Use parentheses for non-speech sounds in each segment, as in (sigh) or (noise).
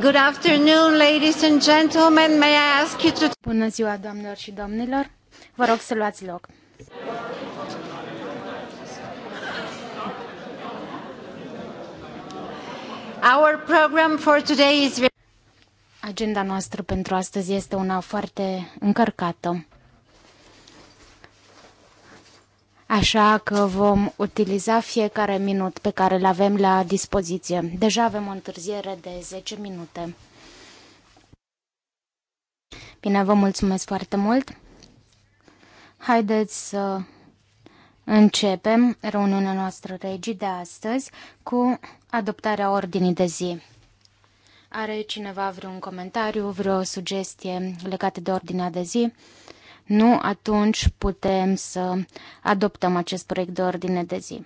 Good afternoon, ladies and gentlemen. May I ask you to... Bună ziua, doamnelor și domnilor. Vă rog să luați loc. Our program for today is... Agenda noastră pentru astăzi este una foarte încărcată. Așa că vom utiliza fiecare minut pe care îl avem la dispoziție. Deja avem o întârziere de 10 minute. Bine, vă mulțumesc foarte mult. Haideți să începem reuniunea noastră regii de astăzi cu adoptarea ordinii de zi. Are cineva vreun comentariu, vreo sugestie legată de ordinea de zi? Nu, atunci putem să adoptăm acest proiect de ordine de zi.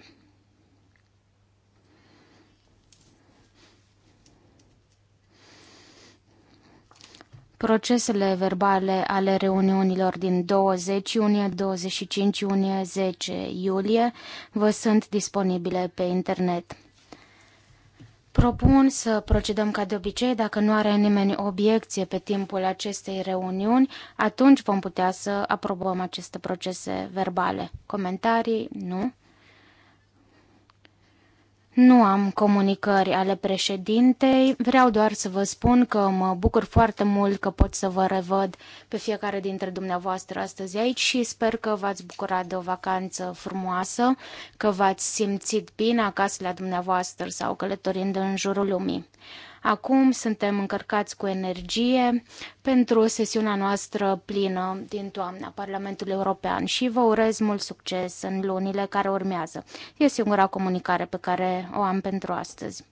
Procesele verbale ale reuniunilor din 20 iunie, 25 iunie, 10 iulie vă sunt disponibile pe internet. Propun să procedăm ca de obicei, dacă nu are nimeni obiecție pe timpul acestei reuniuni, atunci vom putea să aprobăm aceste procese verbale. Comentarii? Nu. Nu am comunicări ale președintei, vreau doar să vă spun că mă bucur foarte mult că pot să vă revăd pe fiecare dintre dumneavoastră astăzi aici și sper că v-ați bucurat de o vacanță frumoasă, că v-ați simțit bine acasă la dumneavoastră sau călătorind în jurul lumii. Acum suntem încărcați cu energie pentru sesiunea noastră plină din toamna Parlamentului European și vă urez mult succes în lunile care urmează. E singura comunicare pe care o am pentru astăzi.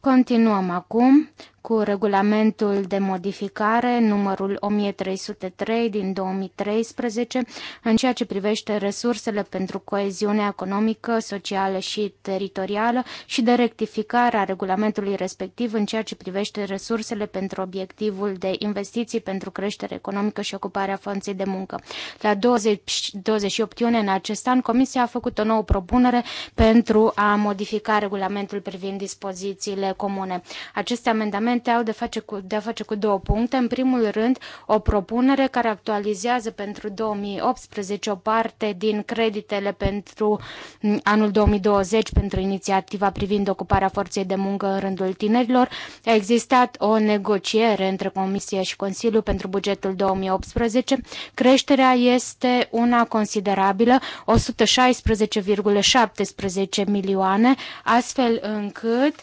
Continuăm acum cu regulamentul de modificare numărul 1303 din 2013 în ceea ce privește resursele pentru coeziunea economică, socială și teritorială și de rectificare a regulamentului respectiv în ceea ce privește resursele pentru obiectivul de investiții pentru creștere economică și ocuparea forței de muncă. La 20, 28 iunie în acest an, Comisia a făcut o nouă propunere pentru a modifica regulamentul privind dispozițiile fondurile comune. Aceste amendamente au de, face cu, de a face cu două puncte. În primul rând, o propunere care actualizează pentru 2018 o parte din creditele pentru mm, anul 2020 pentru inițiativa privind ocuparea forței de muncă în rândul tinerilor. A existat o negociere între Comisie și Consiliu pentru bugetul 2018. Creșterea este una considerabilă, 116,17 milioane, astfel încât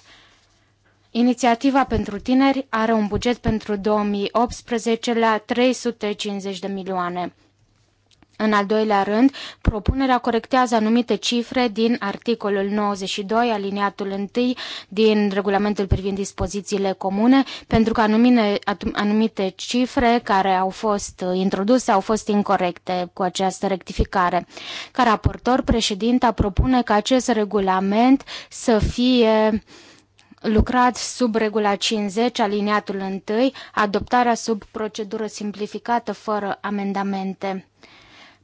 Inițiativa pentru tineri are un buget pentru 2018 la 350 de milioane. În al doilea rând, propunerea corectează anumite cifre din articolul 92, aliniatul 1 din regulamentul privind dispozițiile comune, pentru că anumite, anumite cifre care au fost uh, introduse au fost incorrecte cu această rectificare. Ca raportor, președinta propune ca acest regulament să fie uh, lucrat sub regula 50, aliniatul 1, adoptarea sub procedură simplificată fără amendamente.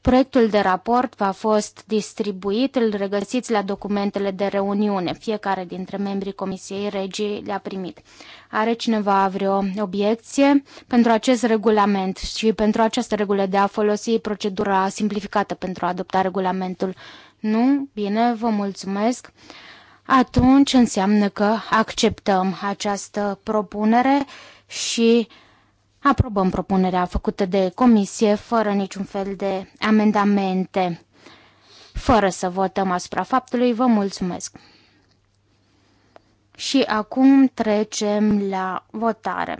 Proiectul de raport va fost distribuit, îl regăsiți la documentele de reuniune. Fiecare dintre membrii Comisiei Regii le-a primit. Are cineva vreo obiecție pentru acest regulament și pentru această regulă de a folosi procedura simplificată pentru a adopta regulamentul? Nu? Bine, vă mulțumesc atunci înseamnă că acceptăm această propunere și aprobăm propunerea făcută de comisie fără niciun fel de amendamente. Fără să votăm asupra faptului, vă mulțumesc. Și acum trecem la votare.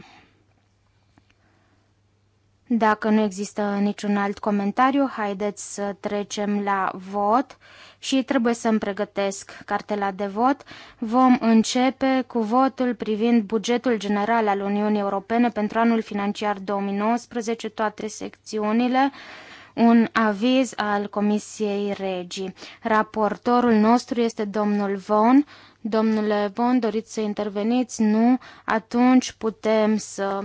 Dacă nu există niciun alt comentariu, haideți să trecem la vot și trebuie să-mi pregătesc cartela de vot. Vom începe cu votul privind bugetul general al Uniunii Europene pentru anul financiar 2019, toate secțiunile, un aviz al Comisiei Regii. Raportorul nostru este domnul Von. Domnule Von, doriți să interveniți? Nu? Atunci putem să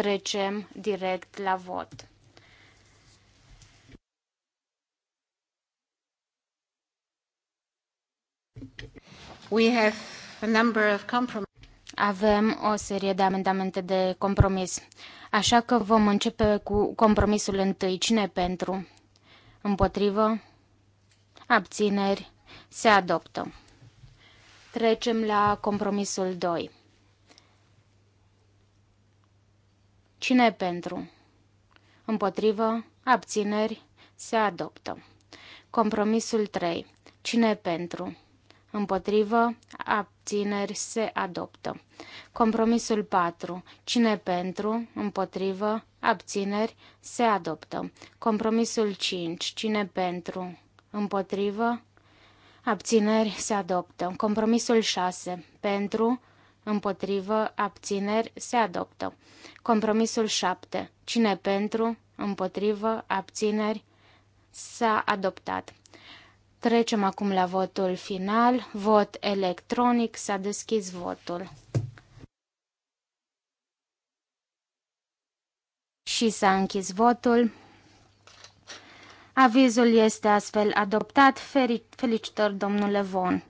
trecem direct la vot. We have a number of Avem o serie de amendamente de compromis. Așa că vom începe cu compromisul întâi. Cine pentru? Împotrivă? Abțineri? Se adoptă. Trecem la compromisul 2. Cine e pentru? Împotrivă, abțineri, se adoptă. Compromisul 3. Cine e pentru? Împotrivă, abțineri, se adoptă. Compromisul 4. Cine pentru, împotrivă, abțineri, se adoptă. Compromisul 5. Cine pentru, împotrivă, abțineri, se adoptă. Compromisul 6. Pentru, împotrivă, abțineri, se adoptă. Compromisul 7. Cine pentru, împotrivă, abțineri, s-a adoptat. Trecem acum la votul final. Vot electronic. S-a deschis votul. Și s-a închis votul. Avizul este astfel adoptat. Felicitări, domnule Von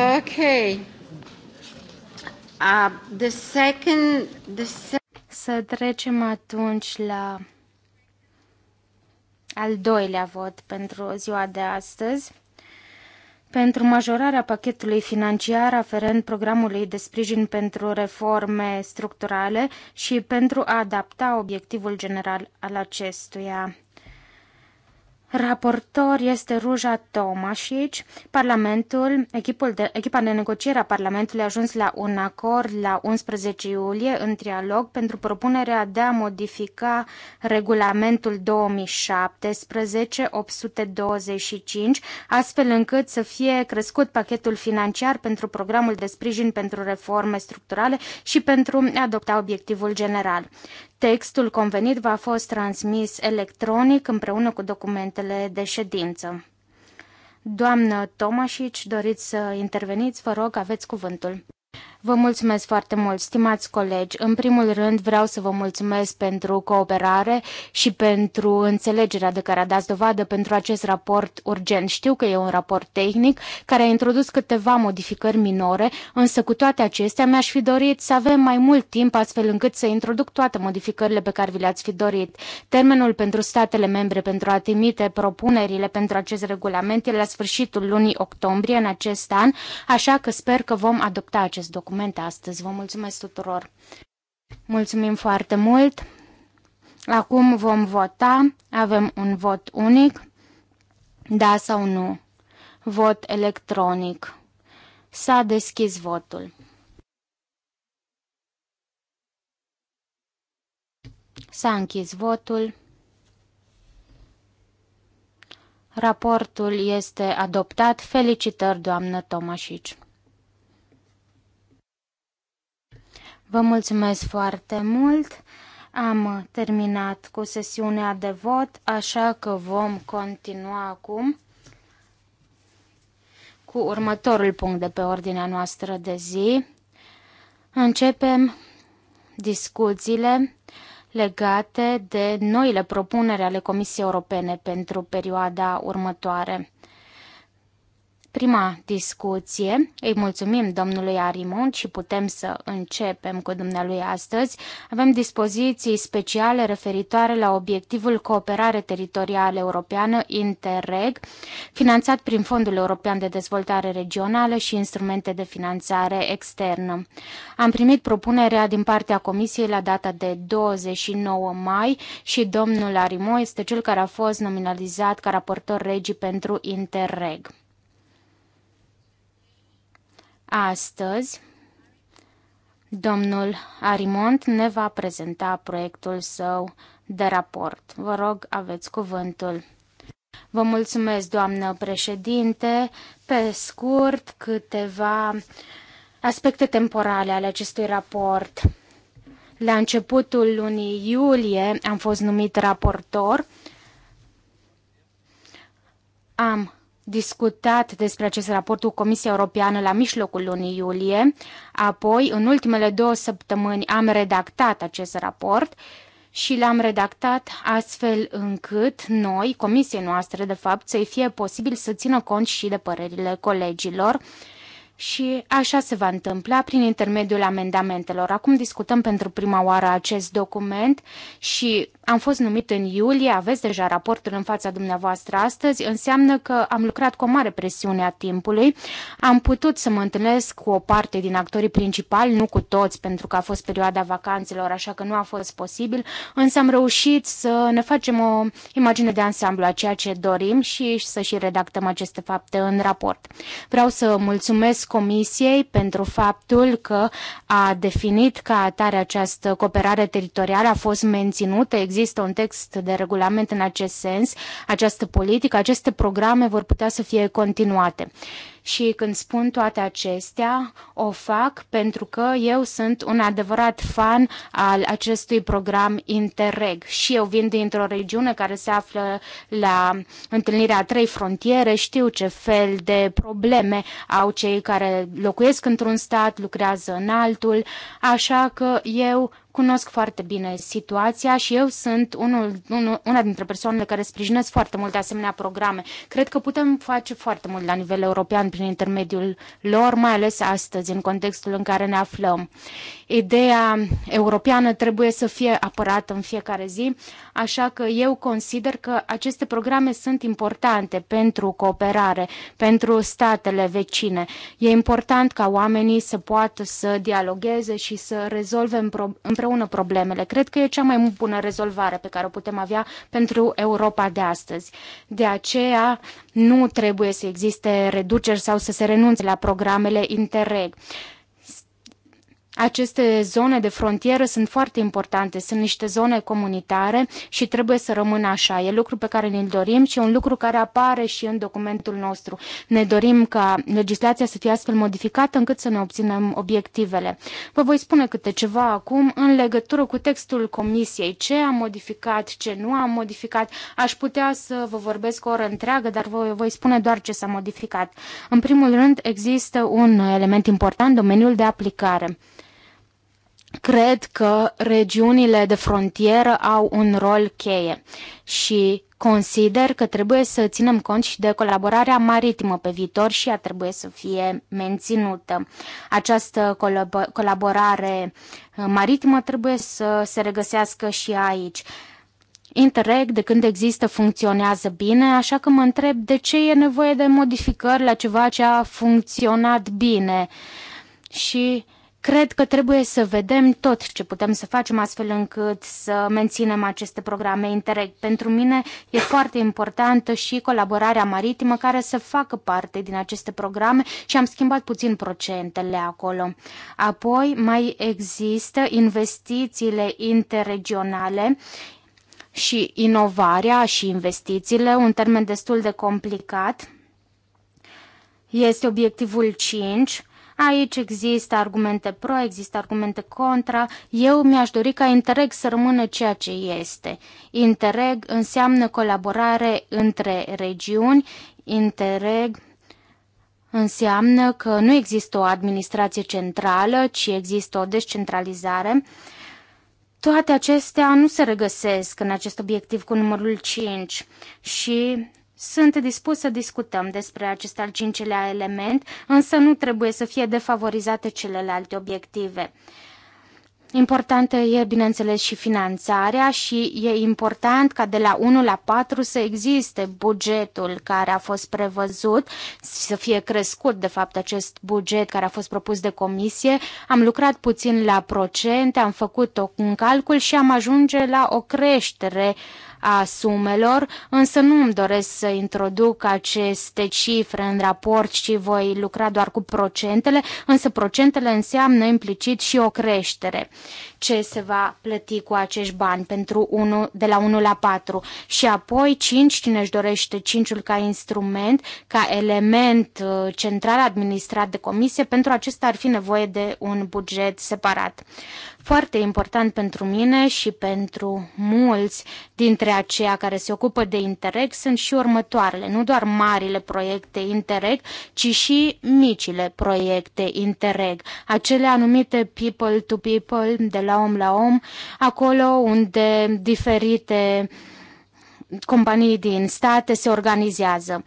okay. Uh, the second, the se- Să trecem atunci la al doilea vot pentru ziua de astăzi pentru majorarea pachetului financiar aferent programului de sprijin pentru reforme structurale și pentru a adapta obiectivul general al acestuia. Raportor este Ruja Tomasic. Parlamentul, echipul de, echipa de negociere a Parlamentului a ajuns la un acord la 11 iulie în trialog pentru propunerea de a modifica regulamentul 2017-825, astfel încât să fie crescut pachetul financiar pentru programul de sprijin pentru reforme structurale și pentru a adopta obiectivul general. Textul convenit va fost transmis electronic împreună cu documentele de ședință. Doamnă Tomașici, doriți să interveniți? Vă rog, aveți cuvântul. Vă mulțumesc foarte mult, stimați colegi. În primul rând vreau să vă mulțumesc pentru cooperare și pentru înțelegerea de care a dat dovadă pentru acest raport urgent. Știu că e un raport tehnic care a introdus câteva modificări minore, însă cu toate acestea mi-aș fi dorit să avem mai mult timp astfel încât să introduc toate modificările pe care vi le-ați fi dorit. Termenul pentru statele membre pentru a trimite propunerile pentru acest regulament e la sfârșitul lunii octombrie în acest an, așa că sper că vom adopta acest document documente astăzi. Vă mulțumesc tuturor! Mulțumim foarte mult! Acum vom vota. Avem un vot unic. Da sau nu? Vot electronic. S-a deschis votul. S-a închis votul. Raportul este adoptat. Felicitări, doamnă Tomașici. Vă mulțumesc foarte mult. Am terminat cu sesiunea de vot, așa că vom continua acum cu următorul punct de pe ordinea noastră de zi. Începem discuțiile legate de noile propuneri ale Comisiei Europene pentru perioada următoare prima discuție. Îi mulțumim domnului Arimont și putem să începem cu dumnealui astăzi. Avem dispoziții speciale referitoare la obiectivul cooperare teritorială europeană Interreg, finanțat prin Fondul European de Dezvoltare Regională și instrumente de finanțare externă. Am primit propunerea din partea Comisiei la data de 29 mai și domnul Arimont este cel care a fost nominalizat ca raportor regii pentru Interreg. Astăzi, domnul Arimont ne va prezenta proiectul său de raport. Vă rog, aveți cuvântul. Vă mulțumesc, doamnă președinte. Pe scurt, câteva aspecte temporale ale acestui raport. La începutul lunii iulie am fost numit raportor. Am discutat despre acest raport cu Comisia Europeană la mijlocul lunii iulie, apoi în ultimele două săptămâni am redactat acest raport și l-am redactat astfel încât noi, comisiei noastre, de fapt, să-i fie posibil să țină cont și de părerile colegilor și așa se va întâmpla prin intermediul amendamentelor. Acum discutăm pentru prima oară acest document și am fost numit în iulie, aveți deja raportul în fața dumneavoastră astăzi, înseamnă că am lucrat cu o mare presiune a timpului, am putut să mă întâlnesc cu o parte din actorii principali, nu cu toți, pentru că a fost perioada vacanțelor, așa că nu a fost posibil, însă am reușit să ne facem o imagine de ansamblu a ceea ce dorim și să și redactăm aceste fapte în raport. Vreau să mulțumesc Comisiei pentru faptul că a definit ca atare această cooperare teritorială, a fost menținută, există există un text de regulament în acest sens, această politică, aceste programe vor putea să fie continuate. Și când spun toate acestea, o fac pentru că eu sunt un adevărat fan al acestui program Interreg. Și eu vin dintr-o regiune care se află la întâlnirea a trei frontiere, știu ce fel de probleme au cei care locuiesc într-un stat, lucrează în altul, așa că eu Cunosc foarte bine situația și eu sunt unul, unul, una dintre persoanele care sprijinesc foarte mult asemenea programe. Cred că putem face foarte mult la nivel european prin intermediul lor, mai ales astăzi, în contextul în care ne aflăm. Ideea europeană trebuie să fie apărată în fiecare zi, așa că eu consider că aceste programe sunt importante pentru cooperare, pentru statele vecine. E important ca oamenii să poată să dialogueze și să rezolve împreună problemele. Cred că e cea mai bună rezolvare pe care o putem avea pentru Europa de astăzi. De aceea nu trebuie să existe reduceri sau să se renunțe la programele Interreg. Aceste zone de frontieră sunt foarte importante, sunt niște zone comunitare și trebuie să rămână așa. E lucru pe care ne-l dorim și e un lucru care apare și în documentul nostru. Ne dorim ca legislația să fie astfel modificată încât să ne obținem obiectivele. Vă voi spune câte ceva acum în legătură cu textul Comisiei, ce am modificat, ce nu am modificat. Aș putea să vă vorbesc o oră întreagă, dar vă voi spune doar ce s-a modificat. În primul rând, există un element important, domeniul de aplicare. Cred că regiunile de frontieră au un rol cheie și consider că trebuie să ținem cont și de colaborarea maritimă pe viitor și ea trebuie să fie menținută. Această colaborare uh, maritimă trebuie să se regăsească și aici. Interreg, de când există, funcționează bine, așa că mă întreb de ce e nevoie de modificări la ceva ce a funcționat bine. Și Cred că trebuie să vedem tot ce putem să facem astfel încât să menținem aceste programe Interreg. Pentru mine e foarte importantă și colaborarea maritimă care să facă parte din aceste programe și am schimbat puțin procentele acolo. Apoi mai există investițiile interregionale și inovarea și investițiile, un termen destul de complicat. Este obiectivul 5 Aici există argumente pro, există argumente contra. Eu mi-aș dori ca Interreg să rămână ceea ce este. Interreg înseamnă colaborare între regiuni. Interreg înseamnă că nu există o administrație centrală, ci există o descentralizare. Toate acestea nu se regăsesc în acest obiectiv cu numărul 5 și sunt dispus să discutăm despre acest al cincilea element, însă nu trebuie să fie defavorizate celelalte obiective. Importantă e, bineînțeles, și finanțarea și e important ca de la 1 la 4 să existe bugetul care a fost prevăzut, să fie crescut, de fapt, acest buget care a fost propus de comisie. Am lucrat puțin la procente, am făcut un calcul și am ajunge la o creștere uh, a sumelor, însă nu îmi doresc să introduc aceste cifre în raport, ci voi lucra doar cu procentele, însă procentele înseamnă implicit și o creștere ce se va plăti cu acești bani pentru 1, de la 1 la 4 și apoi 5, cine își dorește 5-ul ca instrument, ca element uh, central administrat de comisie, pentru acesta ar fi nevoie de un buget separat. Foarte important pentru mine și pentru mulți dintre aceia care se ocupă de Interreg sunt și următoarele, nu doar marile proiecte Interreg, ci și micile proiecte Interreg, acele anumite people to people, de la om la om, acolo unde diferite companii din state se organizează.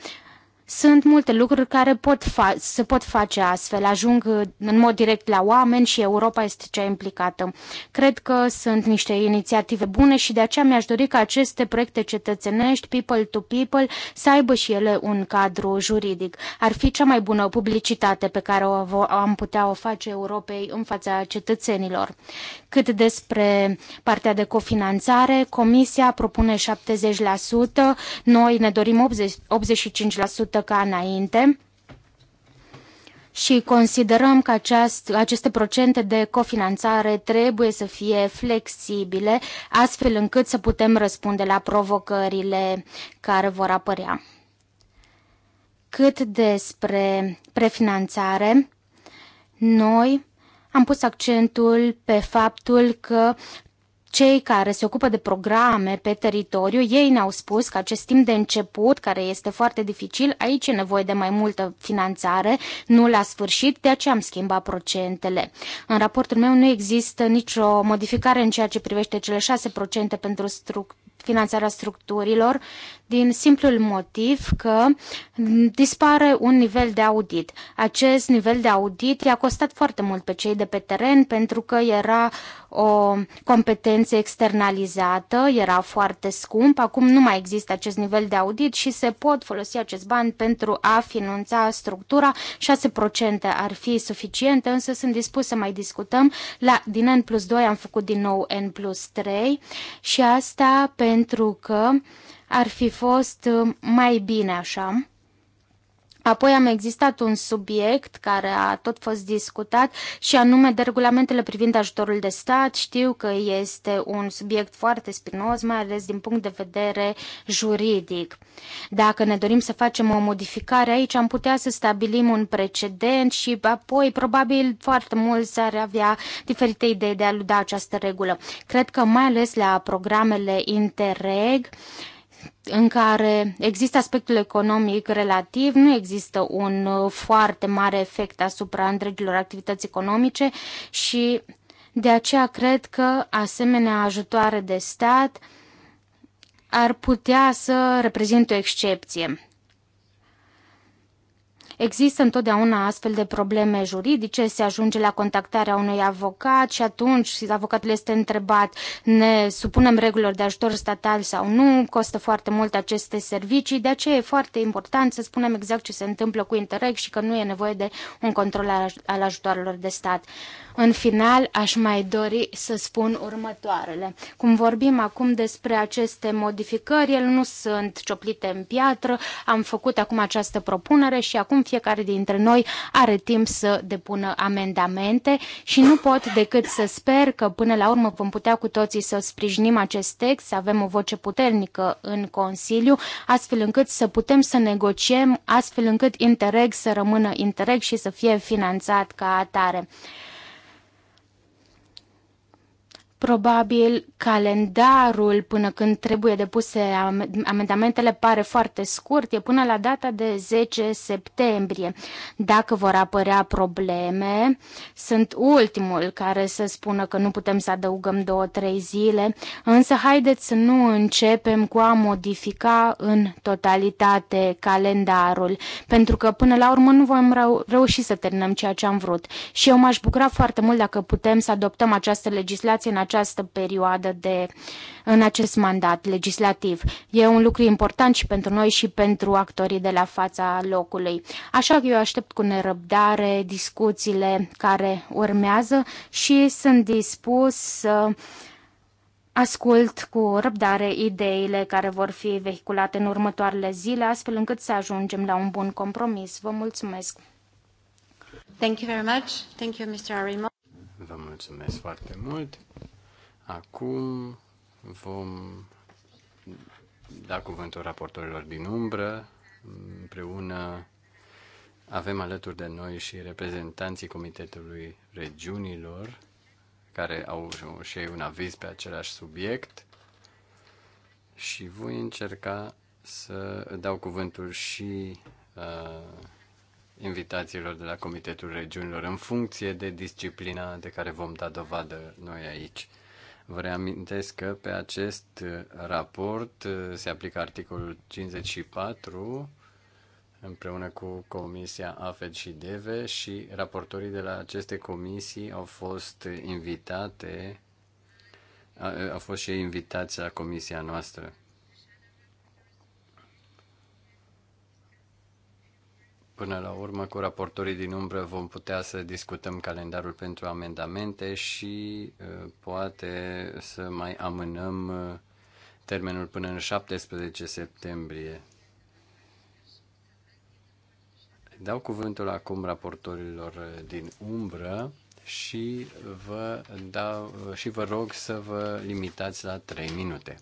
Sunt multe lucruri care pot fa- se pot face astfel, ajung uh, în mod direct la oameni și Europa este cea implicată. Cred că sunt niște inițiative bune și de aceea mi-aș dori ca aceste proiecte cetățenești, people to people, să aibă și ele un cadru juridic. Ar fi cea mai bună publicitate pe care o am putea o face Europei în fața cetățenilor. Cât despre partea de cofinanțare, Comisia propune 70%, noi ne dorim 80, 85% ca înainte și considerăm că aceast, aceste procente de cofinanțare trebuie să fie flexibile, astfel încât să putem răspunde la provocările care vor apărea. Cât despre prefinanțare, noi am pus accentul pe faptul că cei care se ocupă de programe pe teritoriu, ei ne-au spus că acest timp de început, care este foarte dificil, aici e nevoie de mai multă finanțare, nu la sfârșit, de aceea am schimbat procentele. În raportul meu nu există nicio modificare în ceea ce privește cele 6% pentru structură finanțarea structurilor, din simplul motiv că dispare un nivel de audit. Acest nivel de audit i-a costat foarte mult pe cei de pe teren pentru că era o competență externalizată, era foarte scump. Acum nu mai există acest nivel de audit și se pot folosi acest bani pentru a finanța structura. 6% ar fi suficiente, însă sunt dispus să mai discutăm. La, din N plus 2 am făcut din nou N plus 3 și asta pentru că uh, ar fi fost uh, mai bine așa. Apoi am existat un subiect care a tot fost discutat și anume de regulamentele privind ajutorul de stat. Știu că este un subiect foarte spinos, mai ales din punct de vedere juridic. Dacă ne dorim să facem o modificare aici, am putea să stabilim un precedent și apoi probabil foarte mulți ar avea diferite idei de a luda această regulă. Cred că mai ales la programele Interreg, uh, în care există aspectul economic relativ, nu există un uh, foarte mare efect asupra întregilor activități economice și de aceea cred că asemenea ajutoare de stat ar putea să reprezinte o excepție. Există întotdeauna astfel de probleme juridice, se ajunge la contactarea unui avocat și atunci avocatul este întrebat ne supunem regulilor de ajutor statal sau nu, costă foarte mult aceste servicii, de aceea e foarte important să spunem exact ce se întâmplă cu Interreg și că nu e nevoie de un control al ajutoarelor de stat. În final, aș mai dori să spun următoarele. Cum vorbim acum despre aceste modificări, ele nu sunt cioplite în piatră, am făcut acum această propunere și acum fiecare dintre noi are timp să depună amendamente și nu pot decât să sper că până la urmă vom putea cu toții să sprijinim acest text, să avem o voce puternică în Consiliu, astfel încât să putem să negociem, astfel încât Interreg să rămână Interreg și să fie finanțat ca atare. Probabil calendarul până când trebuie depuse amendamentele pare foarte scurt, e până la data de 10 septembrie. Dacă vor apărea probleme, sunt ultimul care să spună că nu putem să adăugăm 2-3 zile, însă haideți să nu începem cu a modifica în totalitate calendarul, pentru că până la urmă nu vom reu- reuși să terminăm ceea ce am vrut. Și eu m-aș bucura foarte mult dacă putem să adoptăm această legislație în această perioadă de, în acest mandat legislativ. E un lucru important și pentru noi și pentru actorii de la fața locului. Așa că eu aștept cu nerăbdare discuțiile care urmează și sunt dispus să ascult cu răbdare ideile care vor fi vehiculate în următoarele zile, astfel încât să ajungem la un bun compromis. Vă mulțumesc! Thank you very much. Thank you, Mr. Arimo. Vă mulțumesc foarte mult. Acum vom da cuvântul raportorilor din umbră. Împreună avem alături de noi și reprezentanții Comitetului Regiunilor, care au și ei un aviz pe același subiect. Și voi încerca să dau cuvântul și uh, invitațiilor de la Comitetul Regiunilor în funcție de disciplina de care vom da dovadă noi aici. Vă reamintesc că pe acest uh, raport uh, se aplică articolul 54 împreună cu Comisia AFED și DEVE și raportorii de la aceste comisii au fost invitate, au fost și invitați la comisia noastră. Până la urmă, cu raportorii din umbră vom putea să discutăm calendarul pentru amendamente și uh, poate să mai amânăm uh, termenul până în 17 septembrie. Dau cuvântul acum raportorilor uh, din umbră și vă, dau, și vă rog să vă limitați la 3 minute.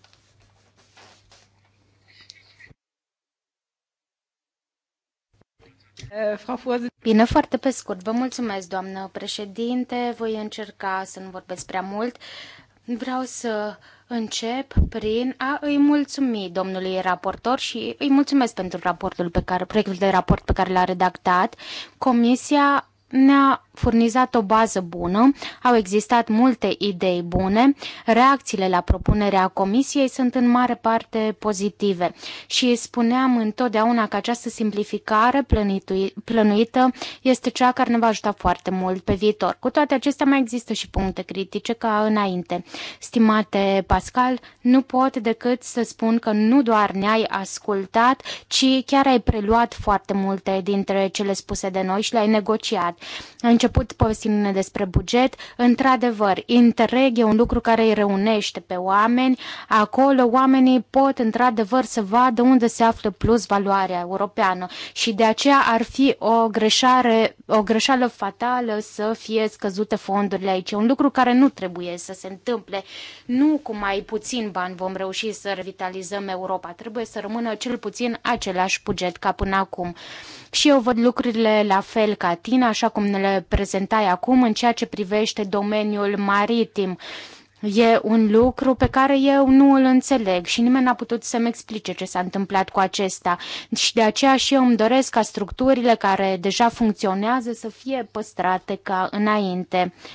Bine, foarte pe scurt. Vă mulțumesc, doamnă președinte. Voi încerca să nu vorbesc prea mult. Vreau să încep prin a îi mulțumi domnului raportor și îi mulțumesc pentru raportul pe care, proiectul de raport pe care l-a redactat. Comisia ne-a furnizat o bază bună, au existat multe idei bune, reacțiile la propunerea comisiei sunt în mare parte pozitive și spuneam întotdeauna că această simplificare plănuită este cea care ne va ajuta foarte mult pe viitor. Cu toate acestea mai există și puncte critice ca înainte. Stimate Pascal, nu pot decât să spun că nu doar ne-ai ascultat, ci chiar ai preluat foarte multe dintre cele spuse de noi și le-ai negociat. Ai început povestindu-ne despre buget. Într-adevăr, Interreg e un lucru care îi reunește pe oameni. Acolo oamenii pot într-adevăr să vadă unde se află plus valoarea europeană și de aceea ar fi o greșeală, o greșeală fatală să fie scăzute fondurile aici. E un lucru care nu trebuie să se întâmple. Nu cu mai puțin bani vom reuși să revitalizăm Europa. Trebuie să rămână cel puțin același buget ca până acum. Și eu văd lucrurile la fel ca tine, așa cum ne le prezentai acum în ceea ce privește domeniul maritim. E un lucru pe care eu nu îl înțeleg și nimeni n-a putut să-mi explice ce s-a întâmplat cu acesta. Și de aceea și eu îmi doresc ca structurile care deja funcționează să fie păstrate ca înainte. Uh,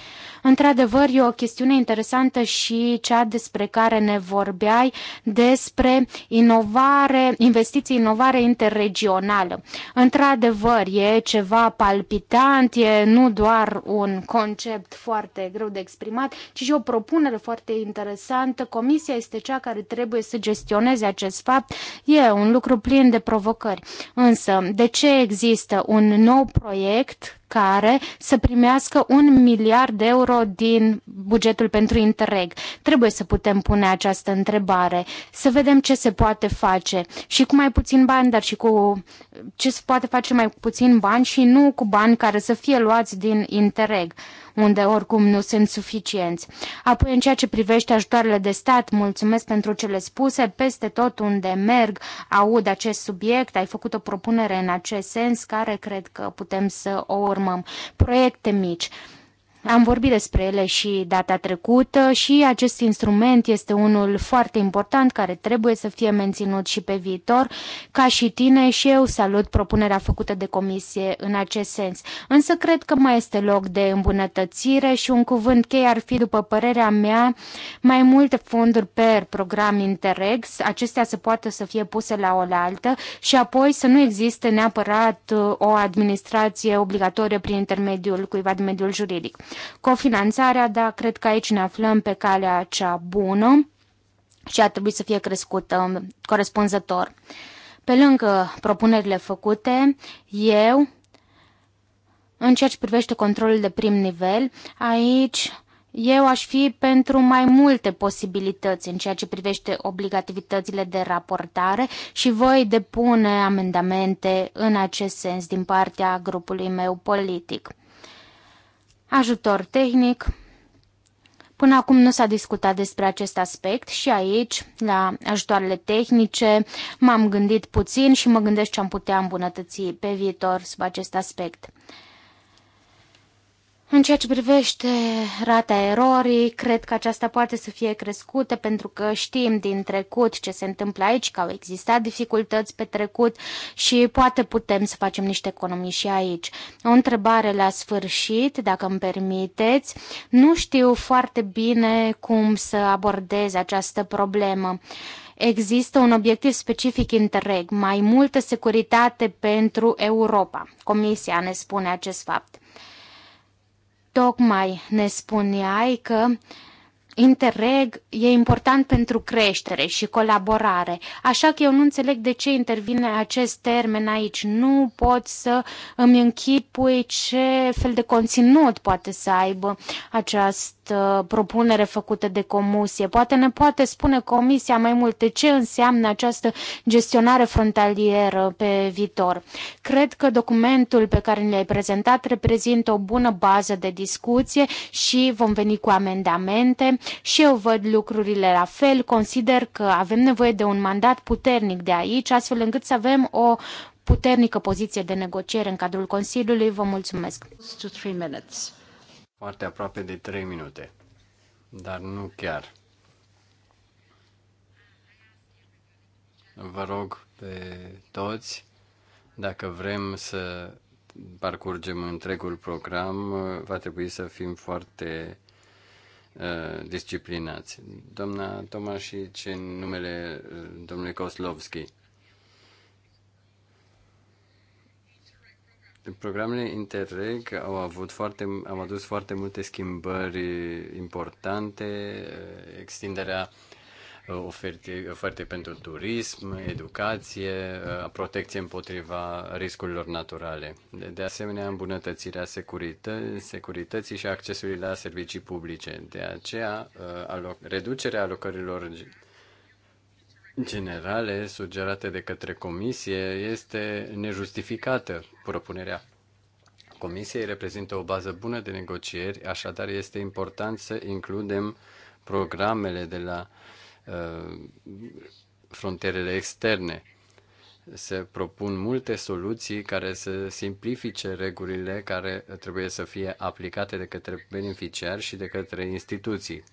Într-adevăr, e o chestiune interesantă și cea despre care ne vorbeai, despre inovare, investiții, inovare interregională. Într-adevăr, e ceva palpitant, e nu doar un concept foarte greu de exprimat, ci și o propunere foarte interesantă. Comisia este cea care trebuie să gestioneze acest fapt. E un lucru plin de provocări. Însă, de ce există un nou proiect care să primească un miliard de euro din bugetul pentru Interreg. Trebuie să putem pune această întrebare, să vedem ce se poate face și cu mai puțin bani, dar și cu ce se poate face mai puțin bani și nu cu bani care să fie luați din Interreg unde oricum nu sunt suficienți. Apoi, în ceea ce privește ajutoarele de stat, mulțumesc pentru cele spuse. Peste tot unde merg, aud acest subiect. Ai făcut o propunere în acest sens care cred că putem să o urmăm. Proiecte mici. Am vorbit despre ele și data trecută și acest instrument este unul foarte important care trebuie să fie menținut și pe viitor. Ca și tine și eu salut propunerea făcută de comisie în acest sens. Însă cred că mai este loc de îmbunătățire și un cuvânt cheie ar fi, după părerea mea, mai multe fonduri per program Interreg, acestea să poată să fie puse la oaltă și apoi să nu existe neapărat uh, o administrație obligatorie prin intermediul cuiva din mediul juridic. Cofinanțarea, dar cred că aici ne aflăm pe calea cea bună și ar trebui să fie crescută um, corespunzător. Pe lângă propunerile făcute, eu, în ceea ce privește controlul de prim nivel, aici eu aș fi pentru mai multe posibilități în ceea ce privește obligativitățile de raportare și voi depune amendamente în acest sens din partea grupului meu politic ajutor tehnic. Până acum nu s-a discutat despre acest aspect și aici, la ajutoarele tehnice, m-am gândit puțin și mă gândesc ce am putea îmbunătăți pe viitor sub acest aspect. În ceea ce privește rata erorii, cred că aceasta poate să fie crescută pentru că știm din trecut ce se întâmplă aici, că au existat dificultăți pe trecut și poate putem să facem niște economii și aici. O întrebare la sfârșit, dacă îmi permiteți. Nu știu foarte bine cum să abordez această problemă există un obiectiv specific întreg, mai multă securitate pentru Europa. Comisia ne spune acest fapt. Tocmai ne spuneai că Interreg e important pentru creștere și colaborare, așa că eu nu înțeleg de ce intervine acest termen aici. Nu pot să îmi închipui ce fel de conținut poate să aibă această Uh, propunere făcută de comisie. Poate ne poate spune comisia mai multe ce înseamnă această gestionare frontalieră pe viitor. Cred că documentul pe care ne-l-ai prezentat reprezintă o bună bază de discuție și vom veni cu amendamente și eu văd lucrurile la fel. Consider că avem nevoie de un mandat puternic de aici, astfel încât să avem o puternică poziție de negociere în cadrul Consiliului. Vă mulțumesc foarte aproape de 3 minute, dar nu chiar. Vă rog pe toți, dacă vrem să parcurgem întregul program, va trebui să fim foarte uh, disciplinați. Doamna și în numele uh, domnului Koslovski. Programele Interreg au, avut foarte, au adus foarte multe schimbări importante, extinderea uh, oferte, oferte pentru turism, educație, uh, protecție împotriva riscurilor naturale. De asemenea, îmbunătățirea securită, securității și accesului la servicii publice. De aceea, uh, aloc, reducerea alocărilor generale sugerate de către comisie este nejustificată. Propunerea comisiei reprezintă o bază bună de negocieri, așadar este important să includem programele de la uh, frontierele externe. Se propun multe soluții care să simplifice regulile care trebuie să fie aplicate de către beneficiari și de către instituții.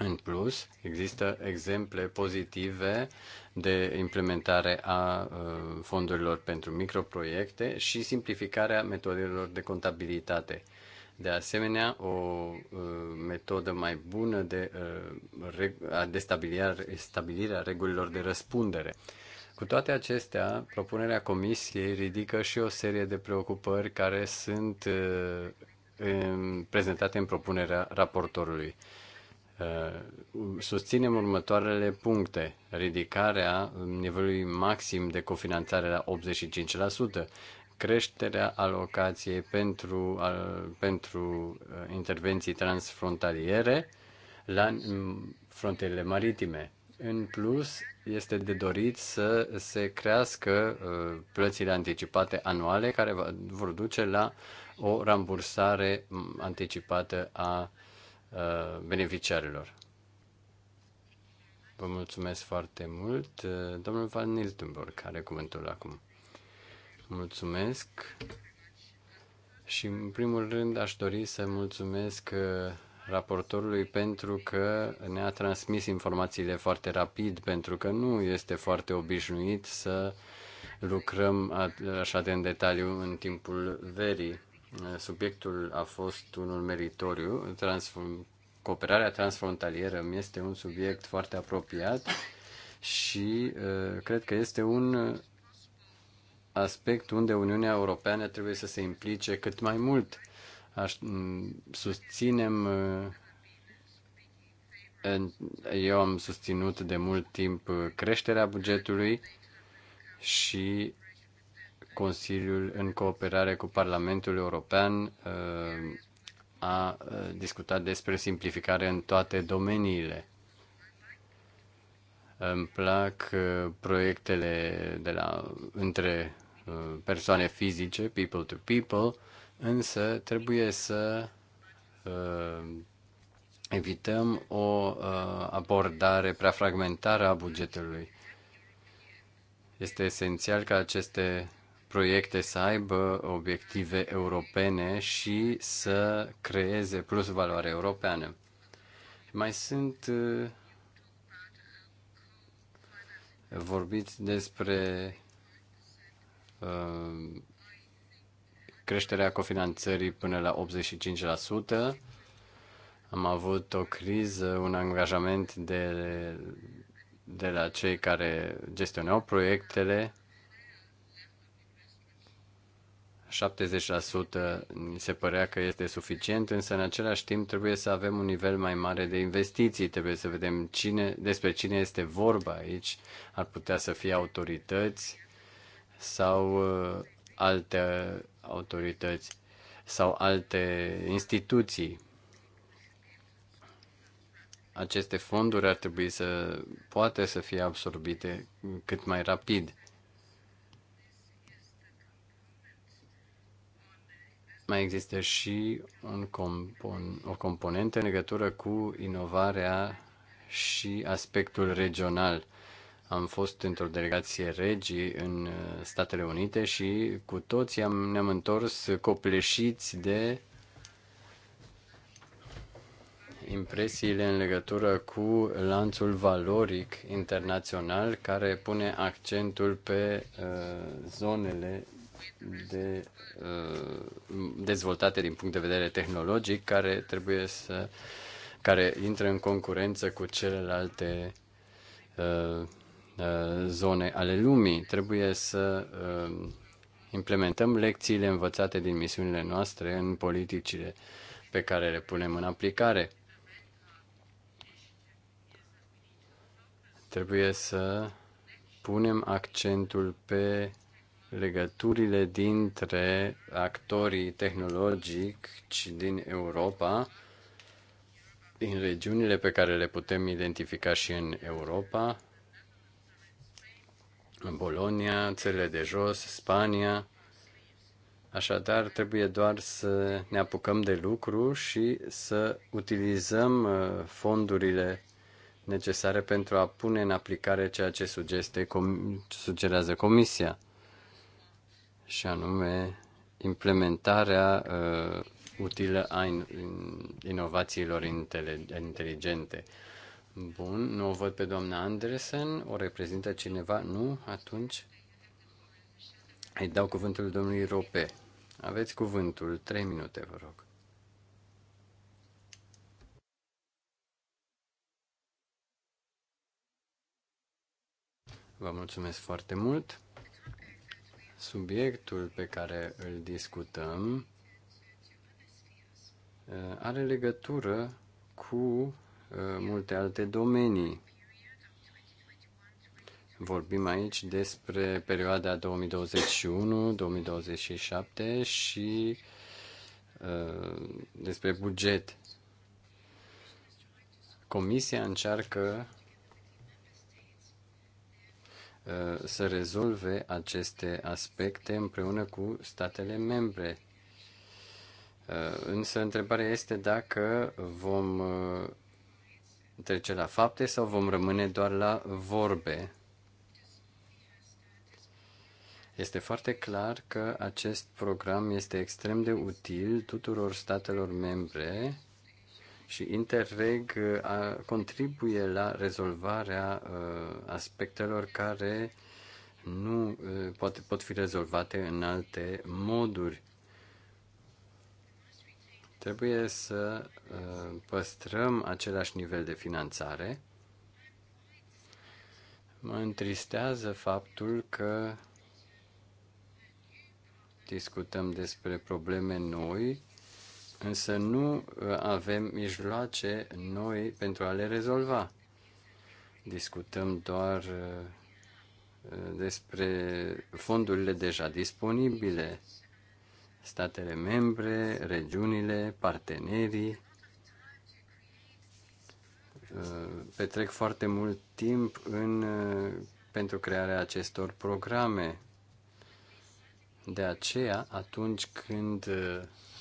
În plus, există exemple pozitive de implementare a uh, fondurilor pentru microproiecte și simplificarea metodelor de contabilitate. De asemenea, o uh, metodă mai bună de, uh, de stabilirea, stabilirea regulilor de răspundere. Cu toate acestea, propunerea Comisiei ridică și o serie de preocupări care sunt prezentate în propunerea raportorului. Uh, susținem următoarele puncte. Ridicarea nivelului maxim de cofinanțare la 85%, creșterea alocației pentru, pentru uh, intervenții transfrontaliere la mm, frontierele maritime. În plus, este de dorit să se crească uh, plățile anticipate anuale care vor duce la o rambursare mm, anticipată a Uh, beneficiarilor. Vă mulțumesc foarte mult. Uh, domnul Van Niltenburg, care cuvântul acum. Mulțumesc. Și în primul rând aș dori să mulțumesc uh, raportorului pentru că ne-a transmis informațiile foarte rapid, pentru că nu este foarte obișnuit să lucrăm așa de în detaliu în timpul verii. Subiectul a fost unul meritoriu. Transform, cooperarea transfrontalieră mi este un subiect foarte apropiat și uh, cred că este un aspect unde Uniunea Europeană trebuie să se implice cât mai mult. Aș, susținem uh, eu am susținut de mult timp uh, creșterea bugetului și Consiliul, în cooperare cu Parlamentul European, uh, a uh, discutat despre simplificare în toate domeniile. Îmi plac uh, proiectele de la, între persoane fizice, people to people, însă trebuie să evităm o abordare prea fragmentară a bugetului. Este esențial ca aceste proiecte să aibă obiective europene și să creeze plus valoare europeană. Mai sunt uh, vorbit despre uh, creșterea cofinanțării până la 85%. Am avut o criză, un angajament de, de la cei care gestionau proiectele 70% mi se părea că este suficient, însă în același timp trebuie să avem un nivel mai mare de investiții, trebuie să vedem cine, despre cine este vorba aici, ar putea să fie autorități sau uh, alte autorități sau alte instituții. Aceste fonduri ar trebui să poate să fie absorbite cât mai rapid mai există și un compon, o componentă în legătură cu inovarea și aspectul regional. Am fost într-o delegație regii în uh, Statele Unite și cu toții am, ne-am întors copleșiți de impresiile în legătură cu lanțul valoric internațional care pune accentul pe uh, zonele de uh, dezvoltate din punct de vedere tehnologic care trebuie să care intră în concurență cu celelalte uh, uh, zone ale lumii. Trebuie să implementăm lecțiile învățate din misiunile noastre în politicile pe care le punem în aplicare. Trebuie să punem accentul pe legăturile dintre actorii tehnologici din Europa, din regiunile pe care le putem identifica și în Europa, în Bolonia, țările de jos, Spania. Așadar, trebuie doar să ne apucăm de lucru și să utilizăm uh, fondurile necesare pentru a pune în aplicare ceea ce sugeste, com, sugerează Comisia și anume implementarea uh, utilă a in, inovațiilor intele, inteligente. Bun, nu o văd pe doamna Andersen, o reprezintă cineva? Nu? Atunci îi dau cuvântul domnului Rope. Aveți cuvântul, trei minute, vă rog. Vă mulțumesc foarte mult. Subiectul pe care îl discutăm uh, are legătură cu uh, multe alte domenii. Vorbim aici despre perioada 2021-2027 și uh, despre buget. Comisia încearcă Uh, să rezolve aceste aspecte împreună cu statele membre. Uh, însă întrebarea este dacă vom uh, trece la fapte sau vom rămâne doar la vorbe. Este foarte clar că acest program este extrem de util tuturor statelor membre și Interreg uh, a, contribuie la rezolvarea uh, aspectelor care nu uh, poate, pot fi rezolvate în alte moduri. Trebuie să păstrăm același nivel de finanțare. Mă întristează faptul că discutăm despre probleme noi însă nu uh, avem mijloace noi pentru a le rezolva. Discutăm doar uh, uh, despre fondurile deja disponibile, statele membre, regiunile, partenerii. Petrec foarte mult timp în, pentru crearea acestor programe. De aceea, atunci când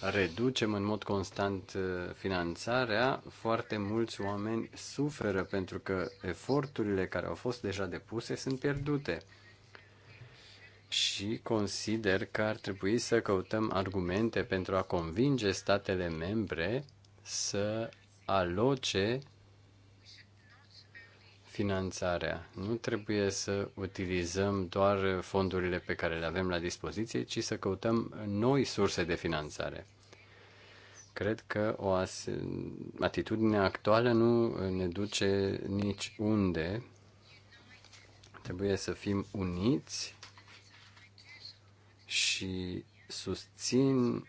reducem în mod constant uh, finanțarea, foarte mulți oameni suferă pentru că eforturile care au fost deja depuse sunt pierdute. Și consider că ar trebui să căutăm argumente pentru a convinge statele membre să aloce finanțarea. Nu trebuie să utilizăm doar fondurile pe care le avem la dispoziție, ci să căutăm noi surse de finanțare. Cred că o atitudine actuală nu ne duce nici unde. Trebuie să fim uniți și susțin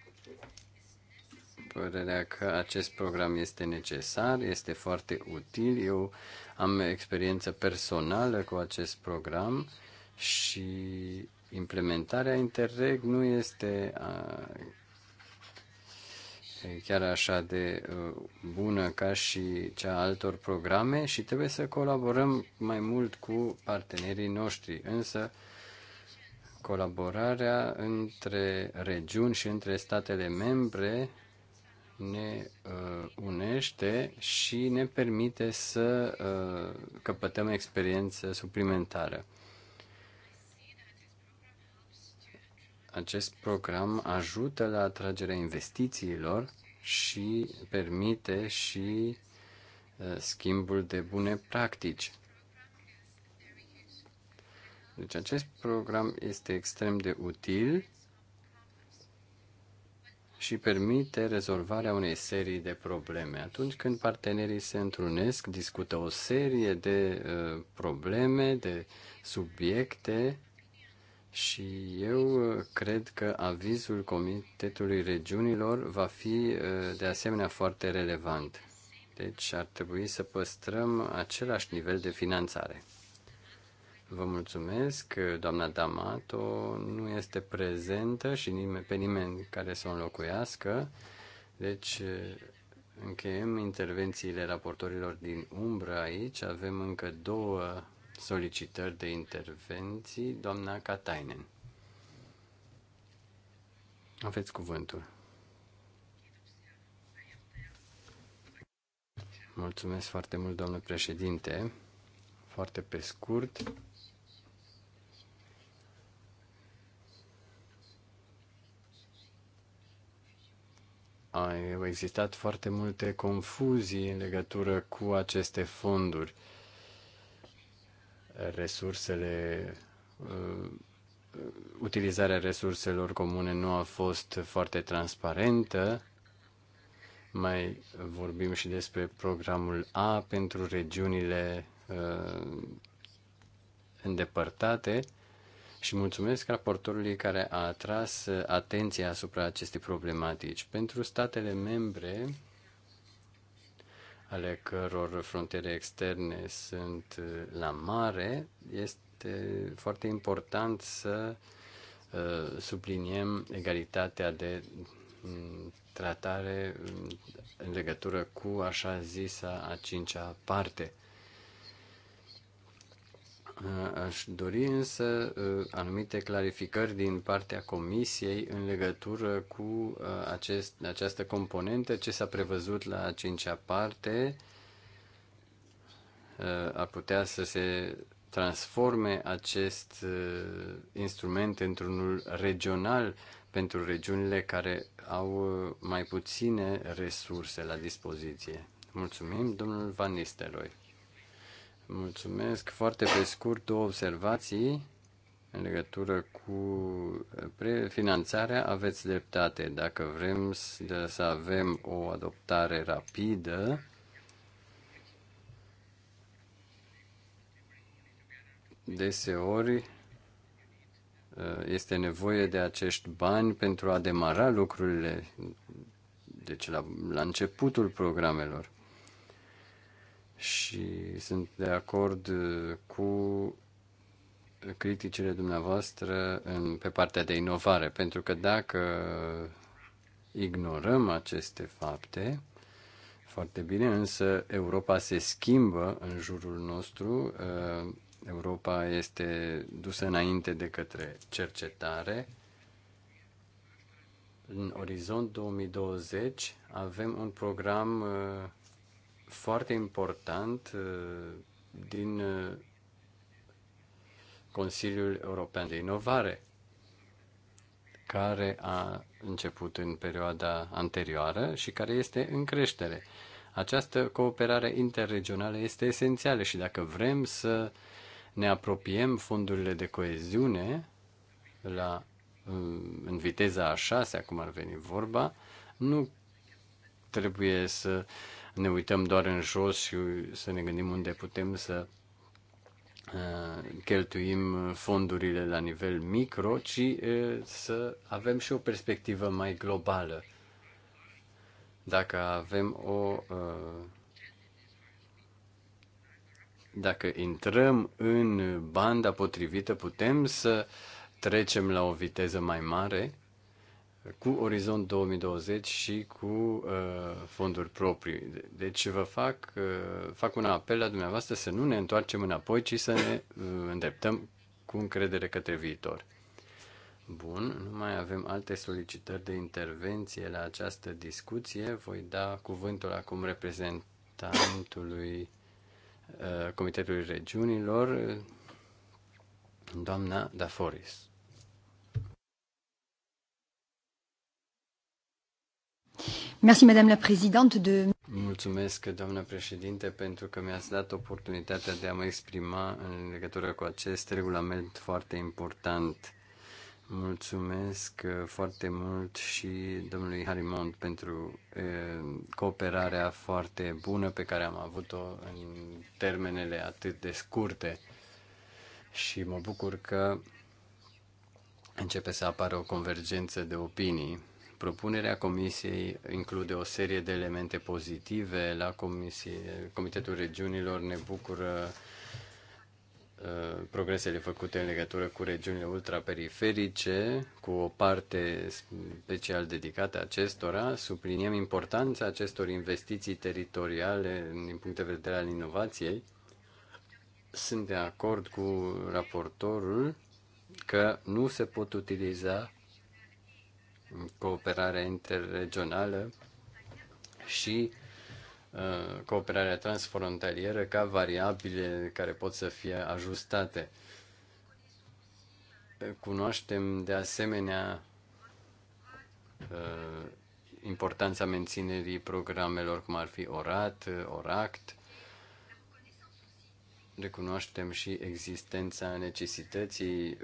părerea că acest program este necesar, este foarte util. Eu am experiență personală cu acest program și implementarea Interreg nu este chiar așa de bună ca și cea altor programe și trebuie să colaborăm mai mult cu partenerii noștri. Însă, colaborarea între regiuni și între statele membre ne uh, unește și ne permite să uh, căpătăm experiență suplimentară. Acest program ajută la atragerea investițiilor și permite și uh, schimbul de bune practici. Deci acest program este extrem de util și permite rezolvarea unei serii de probleme. Atunci când partenerii se întrunesc, discută o serie de uh, probleme, de subiecte și eu uh, cred că avizul Comitetului Regiunilor va fi uh, de asemenea foarte relevant. Deci ar trebui să păstrăm același nivel de finanțare. Vă mulțumesc. Doamna Damato nu este prezentă și nimeni, pe nimeni care să o înlocuiască. Deci eh, încheiem intervențiile raportorilor din umbră aici. Avem încă două solicitări de intervenții. Doamna Katainen. Aveți cuvântul. Mulțumesc foarte mult, domnule președinte. Foarte pe scurt. au existat foarte multe confuzii în legătură cu aceste fonduri. Resursele, uh, utilizarea resurselor comune nu a fost foarte transparentă. Mai vorbim și despre programul A pentru regiunile uh, îndepărtate și mulțumesc raportorului care a atras atenția asupra acestei problematici. Pentru statele membre, ale căror frontiere externe sunt la mare, este foarte important să uh, subliniem egalitatea de mm, tratare în legătură cu așa zisa a cincea parte – Aș dori însă anumite clarificări din partea Comisiei în legătură cu acest, această componentă, ce s-a prevăzut la a cincea parte, a putea să se transforme acest instrument într-unul regional pentru regiunile care au mai puține resurse la dispoziție. Mulțumim, domnul Van Nistelrooy. Mulțumesc. Foarte pe scurt, două observații în legătură cu eh, prefinanțarea. Aveți dreptate. Dacă vrem să avem o adoptare rapidă, deseori eh, este nevoie de acești bani pentru a demara lucrurile, deci la, la începutul programelor și sunt de acord uh, cu criticile dumneavoastră în, pe partea de inovare, pentru că dacă ignorăm aceste fapte, foarte bine, însă Europa se schimbă în jurul nostru, uh, Europa este dusă înainte de către cercetare. În Orizont 2020 avem un program uh, foarte important uh, din uh, Consiliul European de Inovare, care a început în perioada anterioară și care este în creștere. Această cooperare interregională este esențială și dacă vrem să ne apropiem fondurile de coeziune la, în viteza a șasea, cum ar veni vorba, nu trebuie să uh, ne uităm doar în jos și să ne gândim unde putem să uh, cheltuim fondurile la nivel micro, ci uh, să avem și o perspectivă mai globală. Dacă avem o. Uh, dacă intrăm în banda potrivită, putem să trecem la o viteză mai mare cu Orizont 2020 și cu uh, fonduri proprii. Deci vă fac, uh, fac un apel la dumneavoastră să nu ne întoarcem înapoi, ci să ne uh, îndreptăm cu încredere către viitor. Bun, nu mai avem alte solicitări de intervenție la această discuție. Voi da cuvântul acum reprezentantului uh, Comitetului Regiunilor, doamna Daforis. Merci, Madame la Présidente, de... Mulțumesc, doamnă președinte, pentru că mi-ați dat oportunitatea de a mă exprima în legătură cu acest regulament foarte important. Mulțumesc uh, foarte mult și domnului Harimond pentru uh, cooperarea foarte bună pe care am avut-o în termenele atât de scurte și mă bucur că începe să apară o convergență de opinii Propunerea Comisiei include o serie de elemente pozitive. La comisie, Comitetul Regiunilor ne bucură uh, progresele făcute în legătură cu regiunile ultraperiferice, cu o parte special dedicată acestora. Subliniem importanța acestor investiții teritoriale din punct de vedere al inovației. Sunt de acord cu raportorul că nu se pot utiliza cooperarea interregională și uh, cooperarea transfrontalieră ca variabile care pot să fie ajustate. Cunoaștem de asemenea uh, importanța menținerii programelor cum ar fi ORAT, ORACT, recunoaștem și existența necesității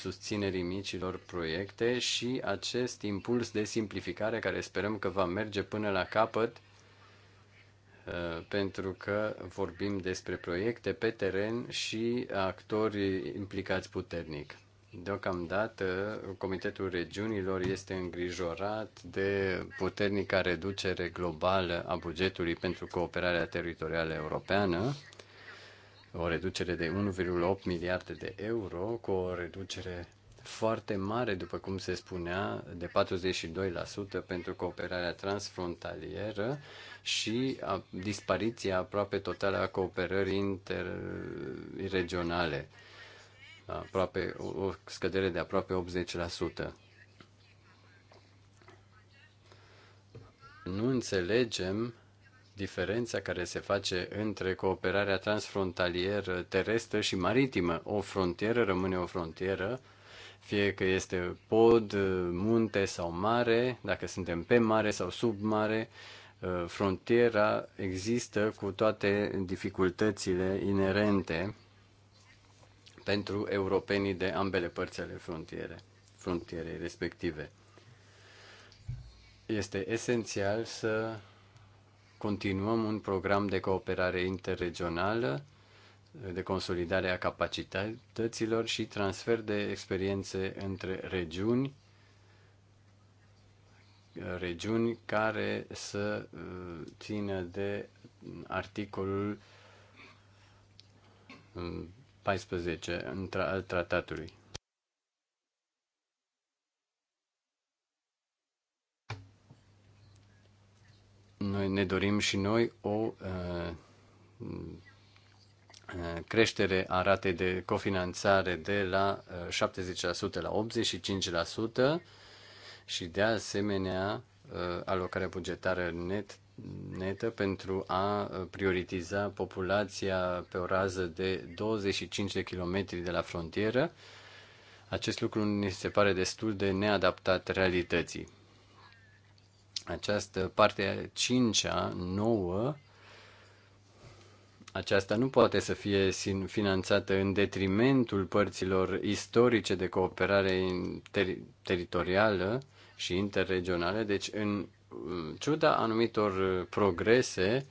susținerii micilor proiecte și acest impuls de simplificare care sperăm că va merge până la capăt, uh, pentru că vorbim despre proiecte pe teren și actori implicați puternic. Deocamdată, Comitetul Regiunilor este îngrijorat de puternica reducere globală a bugetului pentru cooperarea teritorială europeană, o reducere de 1,8 miliarde de euro, cu o reducere foarte mare, după cum se spunea, de 42% pentru cooperarea transfrontalieră și a, dispariția aproape totală a cooperării interregionale, aproape, o scădere de aproape 80%. Nu înțelegem diferența care se face între cooperarea transfrontalieră terestră și maritimă. O frontieră rămâne o frontieră, fie că este pod, munte sau mare, dacă suntem pe mare sau sub mare, ă, frontiera există cu toate dificultățile inerente pentru europenii de ambele părți ale frontiere, frontierei respective. Este esențial să Continuăm un program de cooperare interregională, de consolidare a capacităților și transfer de experiențe între regiuni, regiuni care să uh, țină de articolul 14 um, al tratatului. Noi ne dorim și noi o uh, uh, creștere a ratei de cofinanțare de la 70% uh, la 85% și de asemenea alocarea bugetară net, netă pentru a prioritiza populația pe o rază de 25 de kilometri de la frontieră. Acest lucru ne se pare destul de neadaptat realității. Această parte 5-a, nouă, aceasta nu poate să fie finanțată în detrimentul părților istorice de cooperare ter- teritorială și interregionale, deci în ciuda anumitor progrese,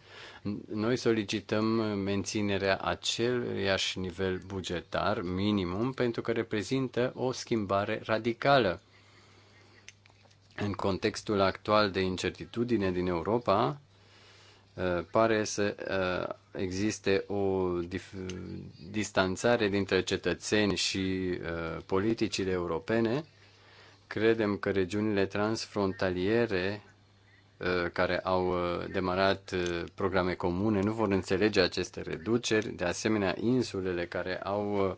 noi solicităm menținerea aceluiași nivel bugetar minimum pentru că reprezintă o schimbare radicală în contextul actual de incertitudine din Europa, uh, pare să uh, existe o distanțare dintre cetățeni și uh, politicile europene. Credem că regiunile transfrontaliere care au demarat programe comune nu vor înțelege aceste reduceri, de asemenea insulele care au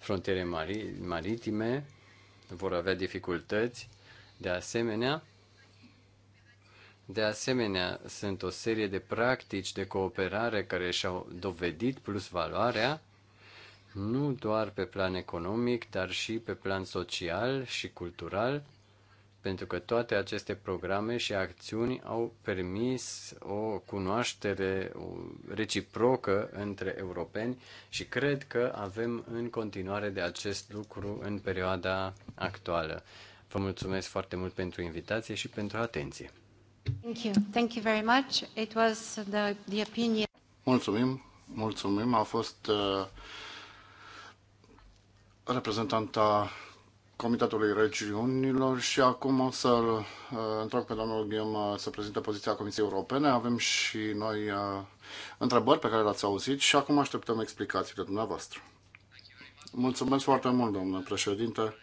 frontiere mari maritime vor avea dificultăți de asemenea, de asemenea, sunt o serie de practici de cooperare care și-au dovedit plus valoarea, nu doar pe plan economic, dar și pe plan social și cultural, pentru că toate aceste programe și acțiuni au permis o cunoaștere reciprocă între europeni și cred că avem în continuare de acest lucru în perioada actuală. Vă mulțumesc foarte mult pentru invitație și pentru atenție. Thank you. Thank you very much. It was the, the opinion. Mulțumim, mulțumim. A fost uh, reprezentanta Comitetului Regiunilor și acum o să uh, întreb pe domnul Ghiom uh, să prezinte poziția Comisiei Europene. Avem și noi uh, întrebări pe care le-ați auzit și acum așteptăm explicațiile dumneavoastră. Mulțumesc foarte mult, domnule președinte.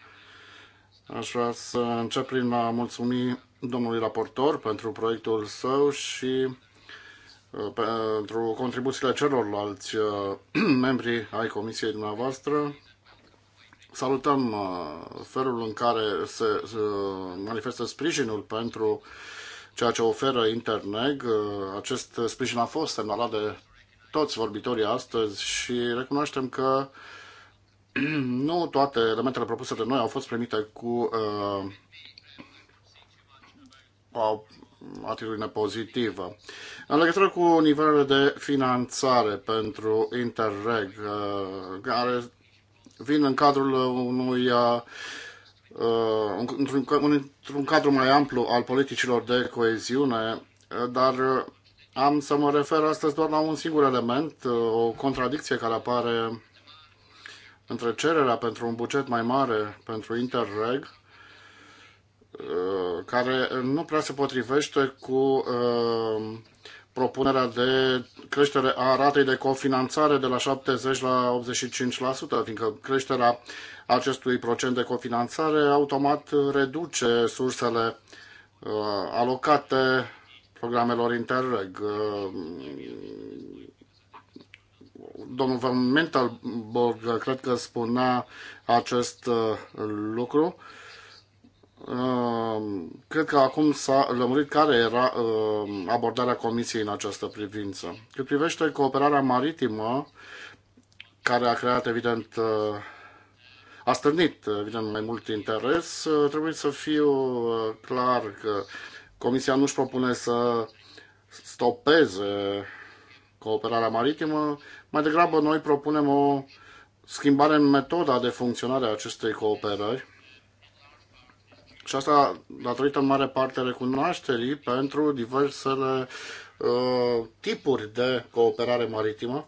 Aș vrea să încep prin a mulțumi domnului raportor pentru proiectul său și uh, pentru contribuțiile celorlalți uh, (clears throat) membri ai comisiei dumneavoastră. Salutăm uh, felul în care se manifestă sprijinul pentru ceea ce oferă Interneg. Acest sprijin a fost semnalat de toți vorbitorii astăzi și recunoaștem că uh, nu toate elementele propuse de noi au fost primite cu uh, o atitudine pozitivă. În legătură cu nivelul de finanțare pentru Interreg, uh, care vin în cadrul unui uh, uh într-un, într-un cadru mai amplu al politicilor de coeziune, uh, dar uh, am să mă refer astăzi doar la un singur element, o contradicție care apare între cererea pentru un buget mai mare pentru Interreg, uh, care nu prea se potrivește cu uh, propunerea de creștere a ratei de cofinanțare de la 70 la 85%, fiindcă creșterea acestui procent de cofinanțare automat reduce sursele uh, alocate programelor Interreg domnul Van Mentelborg, uh, cred că spunea acest uh, lucru. Uh, cred că acum s-a lămurit care era abordarea Comisiei în această privință. Cât privește cooperarea maritimă, care a creat, evident, a stârnit, evident, mai mult interes, trebuie să fiu clar că Comisia nu-și propune să stopeze cooperarea maritimă, mai degrabă noi propunem o schimbare în metoda de funcționare a acestei cooperări și asta datorită în mare parte recunoașterii pentru diversele uh, tipuri de cooperare maritimă,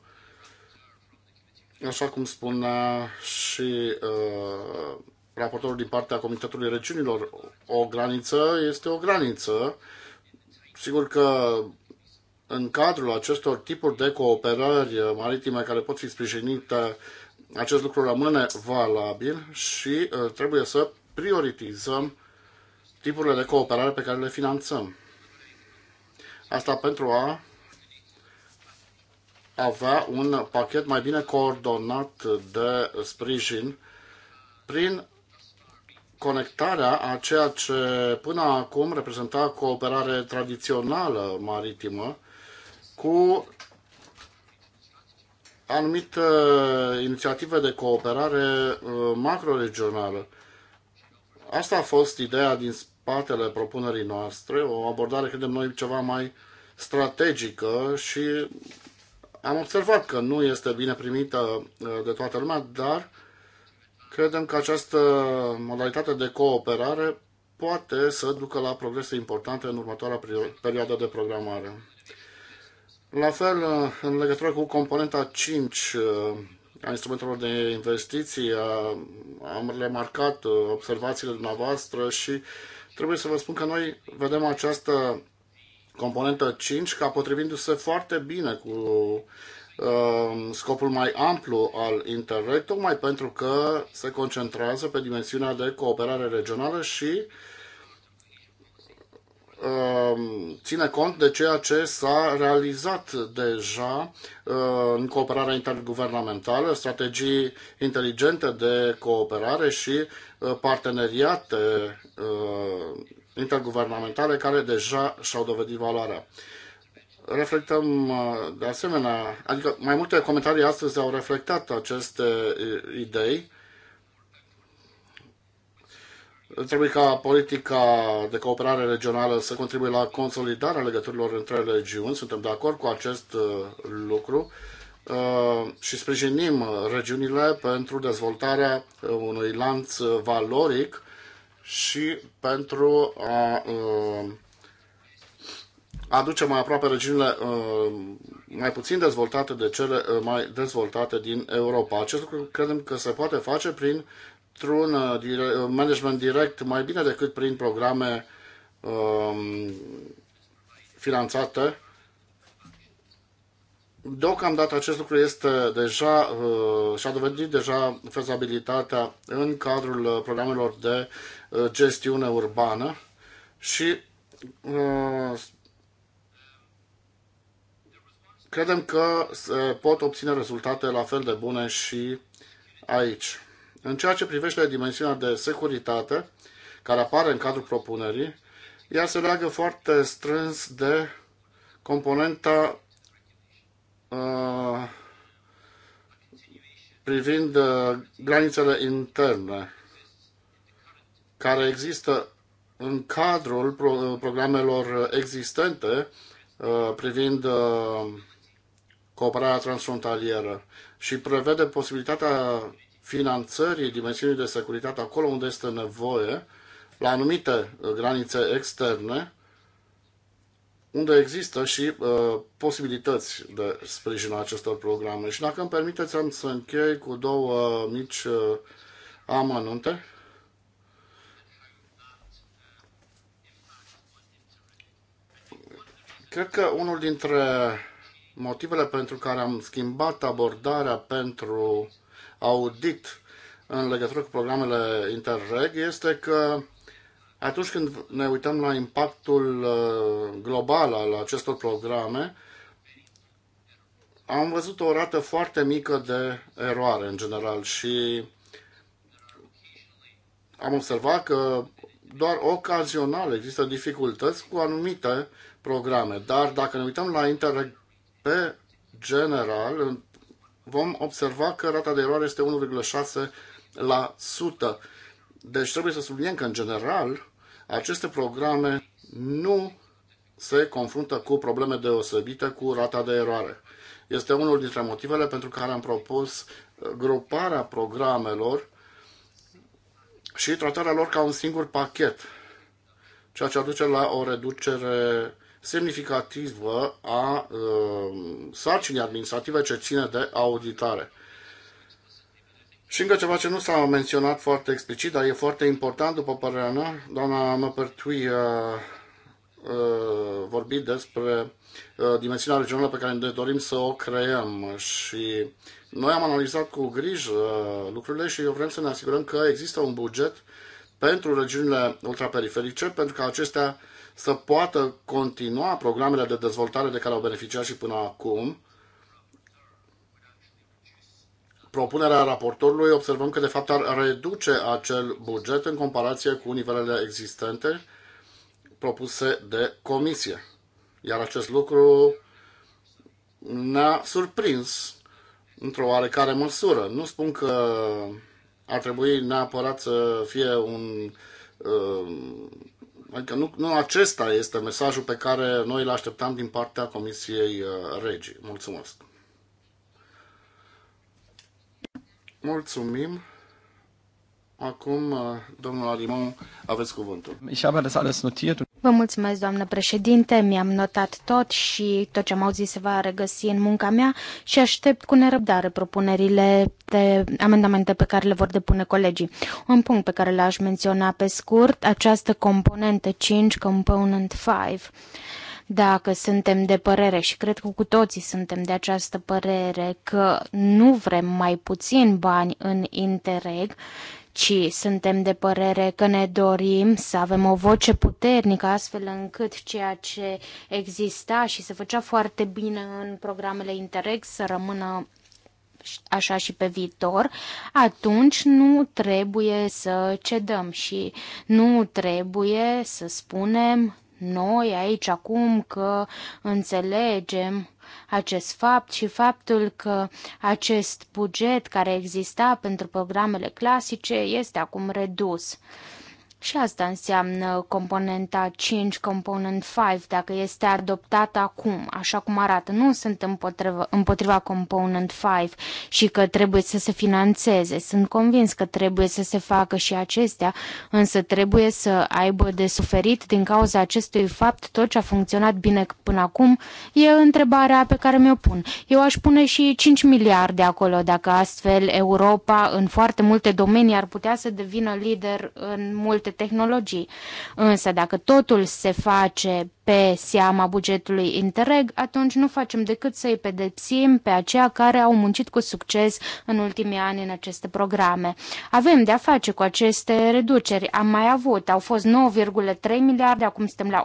așa cum spunea și uh, raportorul din partea Comitetului Regiunilor, o graniță este o graniță. Sigur că în cadrul acestor tipuri de cooperări maritime care pot fi sprijinite, acest lucru rămâne valabil și uh, trebuie să prioritizăm tipurile de cooperare pe care le finanțăm. Asta pentru a avea un pachet mai bine coordonat de sprijin prin conectarea a ceea ce până acum reprezenta cooperare tradițională maritimă cu anumite uh, inițiative de cooperare uh, macroregională. Asta a fost ideea din spatele propunerii noastre, o abordare, credem noi, ceva mai strategică și am observat că nu este bine primită uh, de toată lumea, dar credem că această modalitate de cooperare poate să ducă la progrese importante în următoarea perioadă de programare. La fel, în legătură cu componenta 5 uh, a instrumentelor de investiții, am remarcat uh, observațiile dumneavoastră și trebuie să vă spun că noi vedem această componentă 5 ca potrivindu-se foarte bine cu uh, scopul mai amplu al Interreg, tocmai pentru că se concentrează pe dimensiunea de cooperare regională și uh, Um, ține cont de ceea ce s-a realizat deja uh, în cooperarea interguvernamentală, strategii inteligente de cooperare și uh, parteneriate uh, interguvernamentale care deja și-au dovedit valoarea. Reflectăm de asemenea, adică mai multe comentarii astăzi au reflectat aceste idei Trebuie ca politica de cooperare regională să contribuie la consolidarea legăturilor între regiuni. Suntem de acord cu acest uh, lucru uh, și sprijinim regiunile pentru dezvoltarea uh, unui lanț valoric și pentru a aduce mai aproape regiunile mai puțin dezvoltate de cele mai dezvoltate din Europa. Acest lucru credem că se poate face prin într-un management direct mai bine decât prin programe um, finanțate. Deocamdată acest lucru este deja, uh, și-a dovedit deja fezabilitatea în cadrul programelor de uh, gestiune urbană și uh, credem că se pot obține rezultate la fel de bune și aici. În ceea ce privește dimensiunea de securitate, care apare în cadrul propunerii, ea se leagă foarte strâns de componenta uh, privind uh, granițele interne care există în cadrul pro- uh, programelor existente uh, privind uh, cooperarea transfrontalieră și prevede posibilitatea finanțării dimensiunii de securitate acolo unde este nevoie, la anumite uh, granițe externe, unde există și uh, posibilități de sprijin a acestor programe. Și dacă îmi permiteți, am să închei cu două uh, mici uh, amănunte. Cred că unul dintre motivele pentru care am schimbat abordarea pentru uh, audit în legătură cu programele Interreg este că atunci când ne uităm la impactul uh, global al acestor programe, am văzut o rată foarte mică de eroare în general și am observat că doar ocazional există dificultăți cu anumite programe, dar dacă ne uităm la Interreg pe general, vom observa că rata de eroare este 1,6%. la Deci trebuie să subliniem că, în general, aceste programe nu se confruntă cu probleme deosebite cu rata de eroare. Este unul dintre motivele pentru care am propus gruparea programelor și tratarea lor ca un singur pachet, ceea ce aduce la o reducere semnificativă a uh, sarcinii administrative ce ține de auditare. Și încă ceva ce nu s-a menționat foarte explicit, dar e foarte important, după părerea mea, doamna Măpertui uh, uh, vorbit despre dimensiunea regională pe care ne dorim să o creăm și noi am analizat cu grijă lucrurile și eu vrem să ne asigurăm că există un buget pentru regiunile ultraperiferice, pentru că acestea să poată continua programele de dezvoltare de care au beneficiat și până acum. Propunerea raportorului observăm că de fapt ar reduce acel buget în comparație cu nivelele existente propuse de comisie. Iar acest lucru ne-a surprins într-o oarecare măsură. Nu spun că ar trebui neapărat să fie un uh, Adică nu, nu acesta este mesajul pe care noi îl așteptam din partea Comisiei uh, Regii. Mulțumesc! Mulțumim! Acum, uh, domnul Alimon, aveți cuvântul. Ich habe das alles notiert. Vă mulțumesc, doamnă președinte, mi-am notat tot și tot ce am auzit se va regăsi în munca mea și aștept cu nerăbdare propunerile de amendamente pe care le vor depune colegii. Un punct pe care l-aș menționa pe scurt, această componentă 5, component 5 dacă suntem de părere și cred că cu toții suntem de această părere că nu vrem mai puțin bani în Interreg ci suntem de părere că ne dorim să avem o voce puternică astfel încât ceea ce exista și se făcea foarte bine în programele Interreg să rămână așa și pe viitor, atunci nu trebuie să cedăm și nu trebuie să spunem noi aici acum că înțelegem acest fapt și faptul că acest buget care exista pentru programele clasice este acum redus. Și asta înseamnă componenta 5, component 5, dacă este adoptată acum, așa cum arată. Nu sunt împotriva, împotriva component 5 și că trebuie să se financeze. Sunt convins că trebuie să se facă și acestea, însă trebuie să aibă de suferit din cauza acestui fapt tot ce a funcționat bine până acum. E întrebarea pe care mi-o pun. Eu aș pune și 5 miliarde acolo, dacă astfel Europa în foarte multe domenii ar putea să devină lider în multe tehnologii. Însă dacă totul se face pe seama bugetului Interreg, atunci nu facem decât să îi pedepsim pe aceia care au muncit cu succes în ultimii ani în aceste programe. Avem de-a face cu aceste reduceri. Am mai avut, au fost 9,3 miliarde, acum suntem la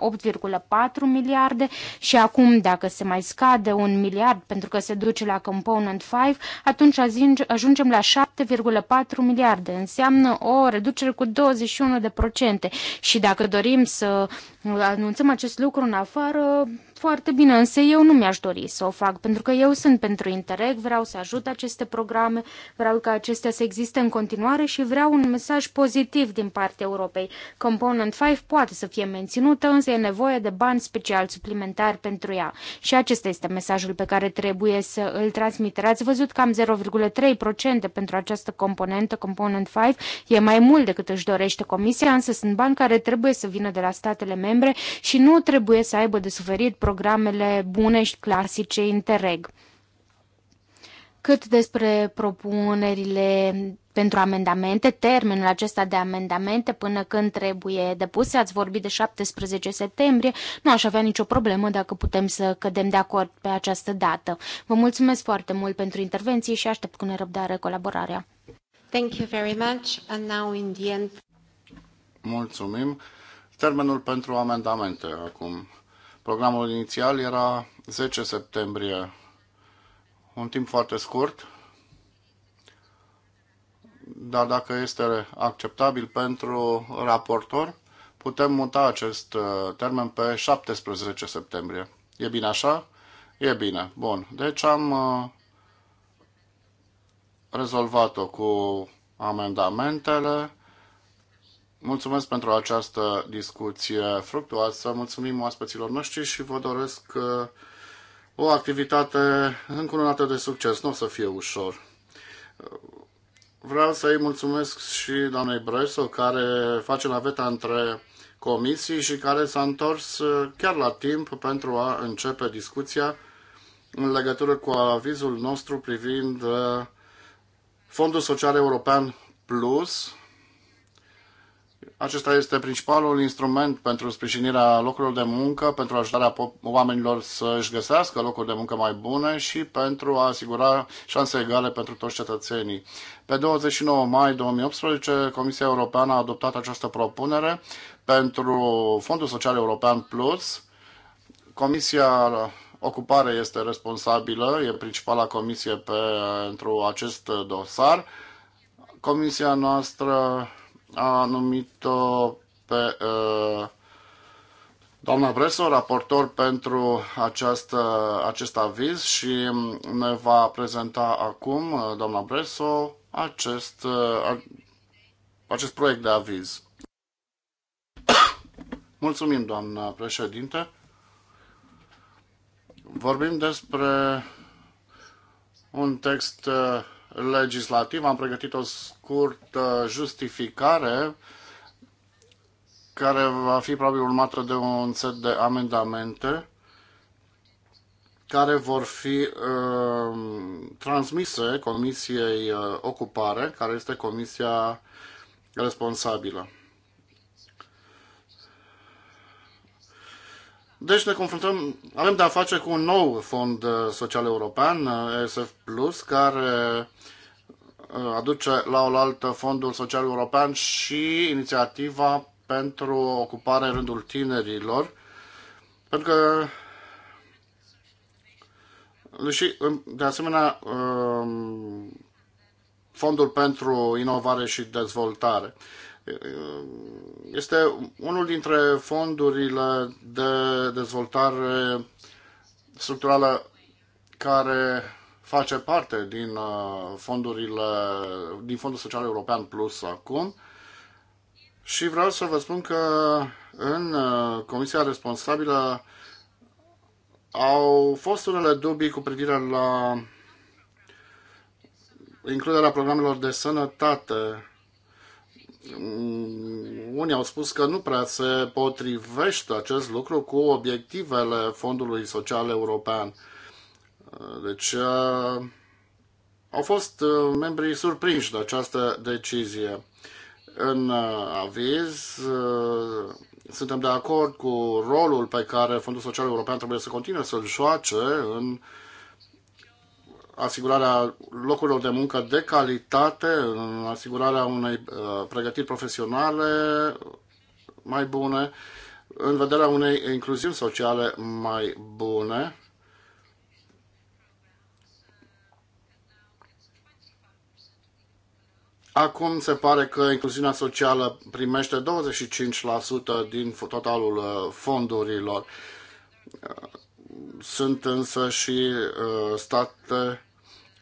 8,4 miliarde și acum, dacă se mai scade un miliard pentru că se duce la Component 5, atunci ajungem la 7,4 miliarde. Înseamnă o reducere cu 21% și dacă dorim să anunțăm acest lucru în afară foarte bine, însă eu nu mi-aș dori să o fac, pentru că eu sunt pentru Interreg, vreau să ajut aceste programe, vreau ca acestea să existe în continuare și vreau un mesaj pozitiv din partea Europei. Component 5 poate să fie menținută, însă e nevoie de bani special suplimentari pentru ea. Și acesta este mesajul pe care trebuie să îl transmiteți. Ați văzut cam 0,3% pentru această componentă, Component 5, e mai mult decât își dorește Comisia, însă sunt bani care trebuie să vină de la statele membre și nu trebuie să aibă de suferit pro- programele bune și clasice Interreg. Cât despre propunerile pentru amendamente, termenul acesta de amendamente până când trebuie depuse, ați vorbit de 17 septembrie, nu aș avea nicio problemă dacă putem să cădem de acord pe această dată. Vă mulțumesc foarte mult pentru intervenții și aștept cu nerăbdare colaborarea. Thank you very much and now in the end. Mulțumim. Termenul pentru amendamente acum. Programul inițial era 10 septembrie, un timp foarte scurt, dar dacă este acceptabil pentru raportor, putem muta acest uh, termen pe 17 septembrie. E bine așa? E bine. Bun. Deci am uh, rezolvat-o cu amendamentele. Mulțumesc pentru această discuție fructuoasă, mulțumim oaspeților noștri și vă doresc uh, o activitate încununată de succes. Nu o să fie ușor. Uh, vreau să-i mulțumesc și doamnei Breso, care face naveta între comisii și care s-a întors uh, chiar la timp pentru a începe discuția în legătură cu avizul nostru privind Fondul Social European Plus, acesta este principalul instrument pentru sprijinirea locurilor de muncă, pentru ajutarea oamenilor să își găsească locuri de muncă mai bune și pentru a asigura șanse egale pentru toți cetățenii. Pe 29 mai 2018, Comisia Europeană a adoptat această propunere pentru Fondul Social European Plus. Comisia Ocupare este responsabilă, e principala comisie pentru acest dosar. Comisia noastră a numit-o pe doamna Bresu, raportor pentru această, acest aviz și ne va prezenta acum, doamna Bresu, acest, acest proiect de aviz. Mulțumim, doamna președinte. Vorbim despre un text uh, legislativ. Am pregătit o scurtă justificare care va fi probabil urmată de un set de amendamente care vor fi uh, transmise Comisiei uh, Ocupare, care este comisia responsabilă. Deci ne confruntăm, avem de-a face cu un nou fond uh, social european, uh, ESF+, plus, care uh, aduce la oaltă Fondul Social European și inițiativa pentru ocupare în rândul tinerilor, pentru că și, de asemenea, um, Fondul pentru Inovare și Dezvoltare. Este unul dintre fondurile de dezvoltare structurală care face parte din uh, fondurile din Fondul Social European Plus acum și vreau să vă spun că în uh, comisia responsabilă au fost unele dubii cu privire la includerea programelor de sănătate Mm, unii au spus că nu prea se potrivește acest lucru cu obiectivele Fondului Social European. Deci uh, au fost uh, membrii surprinși de această decizie. În uh, aviz suntem de acord cu rolul pe care Fondul Social European trebuie să continue să-l joace în asigurarea locurilor de muncă de calitate, în asigurarea unei uh, pregătiri profesionale mai bune, în vederea unei incluziuni sociale mai bune. Acum se pare că incluziunea socială primește 25% din totalul uh, fondurilor. Sunt însă și uh, state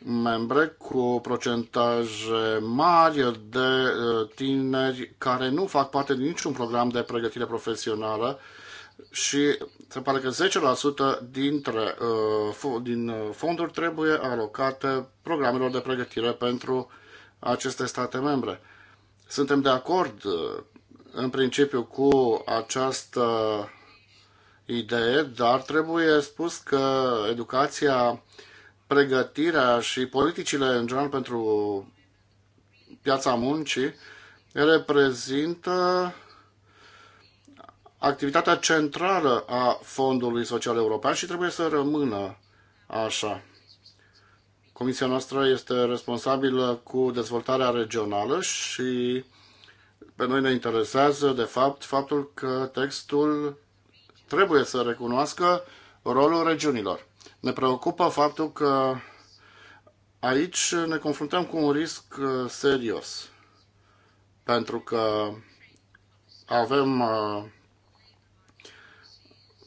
membre cu procentaje mari de uh, tineri care nu fac parte din niciun program de pregătire profesională și se pare că 10% dintre, uh, din fonduri trebuie alocate programelor de pregătire pentru aceste state membre. Suntem de acord în principiu cu această idee, dar trebuie spus că educația, pregătirea și politicile în general pentru piața muncii reprezintă activitatea centrală a Fondului Social European și trebuie să rămână așa. Comisia noastră este responsabilă cu dezvoltarea regională și pe noi ne interesează, de fapt, faptul că textul trebuie să recunoască rolul regiunilor. Ne preocupă faptul că aici ne confruntăm cu un risc uh, serios, pentru că avem uh,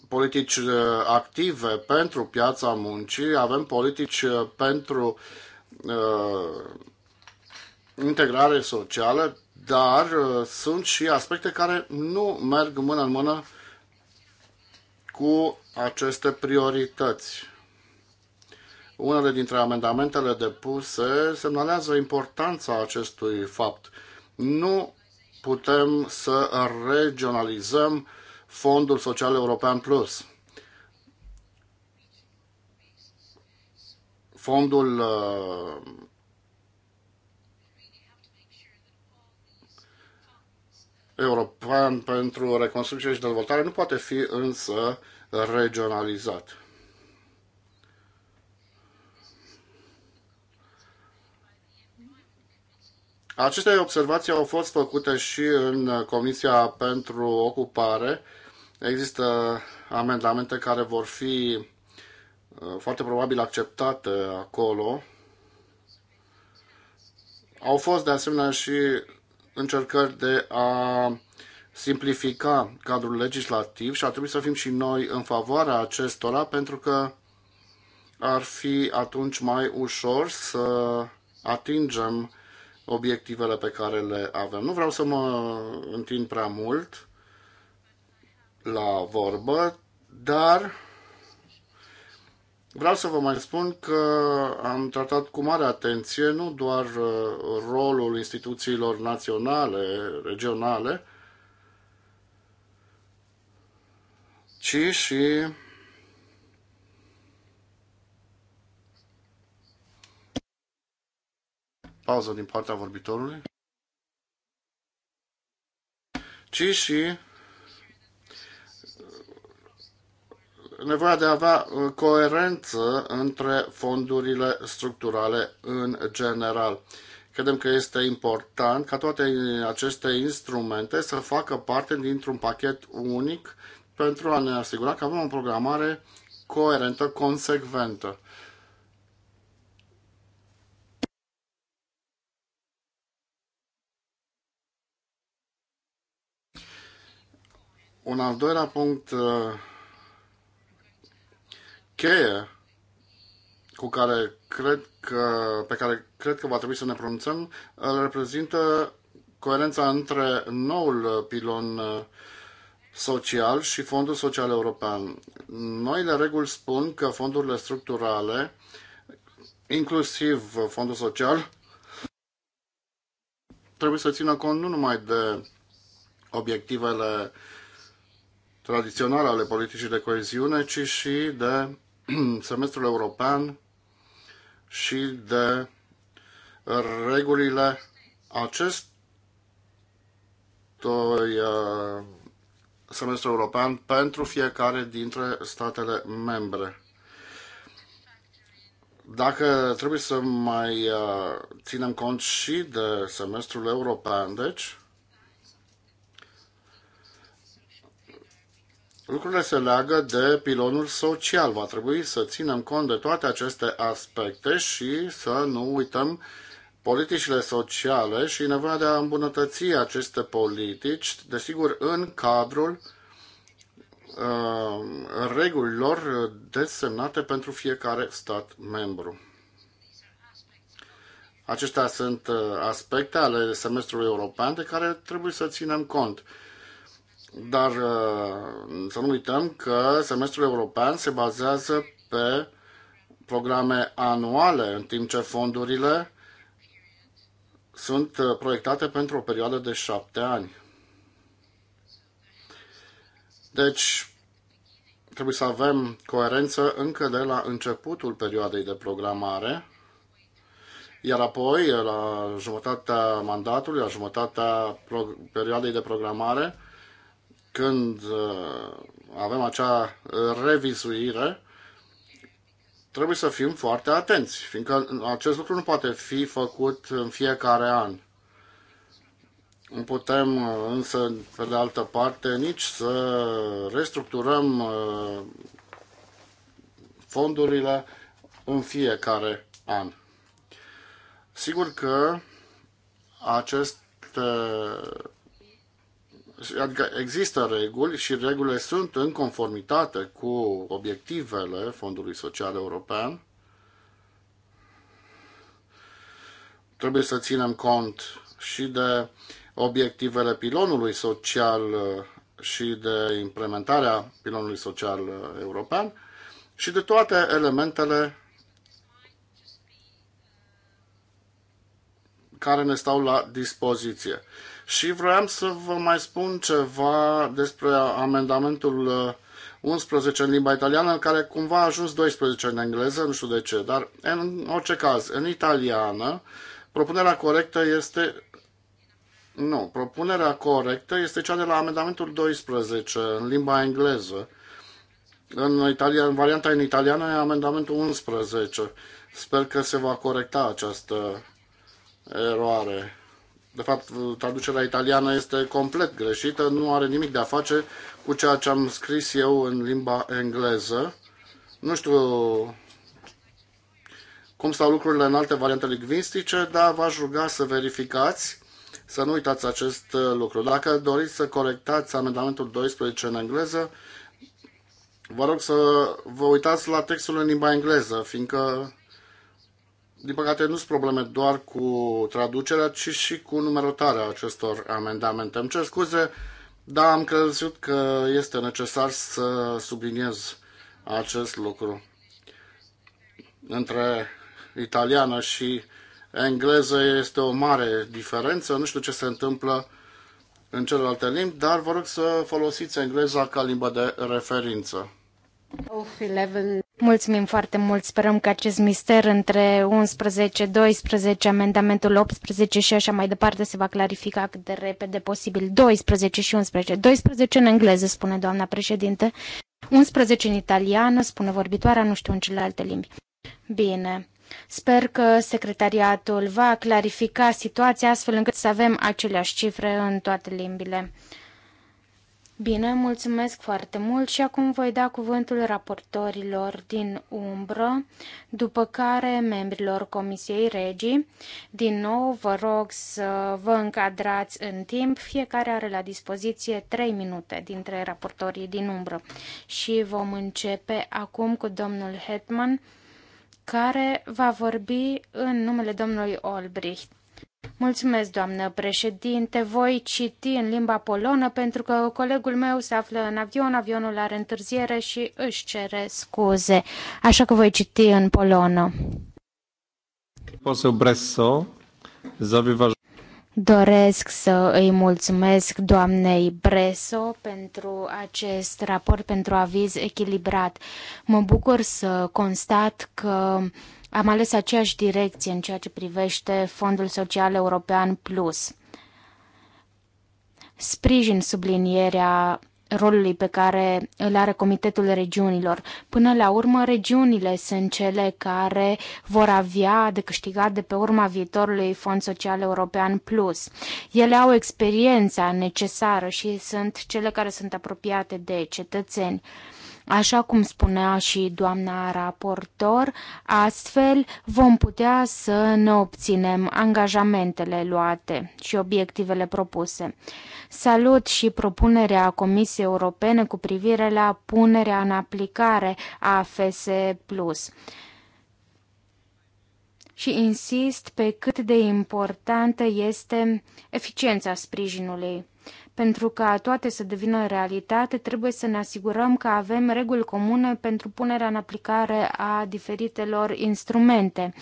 politici uh, active pentru piața muncii, avem politici pentru integrare socială, dar sunt și aspecte care nu merg mână în mână cu aceste priorități. Unele dintre amendamentele depuse semnalează importanța acestui fapt. Nu putem să regionalizăm Fondul Social European Plus. Fondul uh, european pentru reconstrucție și dezvoltare nu poate fi însă regionalizat. Aceste observații au fost făcute și în Comisia pentru Ocupare. Există amendamente care vor fi uh, foarte probabil acceptate acolo. Au fost de asemenea și încercări de a simplifica cadrul legislativ și ar trebui să fim și noi în favoarea acestora pentru că ar fi atunci mai ușor să atingem obiectivele pe care le avem. Nu vreau să mă întind prea mult la vorbă, dar Vreau să vă mai spun că am tratat cu mare atenție nu doar uh, rolul instituțiilor naționale, regionale, ci și pauză din partea vorbitorului, ci și nevoia de a avea uh, coerență între fondurile structurale în general. Credem că este important ca toate uh, aceste instrumente să facă parte dintr-un pachet unic pentru a ne asigura că avem o programare coerentă, consecventă. Un al doilea punct uh, cheie cu care cred că, pe care cred că va trebui să ne pronunțăm îl reprezintă coerența între noul pilon social și Fondul Social European. Noile reguli spun că fondurile structurale, inclusiv Fondul Social, trebuie să țină cont nu numai de obiectivele tradiționale ale politicii de coeziune, ci și de (clears throat) semestrul european și de regulile acestui uh, semestru european pentru fiecare dintre statele membre. Dacă trebuie să mai uh, ținem cont și de semestrul european, deci, Lucrurile se leagă de pilonul social. Va trebui să ținem cont de toate aceste aspecte și să nu uităm politicile sociale și nevoia de a îmbunătăți aceste politici, desigur, în cadrul uh, regulilor desemnate pentru fiecare stat membru. Acestea sunt uh, aspecte ale semestrului european de care trebuie să ținem cont. Dar uh, să nu uităm că semestrul european se bazează pe programe anuale, în timp ce fondurile sunt uh, proiectate pentru o perioadă de șapte ani. Deci, trebuie să avem coerență încă de la începutul perioadei de programare, iar apoi, la jumătatea mandatului, la jumătatea perioadei de programare, când uh, avem acea uh, revizuire, trebuie să fim foarte atenți, fiindcă acest lucru nu poate fi făcut în fiecare an. Nu putem uh, însă, pe de altă parte, nici să restructurăm fondurile în fiecare an. Sigur că aceste adică există reguli și regulile sunt în conformitate cu obiectivele Fondului Social European. Trebuie să ținem cont și de obiectivele pilonului social uh, și de implementarea pilonului social uh, european și de toate elementele care ne stau la dispoziție. Și vroiam să vă mai spun ceva despre amendamentul 11 uh, în limba italiană, care cumva a ajuns 12 în engleză, nu știu de ce, dar în orice caz, în italiană, propunerea corectă este nu, propunerea corectă este cea de la amendamentul 12 în limba engleză. În, Italia, în varianta în italiană e amendamentul 11. Sper că se va corecta această eroare. De fapt, traducerea italiană este complet greșită, nu are nimic de a face cu ceea ce am scris eu în limba engleză. Nu știu cum stau lucrurile în alte variante lingvistice, dar v-aș ruga să verificați, să nu uitați acest uh, lucru. Dacă doriți să corectați amendamentul 12 în engleză, vă rog să vă uitați la textul în limba engleză, fiindcă din păcate, nu sunt probleme doar cu traducerea, ci și cu numerotarea acestor amendamente. Îmi cer scuze, dar am crezut că este necesar să subliniez acest lucru. Între italiană și engleză este o mare diferență. Nu știu ce se întâmplă în celelalte limbi, dar vă rog să folosiți engleza ca limbă de referință. Mulțumim foarte mult. Sperăm că acest mister între 11, 12, amendamentul 18 și așa mai departe se va clarifica cât de repede posibil. 12 și 11. 12 în engleză, spune doamna președinte. 11 în italiană, spune vorbitoarea, nu știu în celelalte limbi. Bine. Sper că secretariatul va clarifica situația astfel încât să avem aceleași cifre în toate limbile. Bine, mulțumesc foarte mult și acum voi da cuvântul raportorilor din umbră, după care membrilor Comisiei Regii. Din nou, vă rog să vă încadrați în timp. Fiecare are la dispoziție 3 minute dintre raportorii din umbră. Și vom începe acum cu domnul Hetman, care va vorbi în numele domnului Olbricht. Mulțumesc, doamnă președinte. Voi citi în limba polonă pentru că colegul meu se află în avion, avionul are întârziere și își cere scuze. Așa că voi citi în polonă. Doresc să îi mulțumesc doamnei Breso pentru acest raport, pentru aviz echilibrat. Mă bucur să constat că am ales aceeași direcție în ceea ce privește Fondul Social European Plus. Sprijin sublinierea rolului pe care îl are Comitetul Regiunilor. Până la urmă, regiunile sunt cele care vor avea de câștigat de pe urma viitorului Fond Social European Plus. Ele au experiența necesară și sunt cele care sunt apropiate de cetățeni. Așa cum spunea și doamna raportor, astfel vom putea să ne obținem angajamentele luate și obiectivele propuse. Salut și propunerea Comisiei Europene cu privire la punerea în aplicare a FSE+ și insist pe cât de importantă este eficiența sprijinului pentru ca toate să devină realitate, trebuie să ne asigurăm că avem reguli comune pentru punerea în aplicare a diferitelor instrumente.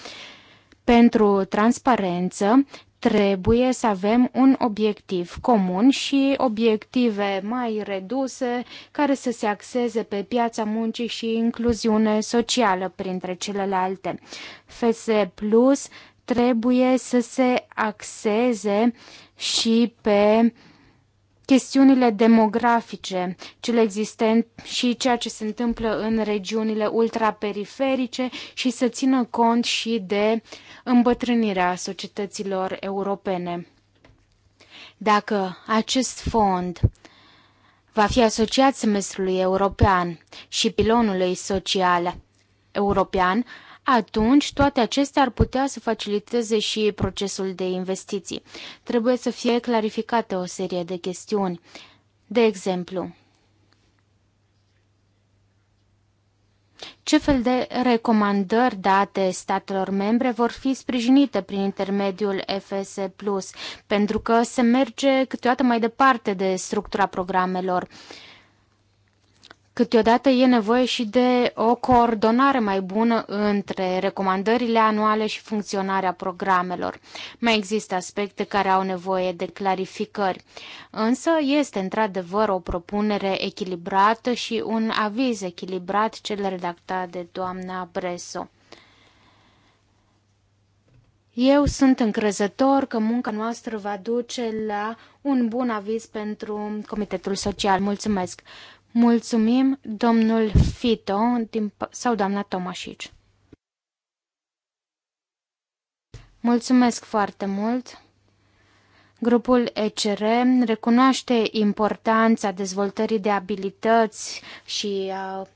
Pentru transparență, trebuie să avem un obiectiv comun și obiective mai reduse care să se axeze pe piața muncii și incluziune socială printre celelalte. FSE Plus trebuie să se axeze și pe uh, chestiunile demografice, cele existente și ceea ce se întâmplă în regiunile ultraperiferice și să țină cont și de îmbătrânirea societăților europene. Dacă acest fond va fi asociat semestrului european și pilonului social european, atunci toate acestea ar putea să faciliteze și procesul de investiții. Trebuie să fie clarificate o serie de chestiuni. De exemplu, Ce fel de recomandări date statelor membre vor fi sprijinite prin intermediul FS+, pentru că se merge câteodată mai departe de structura programelor? Uh, Câteodată e nevoie și de o coordonare mai bună între recomandările anuale și funcționarea programelor. Mai există aspecte care au nevoie de clarificări, însă este într-adevăr o propunere echilibrată și un aviz echilibrat cel redactat de doamna Breso. Eu sunt încrezător că munca noastră va duce la un bun aviz pentru Comitetul Social. Mulțumesc! Mulțumim, domnul Fito din, sau doamna Tomașici. Mulțumesc foarte mult! Grupul ECR recunoaște importanța dezvoltării de abilități și a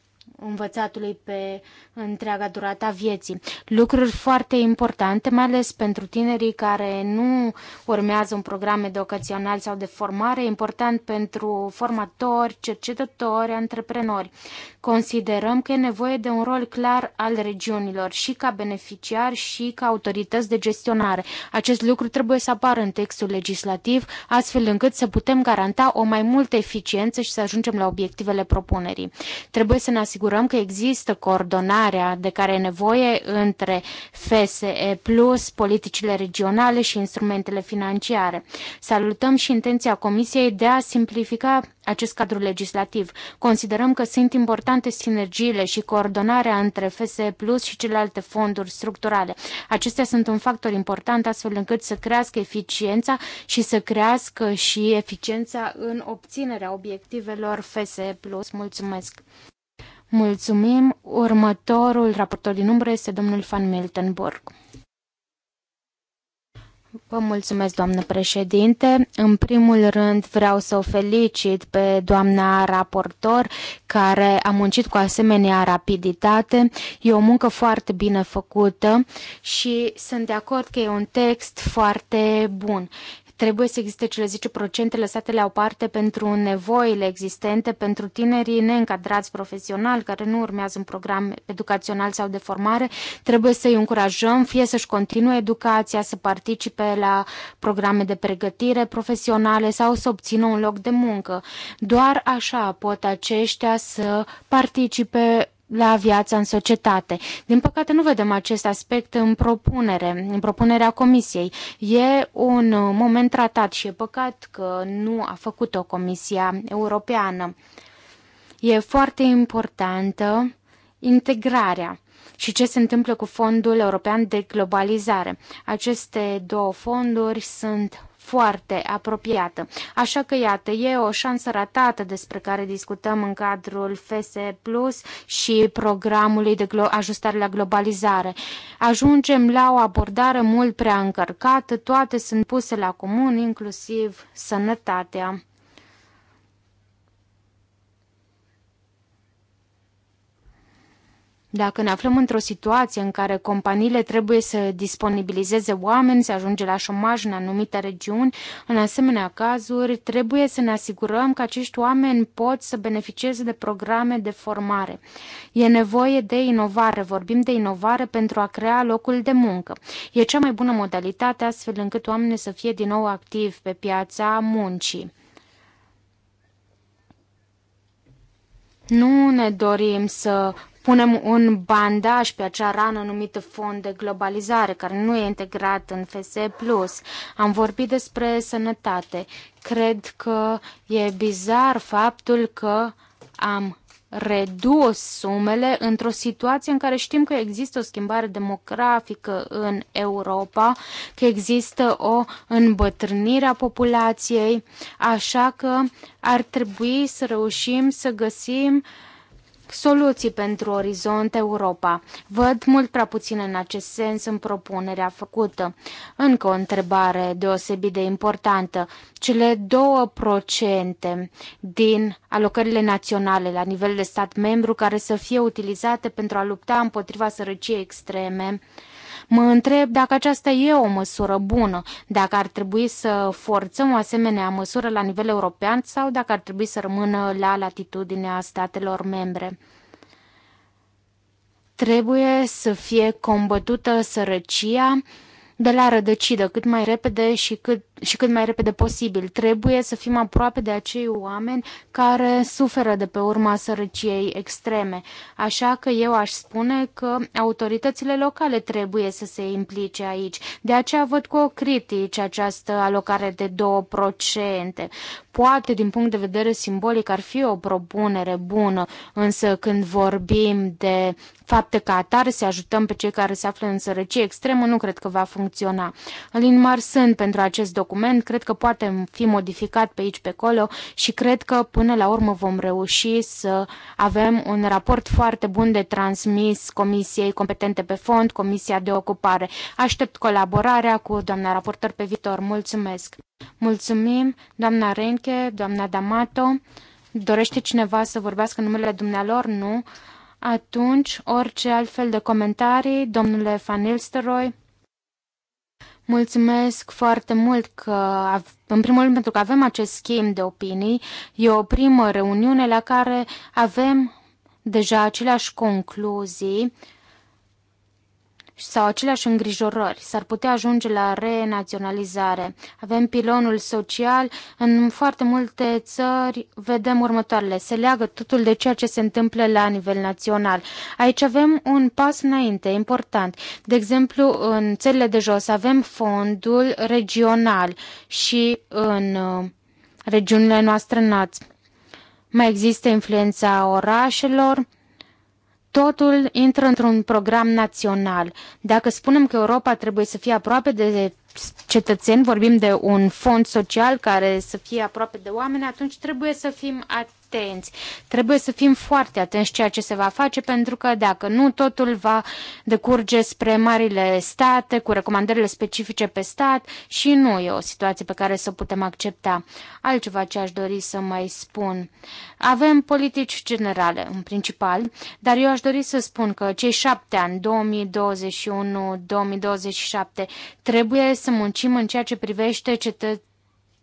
învățatului pe întreaga durata vieții. Lucruri foarte importante, mai ales pentru tinerii care nu urmează un program educațional sau de formare, important pentru formatori, cercetători, antreprenori. Considerăm că e nevoie de un rol clar al regiunilor și ca beneficiari și ca autorități de gestionare. Acest lucru trebuie să apară în textul legislativ, astfel încât să putem garanta o mai multă eficiență și să ajungem la obiectivele propunerii. Trebuie să ne asigurăm asigurăm că există coordonarea de care e nevoie între FSE+, Plus, politicile regionale și instrumentele financiare. Salutăm și intenția Comisiei de a simplifica acest cadru legislativ. Considerăm că sunt importante sinergiile și coordonarea între FSE Plus și celelalte fonduri structurale. Acestea sunt un factor important astfel încât să crească eficiența și să crească și eficiența în obținerea obiectivelor FSE Plus. Mulțumesc! Mulțumim. Următorul raportor din umbră este domnul Van Miltenburg. Vă mulțumesc, doamnă președinte. În primul rând vreau să o felicit pe doamna raportor care a muncit cu asemenea rapiditate. E o muncă foarte bine făcută și sunt de acord că e un text foarte bun. Trebuie să existe cele 10% lăsate la o parte pentru nevoile existente, pentru tinerii neîncadrați profesional care nu urmează un program educațional sau de formare. Trebuie să îi încurajăm fie să-și continue educația, să participe la programe de pregătire profesionale sau să obțină un loc de muncă. Doar așa pot aceștia să participe la viața în societate. Din păcate nu vedem acest aspect în propunere, în propunerea comisiei. E un uh, moment tratat și e păcat că nu a făcut-o Comisia Europeană. E foarte importantă integrarea și ce se întâmplă cu Fondul European de Globalizare. Aceste două fonduri sunt foarte apropiată. Așa că, iată, e o șansă ratată despre care discutăm în cadrul FSE Plus și programului de ajustare la globalizare. Ajungem la o abordare mult prea încărcată, toate sunt puse la comun, inclusiv sănătatea. Dacă ne aflăm într-o situație în care companiile trebuie să disponibilizeze oameni, să ajunge la șomaj în anumite regiuni, în asemenea cazuri trebuie să ne asigurăm că acești oameni pot să beneficieze de programe de formare. E nevoie de inovare, vorbim de inovare pentru a crea locul de muncă. E cea mai bună modalitate astfel încât oamenii să fie din nou activi pe piața muncii. Nu ne dorim să punem un bandaj pe acea rană numită fond de globalizare, care nu e integrat în FSE+. Am vorbit despre sănătate. Cred că e bizar faptul că am redus sumele într-o situație în care știm că există o schimbare demografică în Europa, că există o îmbătrânire a populației, așa că ar trebui să reușim să găsim uh, soluții pentru Orizont Europa. Văd mult prea puțin în acest sens în propunerea făcută. Încă o întrebare deosebit de importantă. Cele 2% din alocările naționale la nivel de stat membru care să fie utilizate pentru a lupta împotriva sărăciei extreme. Mă întreb dacă aceasta e o măsură bună, dacă ar trebui să forțăm o asemenea măsură la nivel european sau dacă ar trebui să rămână la latitudinea statelor membre trebuie să fie combătută sărăcia, de la rădăcină cât mai repede și cât, și cât mai repede posibil. Trebuie să fim aproape de acei oameni care suferă de pe urma sărăciei extreme. Așa că eu aș spune că autoritățile locale trebuie să se implice aici. De aceea văd cu o critici această alocare de 2%. Poate, din punct de vedere simbolic, ar fi o propunere bună, însă când vorbim de fapte ca atare să ajutăm pe cei care se află în sărăcie extremă nu cred că va funcționa. Alin Marsân pentru acest document, cred că poate fi modificat pe aici, pe acolo și cred că până la urmă vom reuși să avem un raport foarte bun de transmis Comisiei competente pe fond, Comisia de Ocupare. Aștept colaborarea cu doamna raportor pe viitor. Mulțumesc! Mulțumim, doamna Renche, doamna D'Amato. Dorește cineva să vorbească numele dumnealor? Nu. Atunci, orice altfel de comentarii, domnule Van Nistelrooy? Mulțumesc foarte mult că, în primul rând, pentru că avem acest schimb de opinii. E o primă reuniune la care avem deja aceleași concluzii sau aceleași îngrijorări. S-ar putea ajunge la renaționalizare. Avem pilonul social. În foarte multe țări vedem următoarele. Se leagă totul de ceea ce se întâmplă la nivel național. Aici avem un pas înainte important. De exemplu, în țările de jos avem fondul regional și în uh, regiunile noastre nați. Mai există influența orașelor, Totul intră într-un program național. Dacă spunem că Europa trebuie să fie aproape de cetățeni, vorbim de un fond social care să fie aproape de oameni, atunci trebuie să fim atenți. Trebuie să fim foarte atenți ceea ce se va face, pentru că dacă nu, totul va decurge spre marile state, cu recomandările specifice pe stat și nu e o situație pe care să o putem accepta. Altceva ce aș dori să mai spun. Avem politici generale, în principal, dar eu aș dori să spun că cei șapte ani, 2021-2027, trebuie să muncim în ceea ce privește cetățenii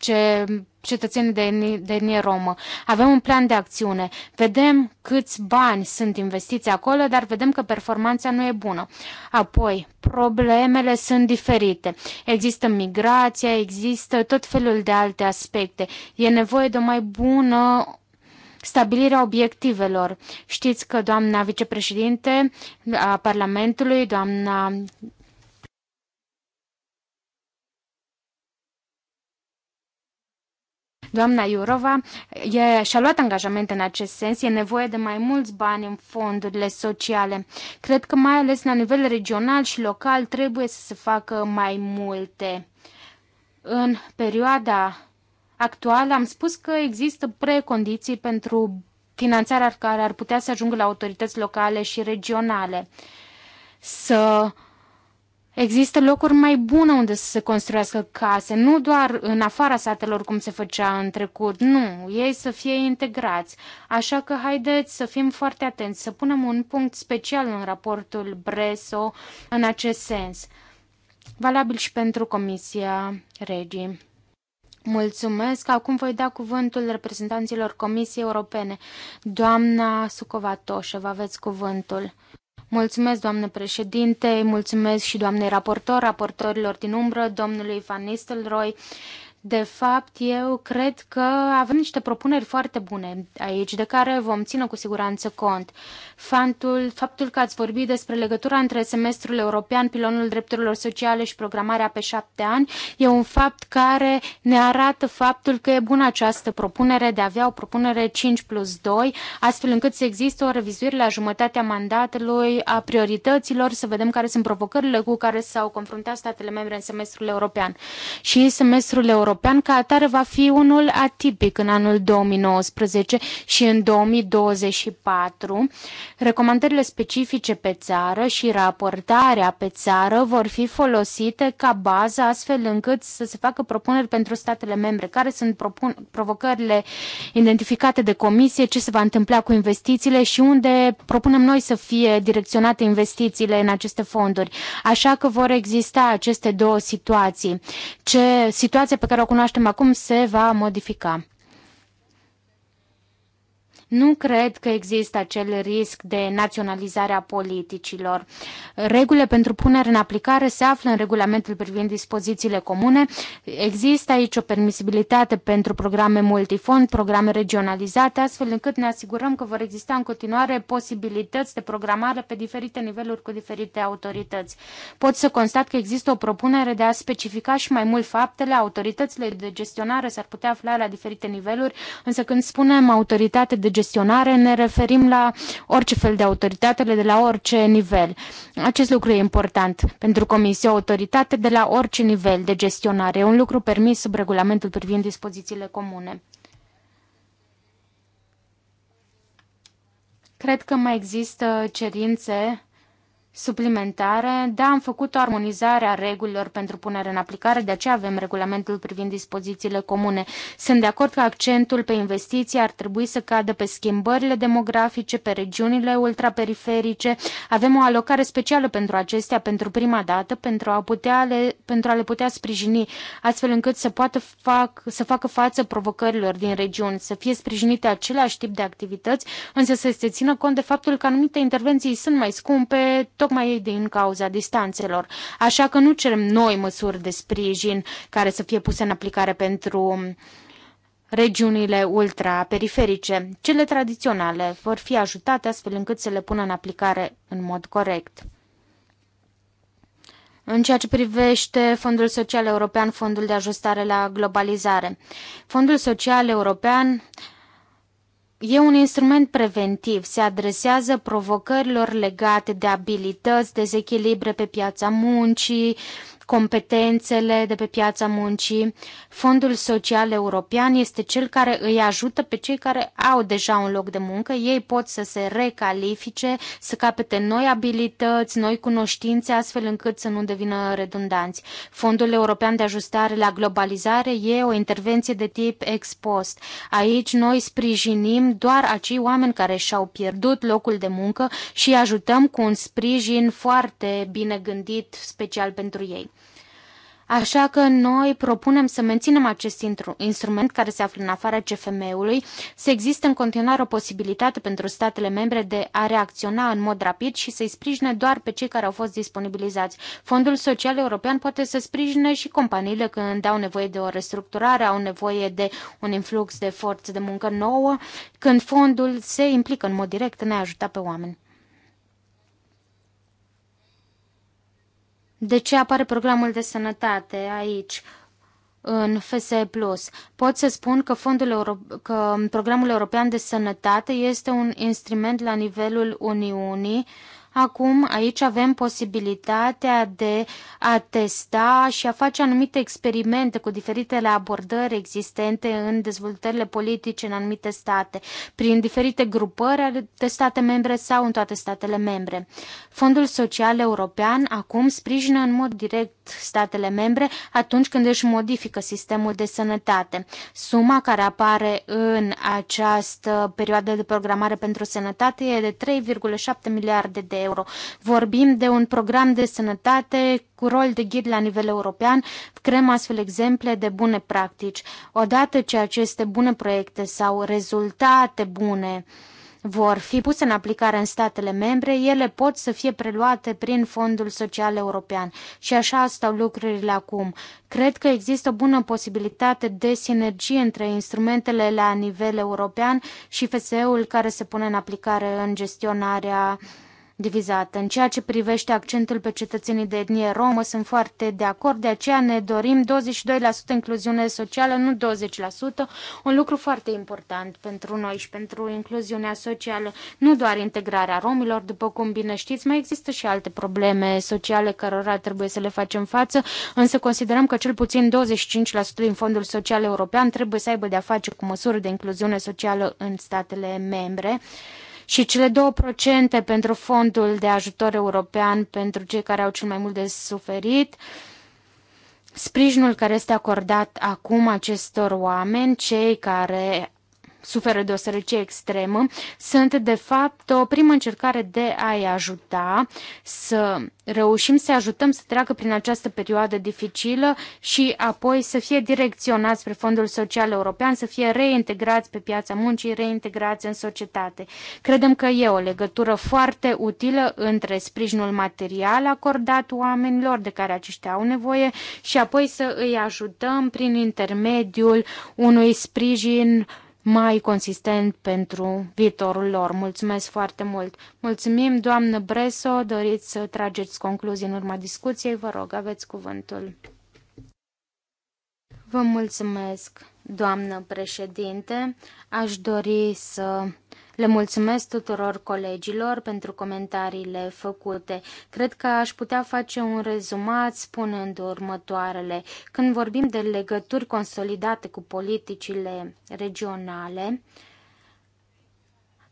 ce cetățenii de, de etnie romă. Avem un plan de acțiune. Vedem câți bani sunt investiți acolo, dar vedem că performanța nu e bună. Apoi, problemele sunt diferite. Există migrația, există tot felul de alte aspecte. E nevoie de o mai bună stabilirea obiectivelor. Știți că doamna vicepreședinte a Parlamentului, doamna Doamna Iurova și-a luat angajament în acest sens. E nevoie de mai mulți bani în fondurile sociale. Cred că mai ales la nivel regional și local trebuie să se facă mai multe. În perioada actuală am spus că există precondiții pentru finanțarea care ar putea să ajungă la autorități locale și regionale. Să Există locuri mai bune unde să se construiască case, nu doar în afara satelor cum se făcea în trecut, nu, ei să fie integrați. Așa că haideți să fim foarte atenți, să punem un punct special în raportul Breso în acest sens, valabil și pentru Comisia Regii. Mulțumesc. Acum voi da cuvântul reprezentanților Comisiei Europene. Doamna vă aveți cuvântul. Mulțumesc, doamnă președinte, mulțumesc și doamnei raportor, raportorilor din umbră, domnului Van Nistelrooy. De fapt, eu cred că avem niște propuneri foarte bune aici, de care vom ține cu siguranță cont. Fantul, faptul că ați vorbit despre legătura între semestrul european, pilonul drepturilor sociale și programarea pe șapte ani, e un fapt care ne arată faptul că e bună această propunere de a avea o propunere 5 plus 2, astfel încât să există o revizuire la jumătatea mandatului a priorităților, să vedem care sunt provocările cu care s-au confruntat statele membre în semestrul european. Și semestrul european european ca atare va fi unul atipic în anul 2019 și în 2024. Recomandările specifice pe țară și raportarea pe țară vor fi folosite ca bază astfel încât să se facă propuneri pentru statele membre. Care sunt provocările identificate de comisie, ce se va întâmpla cu investițiile și unde propunem noi să fie direcționate investițiile în aceste fonduri. Așa că vor exista aceste două situații. Ce situație pe care care o cunoaștem acum se va modifica. Nu cred că există acel risc de naționalizare a politicilor. Regulile pentru punere în aplicare se află în regulamentul privind dispozițiile comune. Există aici o permisibilitate pentru programe multifond, programe regionalizate, astfel încât ne asigurăm că vor exista în continuare posibilități de programare pe diferite niveluri cu diferite autorități. Pot să constat că există o propunere de a specifica și mai mult faptele. Autoritățile de gestionare s-ar putea afla la diferite niveluri, însă când spunem autoritate de gestionare, gestionare, ne referim la orice fel de autoritatele de la orice nivel. Acest lucru e important pentru Comisie, autoritate de la orice nivel de gestionare. E un lucru permis sub regulamentul privind dispozițiile comune. Cred că mai există cerințe suplimentare, da, am făcut o armonizare a regulilor pentru punere în aplicare, de aceea avem regulamentul privind dispozițiile comune. Sunt de acord că accentul pe investiții ar trebui să cadă pe schimbările demografice, pe regiunile ultraperiferice. Avem o alocare specială pentru acestea pentru prima dată, pentru a, putea le, pentru a le putea sprijini, astfel încât să poată fac, să facă față provocărilor din regiuni, să fie sprijinite același tip de activități, însă să se țină cont de faptul că anumite intervenții sunt mai scumpe, tocmai din cauza distanțelor. Așa că nu cerem noi măsuri de sprijin care să fie puse în aplicare pentru regiunile ultraperiferice. Cele tradiționale vor fi ajutate astfel încât să le pună în aplicare în mod corect. În ceea ce privește Fondul Social European, Fondul de Ajustare la Globalizare. Fondul Social European E un instrument preventiv, se adresează provocărilor legate de abilități, dezechilibre pe piața muncii, uh, competențele de pe piața muncii. Fondul Social European este cel care îi ajută pe cei care au deja un loc de muncă. Ei pot să se recalifice, să capete noi abilități, noi cunoștințe, astfel încât să nu devină redundanți. Fondul European de Ajustare la Globalizare e o intervenție de tip ex post. Aici noi sprijinim doar acei oameni care și-au pierdut locul de muncă și îi ajutăm cu un sprijin foarte bine gândit special pentru ei. Așa că noi propunem să menținem acest instrument care se află în afara CFM-ului, să existe în continuare o posibilitate pentru statele membre de a reacționa în mod rapid și să-i sprijine doar pe cei care au fost disponibilizați. Fondul Social European poate să sprijine și companiile când au nevoie de o restructurare, au nevoie de un influx de forță de muncă nouă, când fondul se implică în mod direct în a ajuta pe oameni. De ce apare programul de sănătate aici? în FSE+. Plus? Pot să spun că, fondul Euro- că programul european de sănătate este un instrument la nivelul Uniunii uh, Acum aici avem posibilitatea de a testa și a face anumite experimente cu diferitele abordări existente în dezvoltările politice în anumite state, prin diferite grupări de state membre sau în toate statele membre. Fondul Social European acum sprijină în mod direct statele membre atunci când își modifică sistemul de sănătate. Suma care apare în această perioadă de programare pentru sănătate e de 3,7 miliarde de euro. Vorbim de un program de sănătate cu rol de ghid la nivel european, creăm astfel exemple de bune practici. Odată ce aceste bune proiecte sau rezultate bune vor fi puse în aplicare în statele membre, ele pot să fie preluate prin Fondul Social European. Și așa stau lucrurile acum. Cred că există o bună posibilitate de sinergie între instrumentele la nivel european și FSE-ul care se pune în aplicare în gestionarea uh, divizată. În ceea ce privește accentul pe cetățenii de etnie romă, sunt foarte de acord, de aceea ne dorim 22% incluziune socială, nu 20%, un lucru foarte important pentru noi și pentru incluziunea socială, nu doar integrarea romilor, după cum bine știți, mai există și alte probleme sociale cărora trebuie să le facem față, însă considerăm că cel puțin 25% din fondul social european trebuie să aibă de-a face cu măsuri de incluziune socială în statele membre și cele 2% pentru fondul de ajutor european pentru cei care au cel mai mult de suferit. Sprijinul care este acordat acum acestor oameni, cei care suferă de o sărăcie extremă, sunt de fapt o primă încercare de a-i ajuta să reușim să ajutăm să treacă prin această perioadă dificilă și apoi să fie direcționați spre Fondul Social European, să fie reintegrați pe piața muncii, reintegrați în societate. Credem că e o legătură foarte utilă între sprijinul material acordat oamenilor de care aceștia au nevoie și apoi să îi ajutăm prin intermediul unui sprijin mai consistent pentru viitorul lor. Mulțumesc foarte mult! Mulțumim, doamnă Breso, doriți să trageți concluzii în urma discuției, vă rog, aveți cuvântul. Vă mulțumesc, doamnă președinte. Aș dori să le mulțumesc tuturor colegilor pentru comentariile făcute. Cred că aș putea face un rezumat spunând următoarele. Când vorbim de legături consolidate cu politicile regionale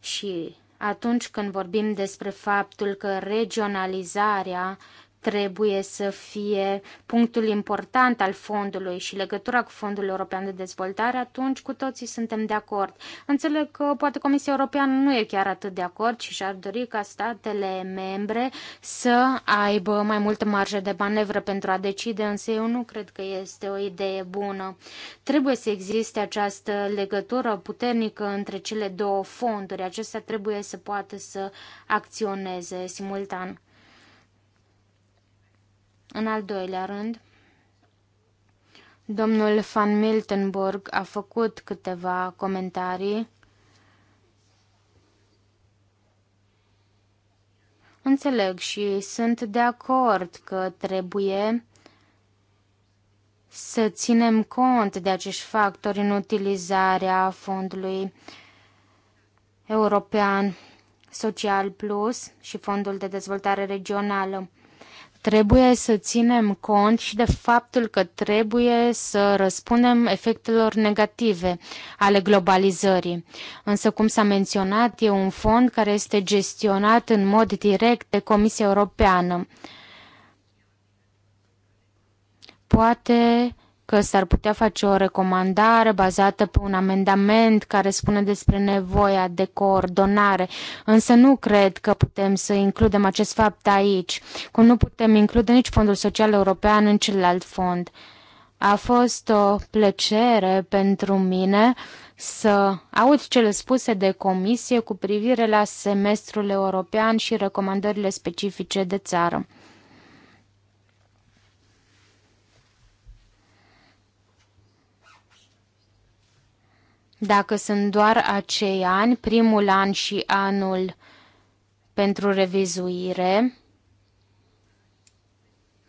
și atunci când vorbim despre faptul că regionalizarea trebuie să fie punctul important al fondului și legătura cu Fondul European de Dezvoltare, atunci cu toții suntem de acord. Înțeleg că poate Comisia Europeană nu e chiar atât de acord și și-ar dori ca statele membre să aibă mai multă marjă de manevră pentru a decide, însă eu nu cred că este o idee bună. Trebuie să existe această legătură puternică între cele două fonduri. Acestea trebuie să poată să acționeze simultan. În al doilea rând, domnul Van Miltenburg a făcut câteva comentarii Înțeleg și sunt de acord că trebuie să ținem cont de acești factori în utilizarea fondului european social plus și fondul de dezvoltare regională. Trebuie să ținem cont și de faptul că trebuie să răspundem efectelor negative ale globalizării. Însă, cum s-a menționat, e un fond care este gestionat în mod direct de Comisia Europeană. Poate că s-ar putea face o recomandare bazată pe un amendament care spune despre nevoia de coordonare, însă nu cred că putem să includem acest fapt aici, cum nu putem include nici Fondul Social European în celălalt fond. A fost o plăcere pentru mine să aud cele spuse de comisie cu privire la semestrul european și recomandările specifice de țară. Dacă sunt doar acei ani, primul an și anul pentru revizuire,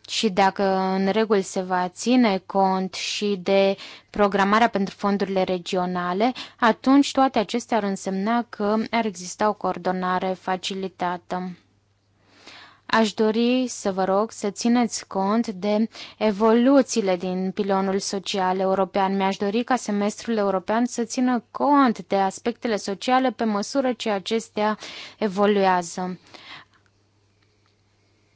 și dacă în regulă se va ține cont și de programarea pentru fondurile regionale, atunci toate acestea ar însemna că ar exista o coordonare facilitată. Aș dori să vă rog să țineți cont de evoluțiile din pilonul social european. Mi-aș dori ca semestrul european să țină cont de aspectele sociale pe măsură ce acestea evoluează.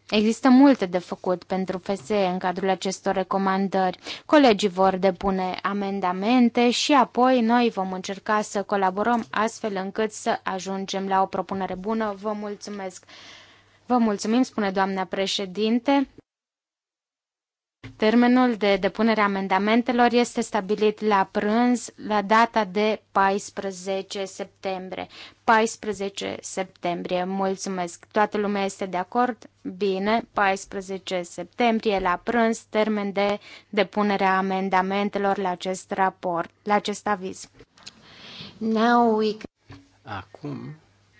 Există multe de făcut pentru FSE în cadrul acestor recomandări. Colegii vor depune amendamente și apoi noi vom încerca să colaborăm astfel încât să ajungem la o propunere bună. Vă mulțumesc! Vă mulțumim, spune doamna președinte. Termenul de depunere a amendamentelor este stabilit la prânz la data de 14 septembrie. 14 septembrie, mulțumesc. Toată lumea este de acord? Bine, 14 septembrie la prânz, termen de depunere a amendamentelor la acest raport, la acest aviz. Now we... Acum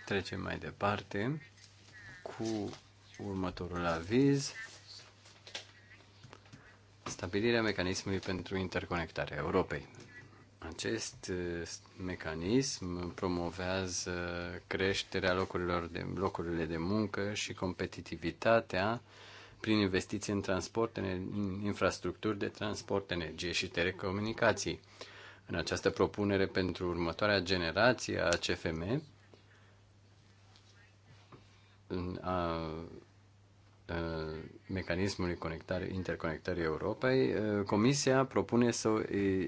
trecem mai departe cu următorul aviz. Stabilirea mecanismului pentru interconectarea Europei. Acest uh, mecanism promovează creșterea locurilor de, locurile de muncă și competitivitatea prin investiții în transport, în infrastructuri de transport, energie și telecomunicații. În această propunere pentru următoarea generație a CFM, a mecanismului conectare, interconectării Europei, Comisia propune să,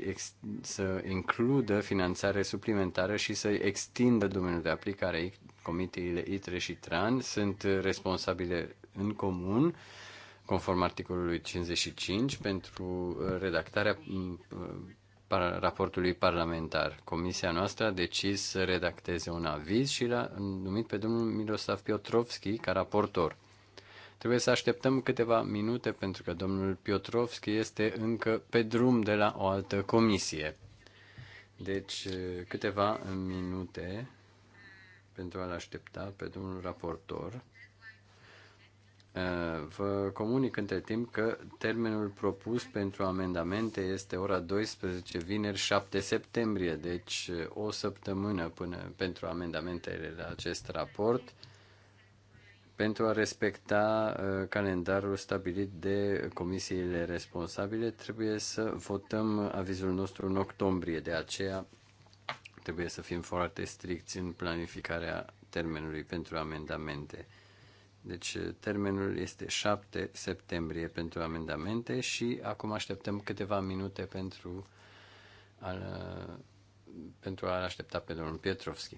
ex, să includă finanțare suplimentară și să extindă domeniul de aplicare. Comitiile ITRE și TRAN sunt responsabile în comun, conform articolului 55, pentru redactarea raportului parlamentar. Comisia noastră a decis să redacteze un aviz și l-a numit pe domnul Miroslav Piotrovski ca raportor. Trebuie să așteptăm câteva minute pentru că domnul Piotrovski este încă pe drum de la o altă comisie. Deci eh, câteva minute pentru a-l aștepta pe domnul raportor. Uh, vă comunic între timp că termenul propus pentru amendamente este ora 12, vineri 7 septembrie, deci uh, o săptămână până pentru amendamentele la acest raport, pentru a respecta uh, calendarul stabilit de comisiile responsabile, trebuie să votăm avizul nostru în octombrie, de aceea trebuie să fim foarte stricți în planificarea termenului pentru amendamente. Deci eh, termenul este 7 septembrie pentru amendamente și acum așteptăm câteva minute pentru a, eh, pentru a aștepta pe domnul Pietrovski.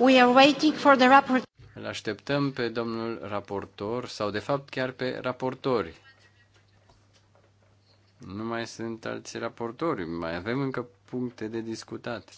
We are waiting for the Îl așteptăm pe domnul raportor sau de fapt chiar pe raportori. Nu mai sunt alți raportori, mai avem încă puncte de discutat.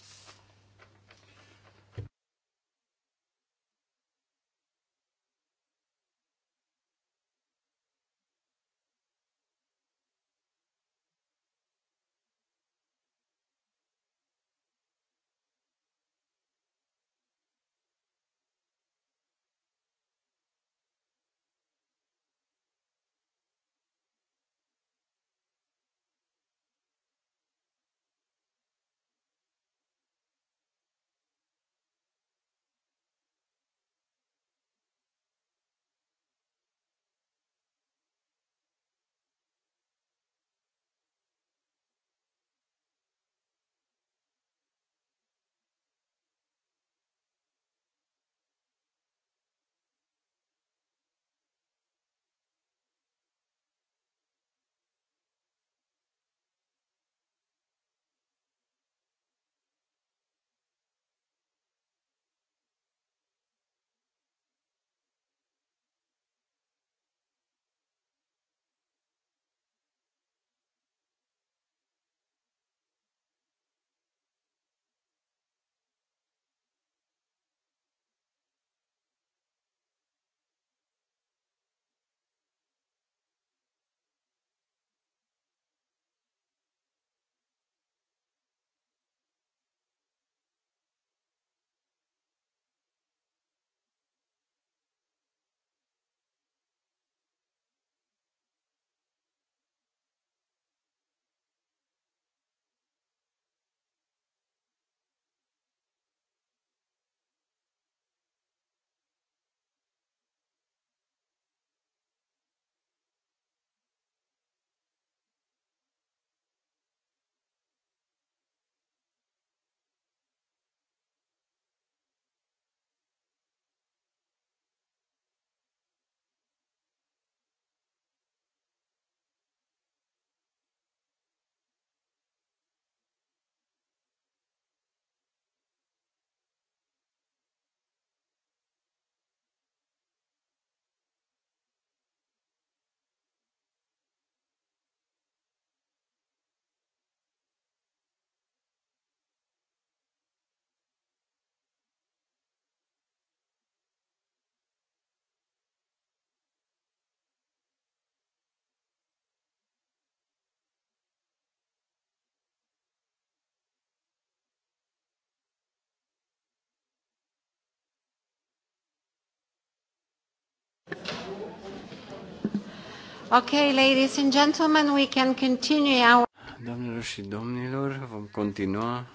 Okay, ladies and gentlemen, we can continue our... Doamnelor și domnilor, vom continua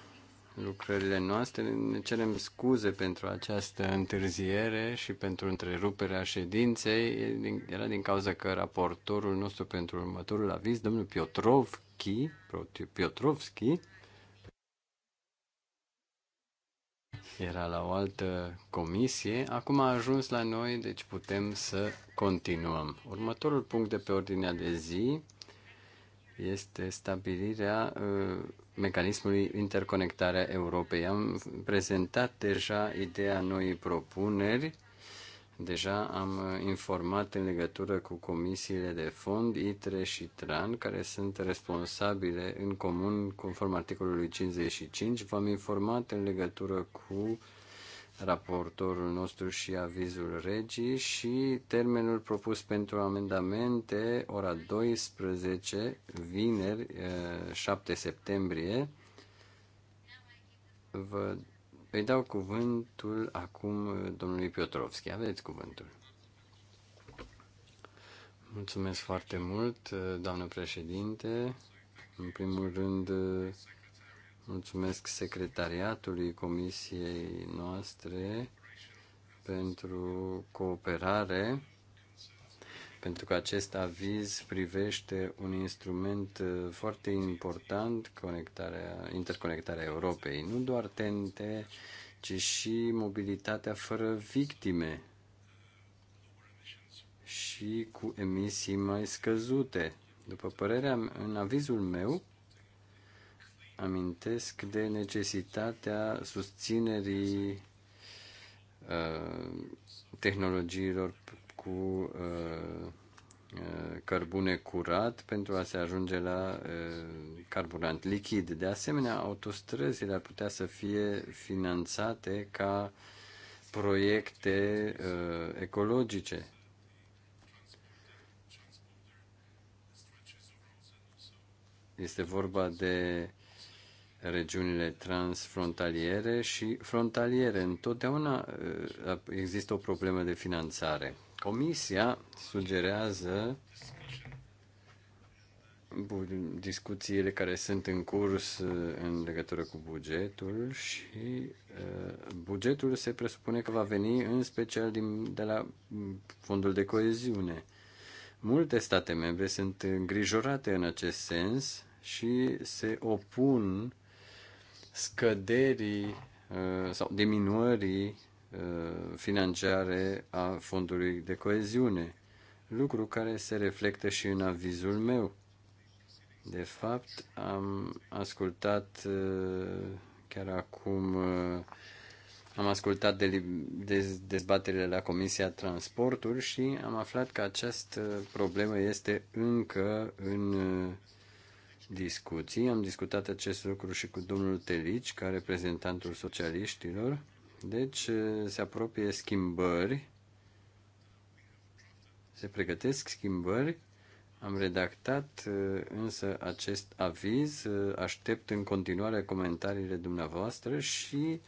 lucrările noastre. Ne cerem scuze pentru această întârziere și pentru întreruperea ședinței. Era din cauza că raportorul nostru pentru următorul aviz, domnul Piotrovski, Piotrovski, era la o altă comisie, acum a ajuns la noi, deci putem să continuăm. Următorul punct de pe ordinea de zi este stabilirea uh, mecanismului interconectarea Europei. Am prezentat deja ideea noii propuneri Deja am uh, informat în legătură cu comisiile de fond, ITRE și TRAN, care sunt responsabile în comun conform articolului 55. V-am informat în legătură cu raportorul nostru și avizul regii și termenul propus pentru amendamente, ora 12, vineri, 7 uh, septembrie. Vă îi dau cuvântul acum uh, domnului Piotrovski. Aveți cuvântul. Mulțumesc foarte mult, uh, doamnă președinte. În primul rând, uh, mulțumesc secretariatului comisiei noastre pentru cooperare pentru că acest aviz privește un instrument uh, foarte important, conectarea, interconectarea Europei. Nu doar TNT, ci și mobilitatea fără victime și cu emisii mai scăzute. După părerea mea, în avizul meu, amintesc de necesitatea susținerii uh, tehnologiilor cu uh, uh, cărbune curat pentru a se ajunge la uh, carburant lichid. De asemenea, autostrăzile ar putea să fie finanțate ca proiecte ecologice. Este vorba de regiunile transfrontaliere și frontaliere. Întotdeauna există o problemă de finanțare. Comisia sugerează discuțiile care sunt în curs uh, în legătură cu bugetul și uh, bugetul se presupune că va veni în special din, de la fondul de coeziune. Multe state membre sunt îngrijorate în acest sens și se opun scăderii uh, sau diminuării Uh, financiare a fondului de coeziune, lucru care se reflectă și în avizul meu. De fapt, am ascultat uh, chiar acum uh, am ascultat de, de, dezbaterile la Comisia Transporturi și am aflat că această problemă este încă în discuții. Am discutat acest lucru și cu domnul Telici, ca reprezentantul socialiștilor. Deci eh, se apropie schimbări, se pregătesc schimbări. Am redactat eh, însă acest aviz, eh, aștept în continuare comentariile dumneavoastră și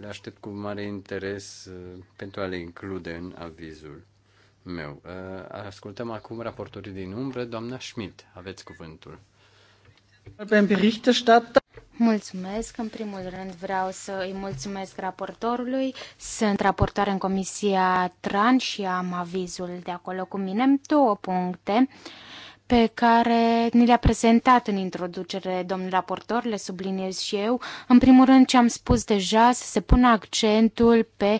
le aștept cu mare interes pentru a le include în avizul meu. Ascultăm acum raportorii din umbră, doamna Schmidt, aveți cuvântul. Mulțumesc. În primul rând vreau să îi mulțumesc raportorului. Sunt raportoare în Comisia Tran și am avizul de acolo cu mine. Două puncte pe care ni le-a prezentat în introducere domnul raportor, le subliniez și eu. În primul rând, ce am spus deja, să se pună accentul pe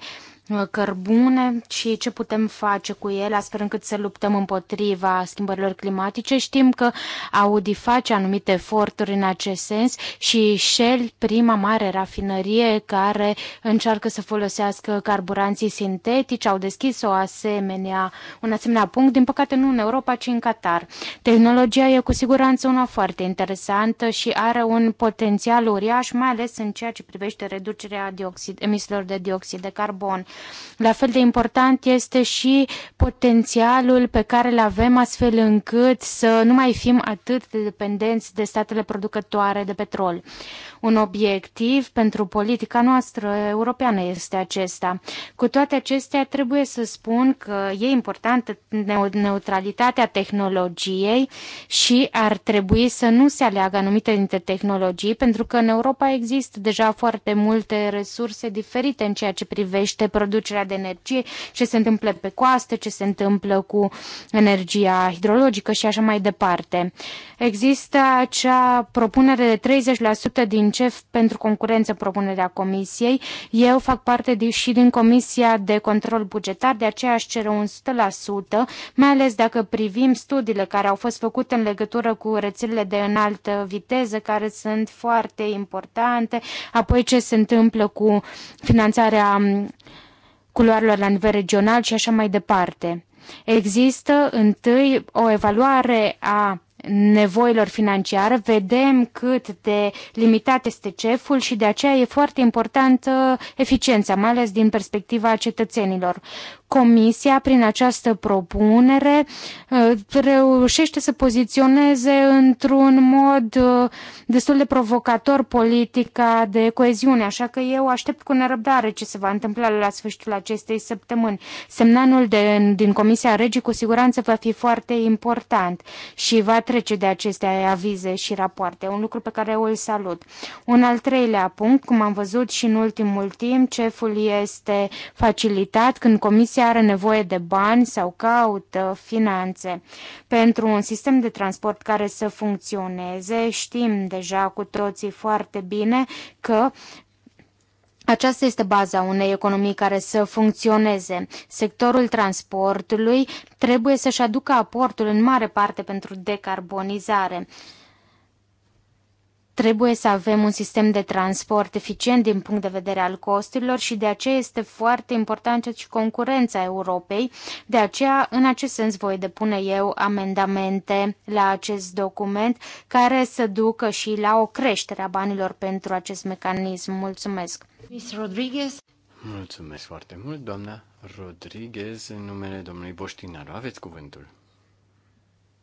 Uh, cărbune și ce putem face cu ele astfel încât să luptăm împotriva schimbărilor climatice. Știm că Audi face anumite eforturi în acest sens și Shell, prima mare rafinărie care încearcă să folosească carburanții sintetici, au deschis o asemenea, un asemenea punct, din păcate nu în Europa, ci în Qatar. Tehnologia e cu siguranță una foarte interesantă și are un potențial uriaș, mai ales în ceea ce privește reducerea dioxid, emisiilor de dioxid de carbon. La fel de important este și potențialul pe care îl avem astfel încât să nu mai fim atât de dependenți de statele producătoare de petrol. Un obiectiv pentru politica noastră europeană este acesta. Cu toate acestea, trebuie să spun că e importantă neutralitatea tehnologiei și ar trebui să nu se aleagă anumite dintre tehnologii, pentru că în Europa există deja foarte multe resurse diferite în ceea ce privește producerea de energie, ce se întâmplă pe coastă, ce se întâmplă cu energia hidrologică și așa mai departe. Există acea propunere de 30% din ce pentru concurență propunerea comisiei. Eu fac parte de, și din Comisia de Control Bugetar, de aceea aș cere 100%, mai ales dacă privim studiile care au fost făcute în legătură cu rețelele de înaltă viteză, care sunt foarte importante, apoi ce se întâmplă cu finanțarea culoarelor la nivel regional și așa mai departe. Există întâi o evaluare a nevoilor financiare, vedem cât de limitat este ceful și de aceea e foarte importantă eficiența, mai ales din perspectiva cetățenilor. Comisia, prin această propunere, uh, reușește să poziționeze într-un mod uh, destul de provocator politica de coeziune, așa că eu aștept cu nerăbdare ce se va întâmpla la sfârșitul acestei săptămâni. Semnalul de, din Comisia Regii cu siguranță va fi foarte important și va trece de aceste avize și rapoarte, un lucru pe care o îl salut. Un al treilea punct, cum am văzut și în ultimul timp, ceful este facilitat când comisia are nevoie de bani sau caută finanțe. Pentru un sistem de transport care să funcționeze, știm deja cu toții foarte bine că aceasta este baza unei economii care să funcționeze. Sectorul transportului trebuie să-și aducă aportul în mare parte pentru decarbonizare. Trebuie să avem un sistem de transport eficient din punct de vedere al costurilor și de aceea este foarte importantă și concurența Europei. De aceea, în acest sens, voi depune eu amendamente la acest document care să ducă și la o creștere a banilor pentru acest mecanism. Mulțumesc! Ms. Rodriguez. Mulțumesc foarte mult, doamna Rodriguez, în numele domnului Boștinaru. Aveți cuvântul.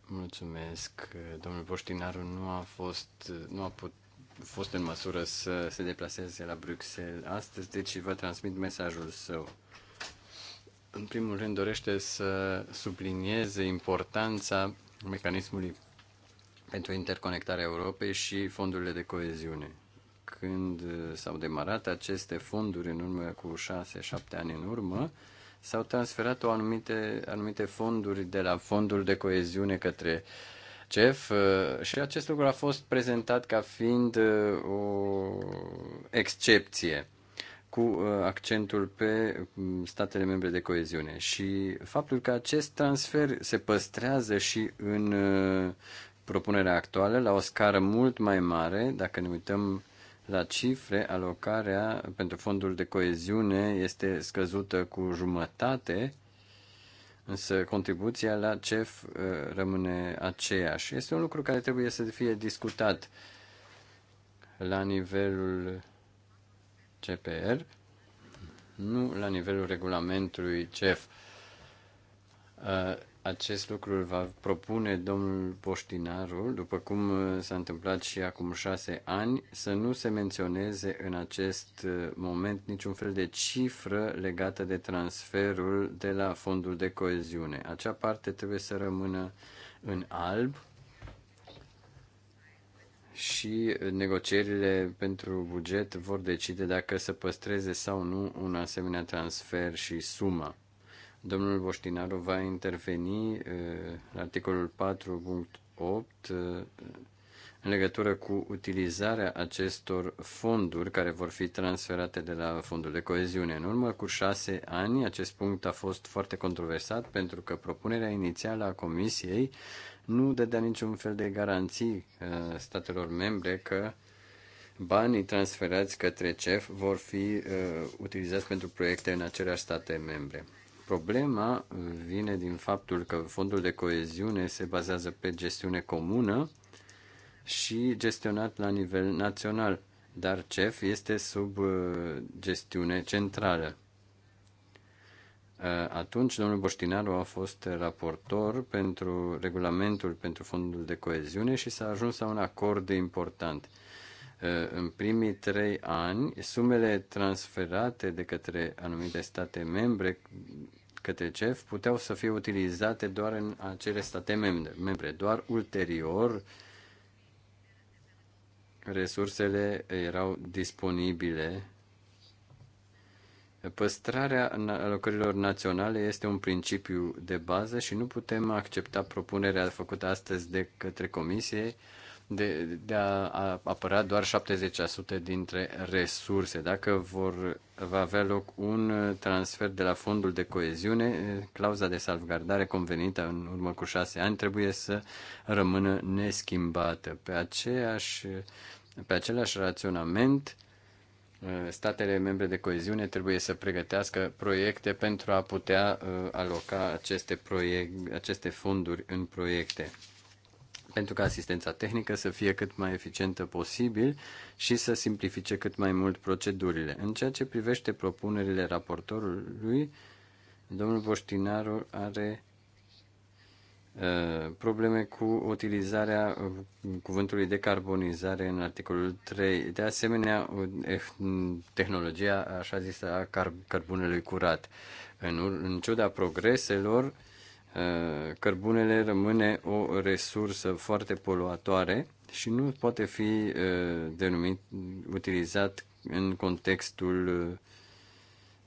Mulțumesc. Domnul Voștinaru nu a fost, nu a put, fost în măsură să se deplaseze la Bruxelles astăzi, deci vă transmit mesajul său. În primul rând dorește să sublinieze importanța mecanismului pentru interconectarea Europei și fondurile de coeziune. Când s-au demarat aceste fonduri în urmă cu 6-7 ani în urmă, s-au transferat o anumite, anumite fonduri de la fondul de coeziune către CEF uh, și acest lucru a fost prezentat ca fiind uh, o excepție cu uh, accentul pe um, statele membre de coeziune și faptul că acest transfer se păstrează și în propunerea actuală la o scară mult mai mare, dacă ne uităm la cifre, alocarea pentru fondul de coeziune este scăzută cu jumătate, însă contribuția la CEF uh, rămâne aceeași. Este un lucru care trebuie să fie discutat la nivelul CPR, nu la nivelul regulamentului CEF. Uh, acest lucru îl va propune domnul poștinarul, după cum uh, s-a întâmplat și acum șase ani, să nu se menționeze în acest uh, moment niciun fel de cifră legată de transferul de la fondul de coeziune. Acea parte trebuie să rămână în alb și negocierile pentru buget vor decide dacă să păstreze sau nu un asemenea transfer și suma Domnul Boștinaru va interveni în uh, articolul 4.8 uh, în legătură cu utilizarea acestor fonduri care vor fi transferate de la fondul de coeziune. În urmă cu șase ani, acest punct a fost foarte controversat pentru că propunerea inițială a Comisiei nu dădea niciun fel de garanții uh, statelor membre că banii transferați către CEF vor fi utilizați pentru proiecte în aceleași state membre. Problema vine din faptul că fondul de coeziune se bazează pe gestiune comună și gestionat la nivel național, dar CEF este sub uh, gestiune centrală. Uh, atunci, domnul Boștinaru a fost raportor pentru regulamentul pentru fondul de coeziune și s-a ajuns la un acord important Uh, în primii trei ani, sumele transferate de către anumite state membre către CEF puteau să fie utilizate doar în acele state membre. Doar ulterior, resursele erau disponibile. Păstrarea alocărilor naționale este un principiu de bază și nu putem accepta propunerea făcută astăzi de către Comisie de, de a apăra doar 70% dintre resurse. Dacă vor, va avea loc un transfer de la fondul de coeziune, clauza de salvgardare convenită în urmă cu șase ani trebuie să rămână neschimbată. Pe, aceeași, pe același raționament, statele membre de coeziune trebuie să pregătească proiecte pentru a putea uh, aloca aceste, proiect, aceste fonduri în proiecte pentru ca asistența tehnică să fie cât mai eficientă posibil și să simplifice cât mai mult procedurile. În ceea ce privește propunerile raportorului, domnul Voștinaru are uh, probleme cu utilizarea uh, cuvântului decarbonizare în articolul 3. De asemenea, uh, eh, tehnologia așa zisă a car- carbunelui curat. În, în ciuda progreselor, Eh, cărbunele rămâne o resursă foarte poluatoare și nu poate fi eh, denumit, utilizat în contextul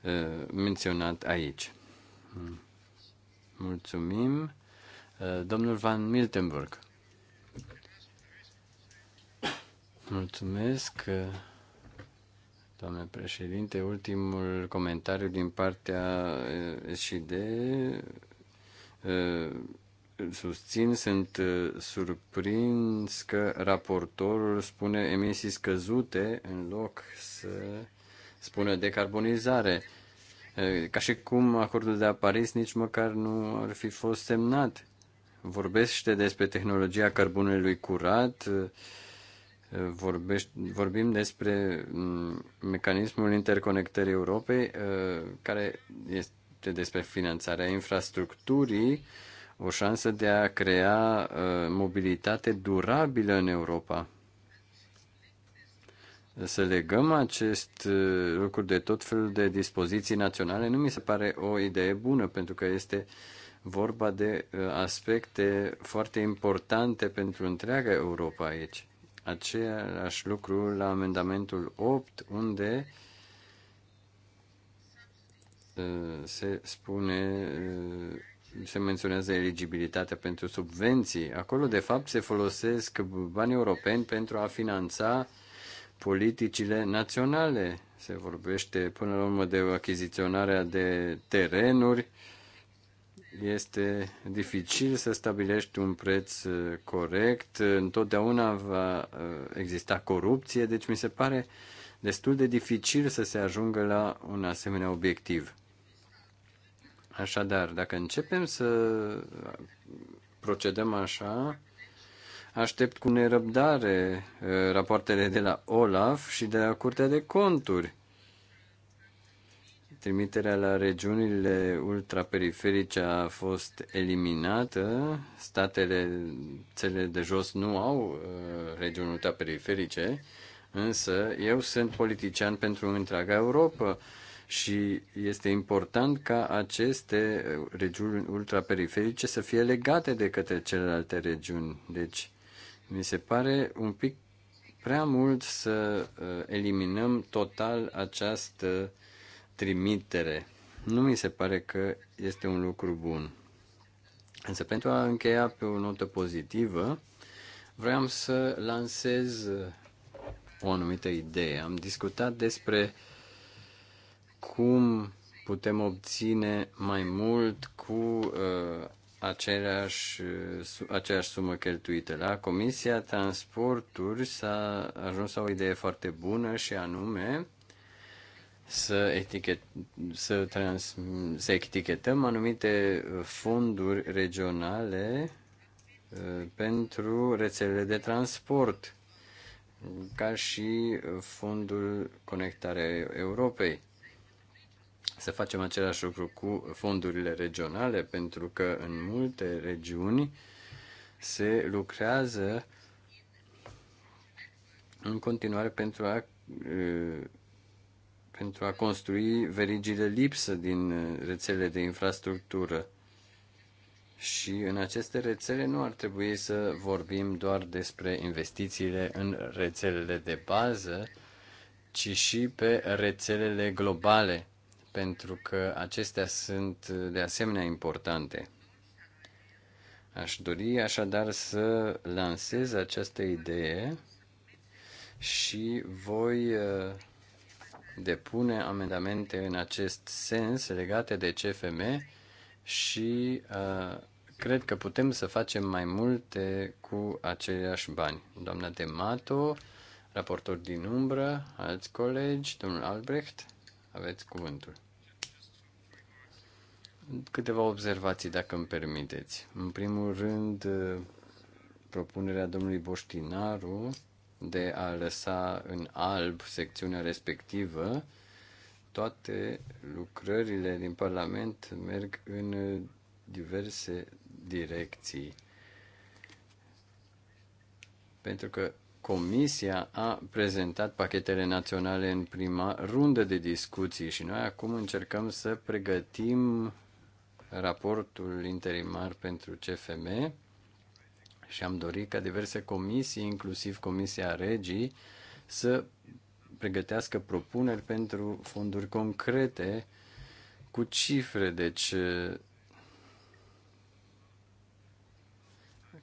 eh, menționat aici. Hmm. Mulțumim. Domnul Van Miltenburg. Mulțumesc, doamne președinte. Ultimul comentariu din partea SID Uh, susțin, sunt uh, surprins că raportorul spune emisii scăzute în loc să spună decarbonizare. Uh, ca și cum acordul de la Paris nici măcar nu ar fi fost semnat. Vorbește despre tehnologia carbonului curat, vorbește, vorbim despre mm, mecanismul interconectării Europei, care este de despre finanțarea infrastructurii, o șansă de a crea uh, mobilitate durabilă în Europa. Să legăm acest uh, lucru de tot felul de dispoziții naționale nu mi se pare o idee bună, pentru că este vorba de uh, aspecte foarte importante pentru întreaga Europa aici. Același lucru la amendamentul 8, unde uh, Uh, se spune, uh, se menționează eligibilitatea pentru subvenții. Acolo, de fapt, se folosesc bani europeni pentru a finanța politicile naționale. Se vorbește până la urmă de achiziționarea de terenuri. Este dificil să stabilești un preț uh, corect. Întotdeauna va exista corupție, deci mi se pare destul de dificil să se ajungă la un asemenea obiectiv. Așadar, dacă începem să procedăm așa, aștept cu nerăbdare uh, rapoartele de la OLAF și de la Curtea de Conturi. Trimiterea la regiunile ultraperiferice a fost eliminată. Statele cele de jos nu au uh, regiuni ultraperiferice, însă eu sunt politician pentru întreaga Europa și este important ca aceste regiuni ultraperiferice să fie legate de către celelalte regiuni. Deci, mi se pare un pic prea mult să uh, eliminăm total această trimitere. Nu mi se pare că este un lucru bun. Însă, pentru a încheia pe o notă pozitivă, vreau să lansez o anumită idee. Am discutat despre uh, cum putem obține mai mult cu uh, aceleași, uh, aceeași sumă cheltuită. La Comisia Transporturi s-a ajuns la o idee foarte bună și anume să, etichet, să, trans, să etichetăm anumite fonduri regionale uh, pentru rețelele de transport, ca și fondul Conectare Europei să facem același lucru cu fondurile regionale, pentru că în multe regiuni se lucrează în continuare pentru a, pentru a construi verigile lipsă din rețele de infrastructură. Și în aceste rețele nu ar trebui să vorbim doar despre investițiile în rețelele de bază, ci și pe rețelele globale pentru că acestea sunt uh, de asemenea importante. Aș dori așadar să lansez această idee și voi uh, depune amendamente în acest sens legate de CFM și uh, cred că putem să facem mai multe cu aceiași bani. Doamna Demato, raportor din umbră, alți colegi, domnul Albrecht. Aveți cuvântul. Câteva observații, dacă îmi permiteți. În primul rând, propunerea domnului Boștinaru de a lăsa în alb secțiunea respectivă, toate lucrările din Parlament merg în diverse direcții. Pentru că Comisia a prezentat pachetele naționale în prima rundă de discuții și noi acum încercăm să pregătim raportul interimar pentru CFM și am dorit ca diverse comisii, inclusiv Comisia Regii, să pregătească propuneri pentru fonduri concrete cu cifre, deci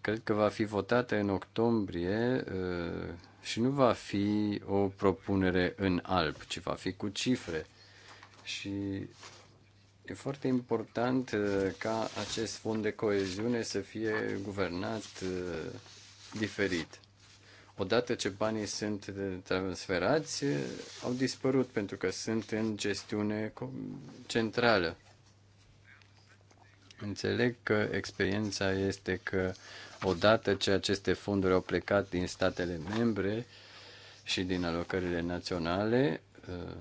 cred că va fi votată în octombrie uh, și nu va fi o propunere în alb, ci va fi cu cifre. Și e foarte important uh, ca acest fond de coeziune să fie guvernat uh, diferit. Odată ce banii sunt transferați, au dispărut pentru că sunt în gestiune centrală. Înțeleg că experiența este că uh, odată ce aceste fonduri au plecat din statele membre și din alocările naționale, uh,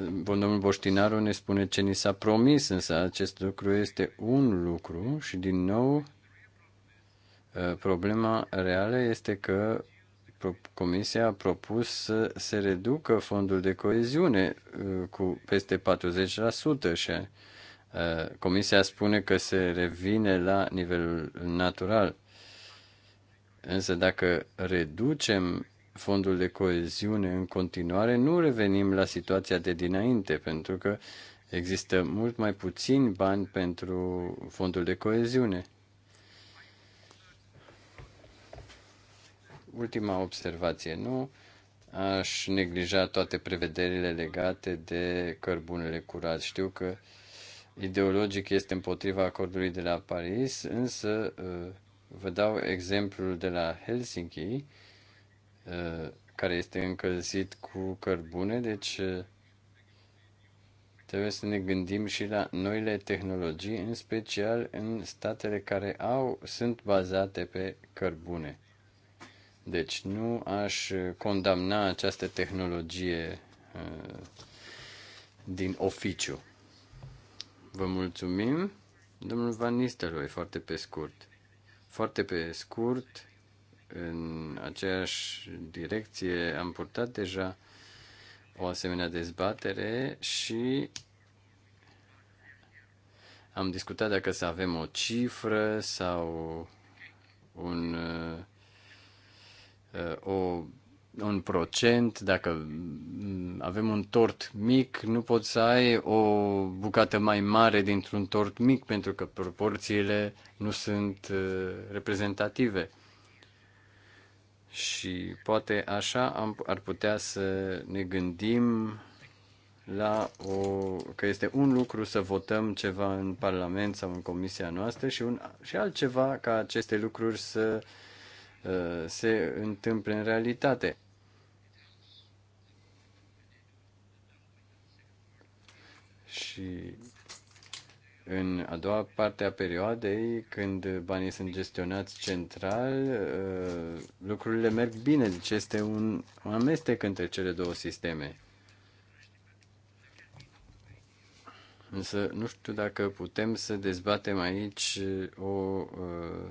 uh, Domnul Boștinaru ne spune ce ni s-a promis, însă acest lucru este un lucru și din nou uh, problema reală este că Comisia a propus să se reducă fondul de coeziune cu peste 40% și Uh, comisia spune că se revine la nivelul natural. Însă dacă reducem fondul de coeziune în continuare, nu revenim la situația de dinainte, pentru că există mult mai puțini bani pentru fondul de coeziune. Ultima observație, nu aș neglija toate prevederile legate de cărbunele curați. Știu că uh, ideologic este împotriva acordului de la Paris, însă uh, vă dau exemplul de la Helsinki, uh, care este încălzit cu cărbune, deci uh, trebuie să ne gândim și la noile tehnologii, în special în statele care au, sunt bazate pe cărbune. Deci nu aș condamna această tehnologie din oficiu. Vă mulțumim. Domnul Van Nistelrooy, foarte pe scurt. Foarte pe scurt, în aceeași direcție am purtat deja o asemenea dezbatere și am discutat dacă să avem o cifră sau un, uh, uh, o un procent, dacă avem un tort mic, nu poți să ai o bucată mai mare dintr-un tort mic pentru că proporțiile nu sunt uh, reprezentative. Și poate așa am, ar putea să ne gândim la o, că este un lucru să votăm ceva în Parlament sau în comisia noastră și, un, și altceva ca aceste lucruri să uh, se întâmple în realitate. și în a doua parte a perioadei, când banii sunt gestionați central, uh, lucrurile merg bine, deci este un amestec între cele două sisteme. Însă nu știu dacă putem să dezbatem aici uh, o uh,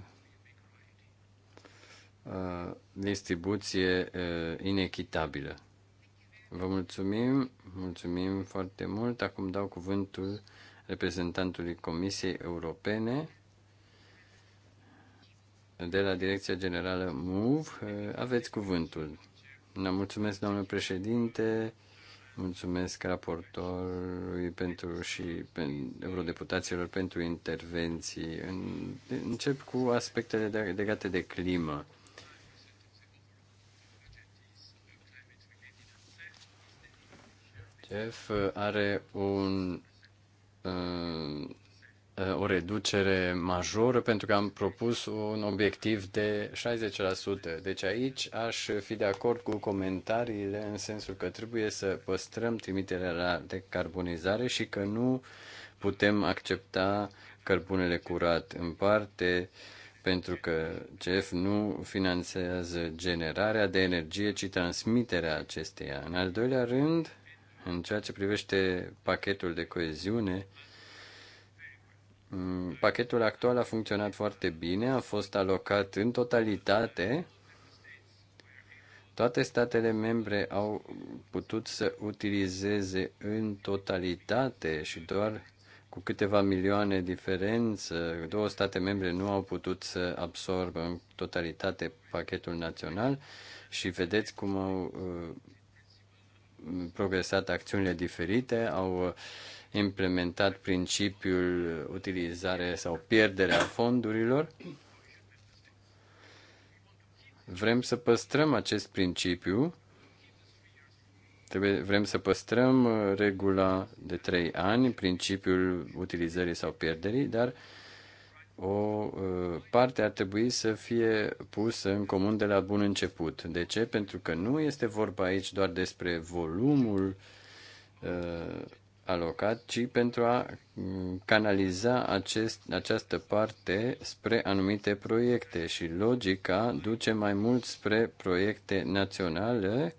distribuție inechitabilă. Vă mulțumim, mulțumim foarte mult. Acum dau cuvântul reprezentantului Comisiei Europene de la Direcția Generală MUV. Aveți cuvântul. Ne mulțumesc, domnule președinte, mulțumesc raportorului pentru și eurodeputaților pentru intervenții. În, încep cu aspectele legate de, de climă. EGF are un, uh, uh, o reducere majoră pentru că am propus un obiectiv de 60%. Deci aici aș fi de acord cu comentariile în sensul că trebuie să păstrăm trimiterea la decarbonizare și că nu putem accepta cărbunele curat în parte pentru că CEF nu finanțează generarea de energie, ci transmiterea acesteia. În al doilea rând, în ceea ce privește pachetul de coeziune, mm, pachetul actual a funcționat foarte bine, a fost alocat în totalitate. Toate statele membre au putut să utilizeze în totalitate și doar cu câteva milioane diferență, două state membre nu au putut să absorbă în totalitate pachetul național și vedeți cum au uh, progresat acțiunile diferite, au uh, implementat principiul utilizare sau pierdere a fondurilor. Vrem să păstrăm acest principiu. Trebuie, vrem să păstrăm uh, regula de trei ani, principiul utilizării sau pierderii, dar uh, o uh, parte ar trebui să fie pusă în comun de la bun început. De ce? Pentru că nu este vorba aici doar despre volumul uh, alocat, ci pentru a mm, canaliza acest, această parte spre anumite proiecte și logica duce mai mult spre proiecte naționale,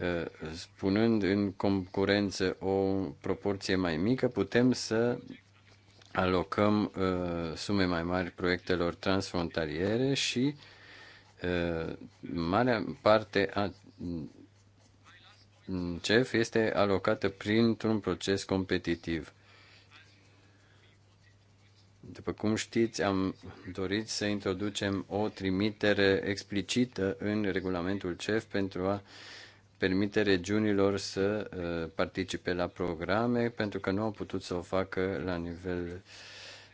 uh, spunând în concurență o proporție mai mică, putem să alocăm uh, sume mai mari proiectelor transfrontaliere și uh, marea parte a mm, CEF este alocată printr-un proces competitiv. După cum știți, am dorit să introducem o trimitere explicită în regulamentul CEF pentru a permite regiunilor să uh, participe la programe pentru că nu au putut să o facă la nivel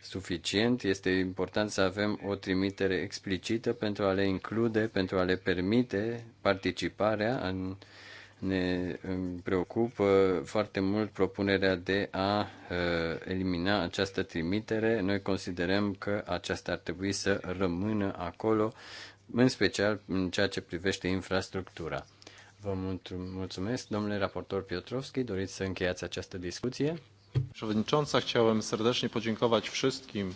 suficient. Este important să avem o trimitere explicită pentru a le include, pentru a le permite participarea. Ne preocupă foarte mult propunerea de a uh, elimina această trimitere. Noi considerăm că aceasta ar trebui să rămână acolo, în special în ceea ce privește infrastructura. Vă mulțumesc, domnule raportor Piotrowski. Doriți să încheiați această discuție? Przewodnicząca, chciałem serdecznie podziękować wszystkim.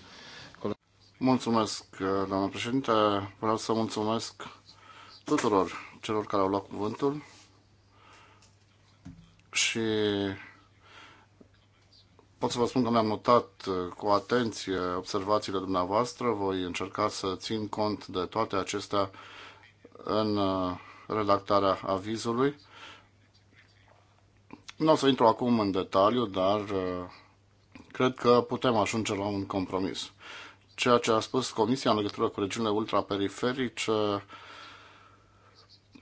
Mulțumesc, doamna președinte. Vreau să mulțumesc tuturor celor care au luat cuvântul și pot să vă spun că mi-am notat cu atenție observațiile dumneavoastră. Voi încerca să țin cont de toate acestea în redactarea avizului. Nu o să intru acum în detaliu, dar uh, cred că putem ajunge la un compromis. Ceea ce a spus Comisia în legătură cu regiunile ultraperiferice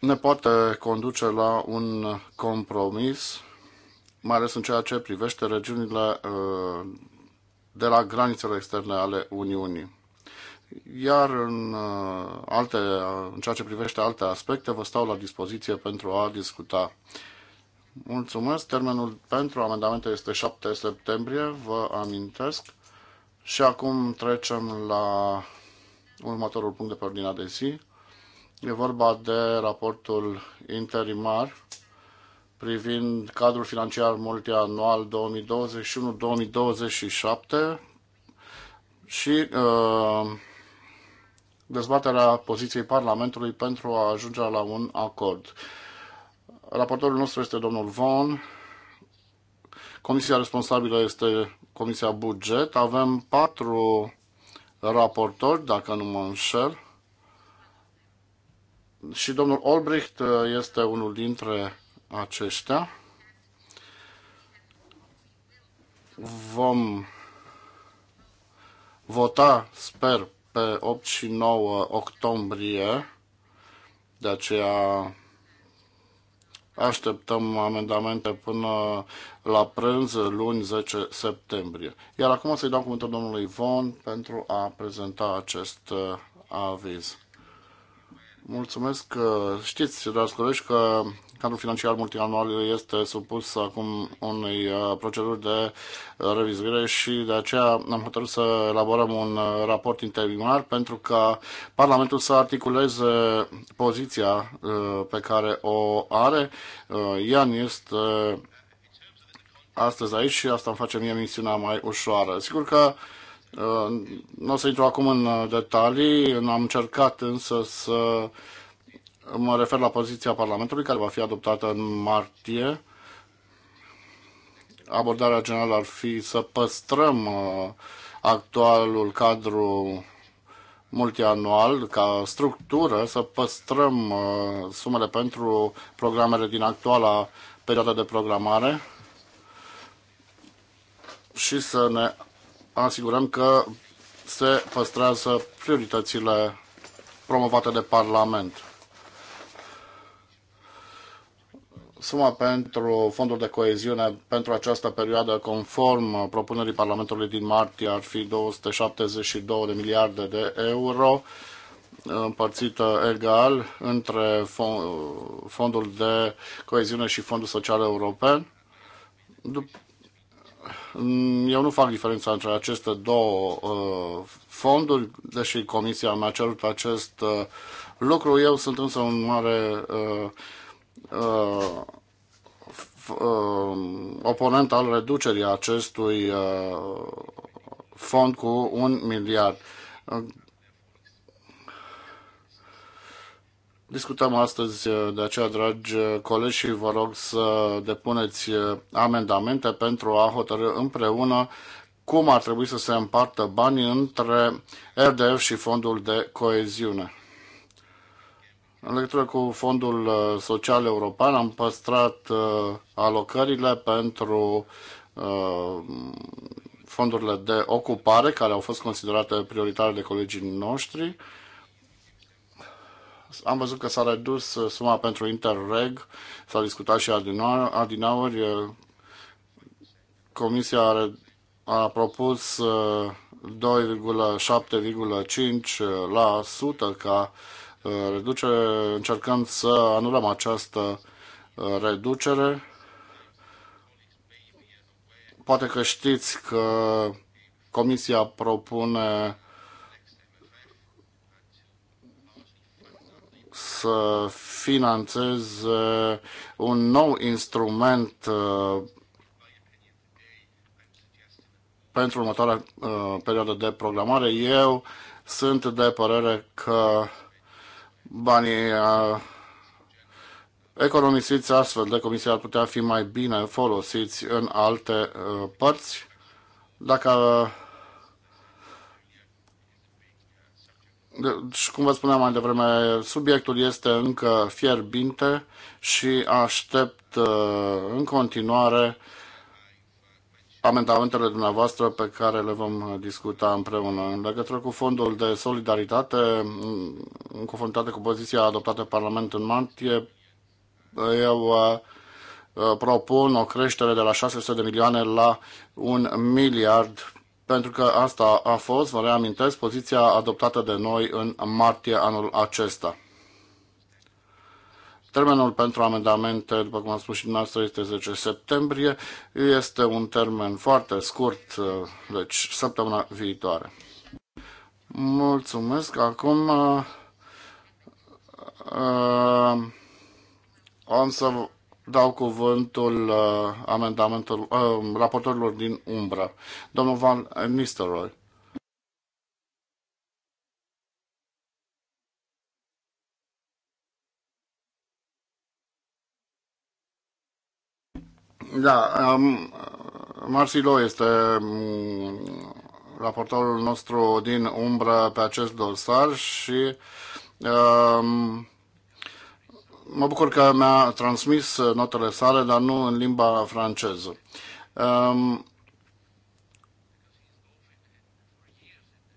ne poate conduce la un compromis, mai ales în ceea ce privește regiunile uh, de la granițele externe ale Uniunii. Iar în, uh, alte, în ceea ce privește alte aspecte, vă stau la dispoziție pentru a discuta. Mulțumesc. Termenul pentru amendamente este 7 septembrie, vă amintesc. Și acum trecem la următorul punct de pe ordinea de zi. E vorba de raportul interimar privind cadrul financiar multianual 2021-2027 și uh, dezbaterea poziției Parlamentului pentru a ajunge la un acord. Raportorul nostru este domnul Von. Comisia responsabilă este Comisia Buget. Avem patru raportori, dacă nu mă înșel. Și domnul Olbricht este unul dintre aceștia. Vom vota, sper, pe 8 și 9 octombrie, de aceea așteptăm amendamente până la prânz, luni 10 septembrie. Iar acum o să-i dau cuvântul domnului Ivon pentru a prezenta acest uh, aviz. Mulțumesc știți, dragi colegi, că cadrul financiar multianual este supus acum unei uh, proceduri de revizuire și de aceea am hotărât să elaborăm un uh, raport interimar pentru ca Parlamentul să articuleze poziția uh, pe care o are. Ian este astăzi aici și asta îmi face mie misiunea mai ușoară. Sigur că nu o să intru acum în uh, detalii, am încercat însă să mă refer la poziția Parlamentului care va fi adoptată în martie. Abordarea generală ar fi să păstrăm uh, actualul cadru multianual, ca structură, să păstrăm uh, sumele pentru programele din actuala perioadă de programare și să ne asigurăm că se păstrează prioritățile promovate de Parlament. Suma pentru fondul de coeziune pentru această perioadă, conform propunerii Parlamentului din martie, ar fi 272 de miliarde de euro împărțită egal între fondul de coeziune și fondul social european. Mm, eu nu fac diferența între aceste două uh, fonduri, deși Comisia mi-a cerut acest uh, lucru. Eu sunt însă un mare uh, uh, uh, oponent al reducerii acestui uh, fond cu un miliard. Discutăm astăzi uh, de aceea, dragi uh, colegi, și vă rog să depuneți uh, amendamente pentru a hotărâ împreună cum ar trebui să se împartă banii între RDF și fondul de coeziune. În legătură cu Fondul Social European am păstrat alocările pentru fondurile de ocupare care au fost considerate prioritare de colegii noștri am văzut că s-a redus uh, suma pentru Interreg, s-a discutat și adinauri. Uh, comisia a, propus 2,7,5% uh, ca reducere, încercând să anulăm această reducere. Poate că știți că Comisia propune să finanțeze un nou instrument uh, pentru următoarea uh, perioadă de programare. Eu sunt de părere că banii uh, economisiți astfel de comisie ar putea fi mai bine folosiți în alte părți. Dacă Deci, cum vă spuneam mai devreme, subiectul este încă fierbinte și aștept uh, în continuare amendamentele dumneavoastră pe care le vom discuta împreună. În legătură cu fondul de solidaritate, în mm, conformitate cu poziția adoptată de Parlament în martie, eu uh, propun o creștere de la 600 de milioane la un miliard pentru că asta a fost, vă reamintesc, poziția adoptată de noi în martie anul acesta. Termenul pentru amendamente, după cum am spus și dumneavoastră, este 10 septembrie. Este un termen foarte scurt, deci săptămâna viitoare. Mulțumesc. Acum uh, uh, am să dau cuvântul uh, amendamentul, uh, raportorilor din umbră. Domnul Van Nistelrooy. Da, um, Marsilo este um, raportorul nostru din umbră pe acest dosar și um, Mă bucur că mi-a transmis uh, notele sale, dar nu în limba franceză. Um,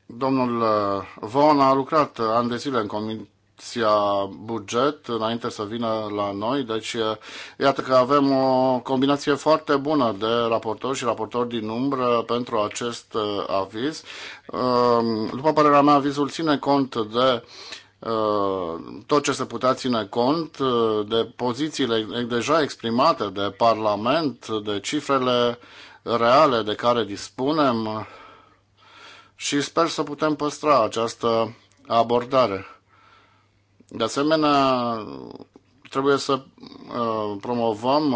domnul uh, Von a lucrat uh, ani de zile în Comisia Buget înainte să vină la noi, deci iată că avem o combinație foarte bună de raportori și raportori din umbră pentru acest aviz. Um, după părerea mea, avizul ține cont de uh, Uh, tot ce se putea ține cont uh, de pozițiile deja exprimate de Parlament, de cifrele reale de care dispunem uh, și sper să putem păstra această abordare. De asemenea, trebuie să promovăm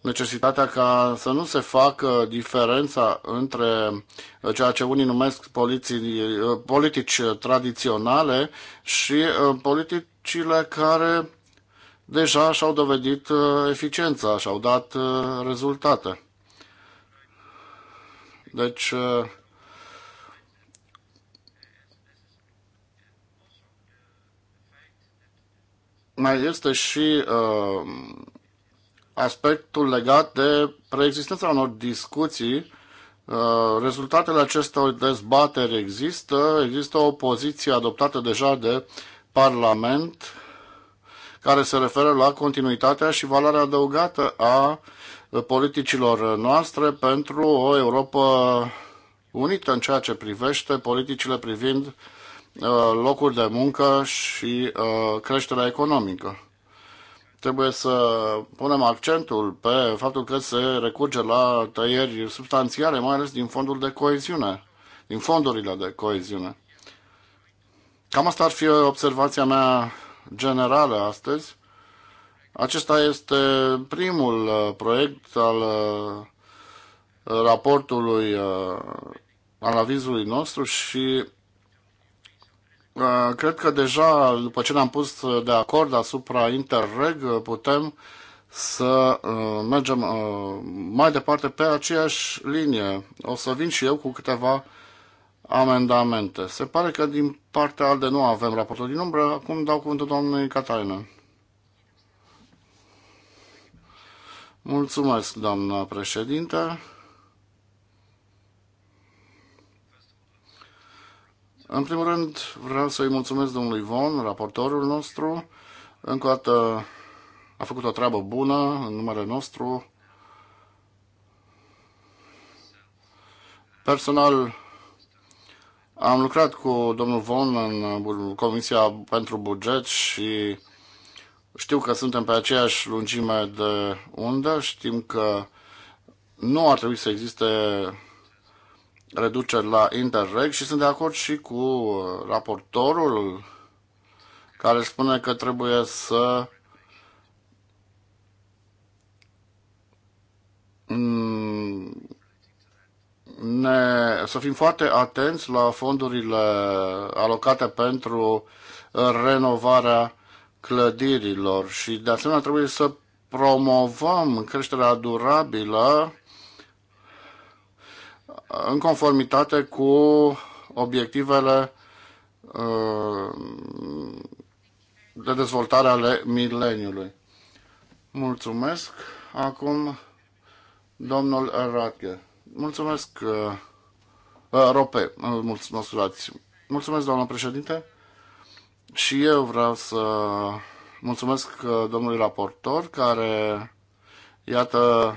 necesitatea ca să nu se facă diferența între uh, ceea ce unii numesc poliții, uh, politici tradiționale și uh, politicile care deja și-au dovedit eficiența, și-au dat rezultate. Deci, mai este și uh, aspectul legat de preexistența unor discuții. Uh, rezultatele acestor dezbateri există, există o poziție adoptată deja de Parlament care se referă la continuitatea și valoarea adăugată a politicilor noastre pentru o Europa unită în ceea ce privește politicile privind uh, locuri de muncă și uh, creșterea economică trebuie să punem accentul pe faptul că se recurge la tăieri substanțiale, mai ales din fondul de coeziune, din fondurile de coeziune. Cam asta ar fi observația mea generală astăzi. Acesta este primul uh, proiect al uh, raportului, uh, al avizului nostru și Uh, cred că deja, după ce ne-am pus uh, de acord asupra Interreg, uh, putem să mergem mai departe pe aceeași linie. O să vin și eu cu câteva amendamente. Se pare că din partea ALDE nu avem raportul din umbră. Acum dau cuvântul doamnei Catalina. Mulțumesc, doamna președinte. În primul rând, vreau să-i mulțumesc domnului Von, raportorul nostru. Încă o dată a făcut o treabă bună în numele nostru. Personal, am lucrat cu domnul Von în Comisia pentru Buget și știu că suntem pe aceeași lungime de undă, știm că nu ar trebui să existe reduceri la Interreg și sunt de acord și cu raportorul care spune că trebuie să ne, să fim foarte atenți la fondurile alocate pentru renovarea clădirilor și de asemenea trebuie să promovăm creșterea durabilă în conformitate cu obiectivele uh, de dezvoltare ale mileniului. Mulțumesc. Acum, domnul Radke. Mulțumesc, uh, uh, Rope, Mulțumesc, Mulțumesc, domnul președinte. Și eu vreau să mulțumesc domnului raportor care, iată,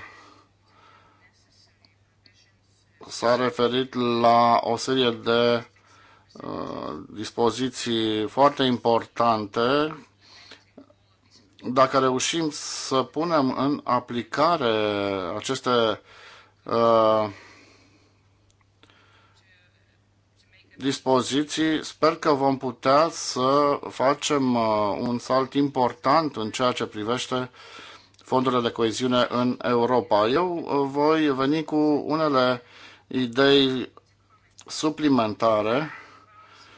s-a referit la o serie de uh, dispoziții foarte importante. Dacă reușim să punem în aplicare aceste uh, dispoziții, sper că vom putea să facem uh, un salt important în ceea ce privește fondurile de coeziune în Europa. Eu uh, voi veni cu unele idei suplimentare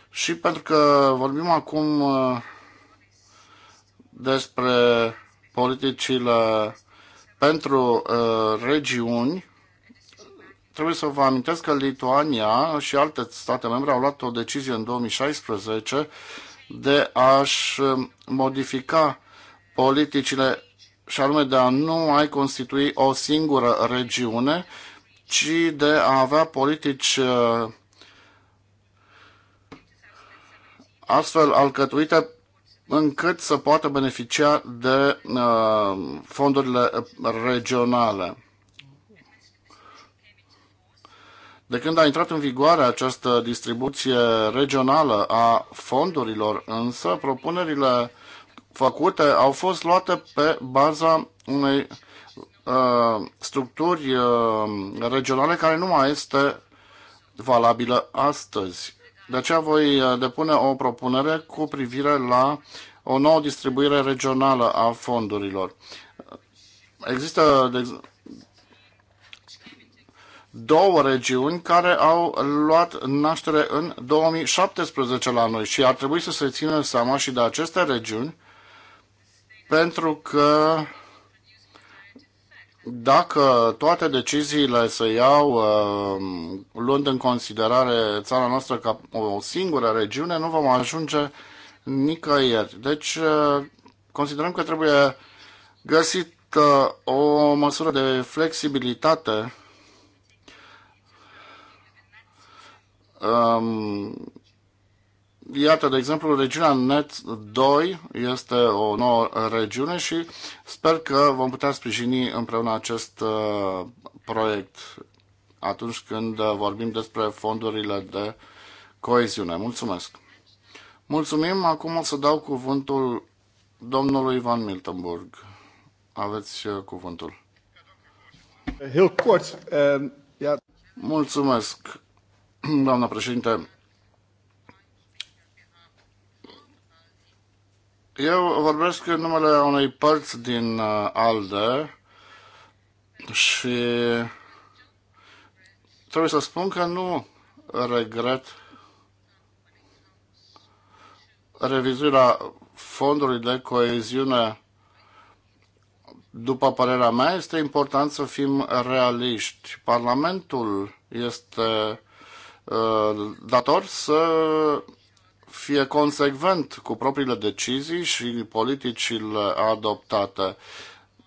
și pentru că vorbim acum uh, despre politicile pentru uh, regiuni, trebuie să vă amintesc că Lituania și alte state membre au luat o decizie în 2016 de a-și uh, modifica politicile și anume de a nu mai constitui o singură regiune, ci de a avea politici uh, astfel alcătuite încât să poată beneficia de uh, fondurile regionale. De când a intrat în vigoare această distribuție regională a fondurilor, însă propunerile făcute au fost luate pe baza unei Uh, structuri uh, regionale care nu mai este valabilă astăzi. De aceea voi uh, depune o propunere cu privire la o nouă distribuire regională a fondurilor. Există de, două regiuni care au luat naștere în 2017 la noi și ar trebui să se țină seama și de aceste regiuni pentru că dacă toate deciziile se iau uh, luând în considerare țara noastră ca o singură regiune, nu vom ajunge nicăieri. Deci uh, considerăm că trebuie găsit o măsură de flexibilitate um, Iată, de exemplu, regiunea NET 2 este o nouă regiune și sper că vom putea sprijini împreună acest uh, proiect atunci când uh, vorbim despre fondurile de coeziune. Mulțumesc! Mulțumim! Acum o să dau cuvântul domnului Ivan Miltenburg. Aveți uh, cuvântul. Heel kort. Ehm, Mulțumesc, (clears throat) doamna președinte. Eu vorbesc în numele unei părți din uh, ALDE și trebuie să spun că nu regret revizuirea fondului de coeziune. După părerea mea, este important să fim realiști. Parlamentul este uh, dator să fie consecvent cu propriile decizii și politicile adoptate.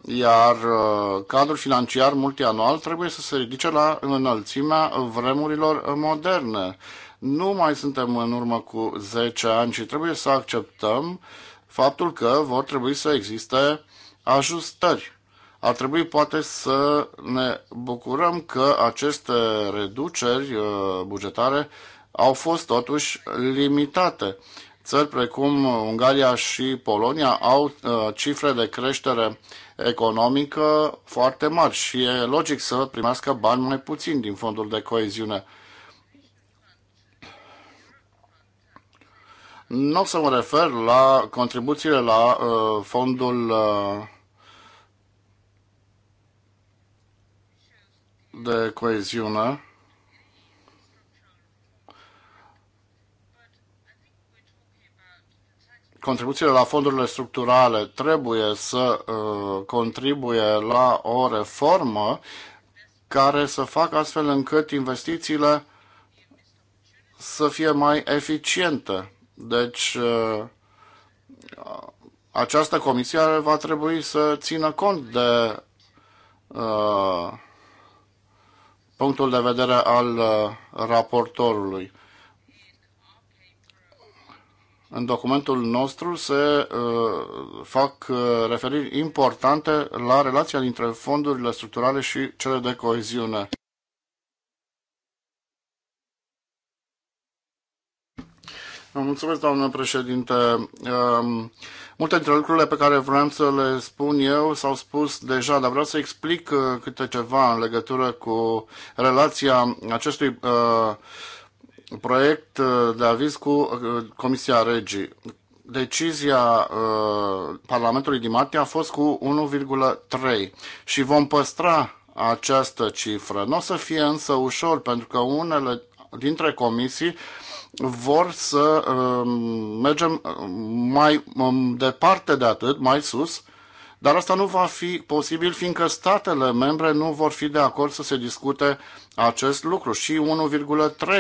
Iar uh, cadrul financiar multianual trebuie să se ridice la înălțimea vremurilor moderne. Nu mai suntem în urmă cu 10 ani și trebuie să acceptăm faptul că vor trebui să existe ajustări. Ar trebui poate să ne bucurăm că aceste reduceri uh, bugetare au fost totuși limitate. Țări precum Ungaria și Polonia au uh, cifre de creștere economică foarte mari și e logic să primească bani mai puțin din fondul de coeziune. Nu o să mă refer la contribuțiile la uh, fondul uh, de coeziune. contribuțiile la fondurile structurale trebuie să uh, contribuie la o reformă care să facă astfel încât investițiile să fie mai eficiente. Deci, uh, această comisie va trebui să țină cont de uh, punctul de vedere al uh, raportorului în documentul nostru se uh, fac uh, referiri importante la relația dintre fondurile structurale și cele de coeziune. mulțumesc, doamnă președinte. Um, multe dintre lucrurile pe care vreau să le spun eu s-au spus deja, dar vreau să explic uh, câte ceva în legătură cu relația acestui uh, proiect uh, de aviz cu uh, Comisia Regii. Decizia uh, Parlamentului din martie a fost cu 1,3 și vom păstra această cifră. Nu o să fie însă ușor, pentru că unele dintre comisii vor să um, mergem mai um, departe de atât, mai sus, dar asta nu va fi posibil fiindcă statele membre nu vor fi de acord să se discute acest lucru și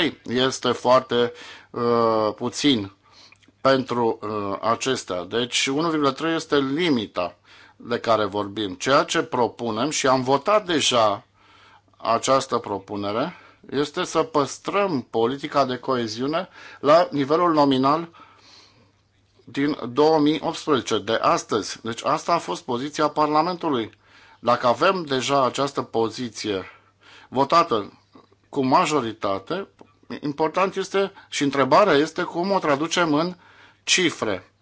1,3 este foarte uh, puțin pentru uh, acestea. Deci 1,3 este limita de care vorbim. Ceea ce propunem și am votat deja această propunere este să păstrăm politica de coeziune la nivelul nominal din 2018, de astăzi. Deci asta a fost poziția Parlamentului. Dacă avem deja această poziție votată cu majoritate, important este și întrebarea este cum o traducem în cifre.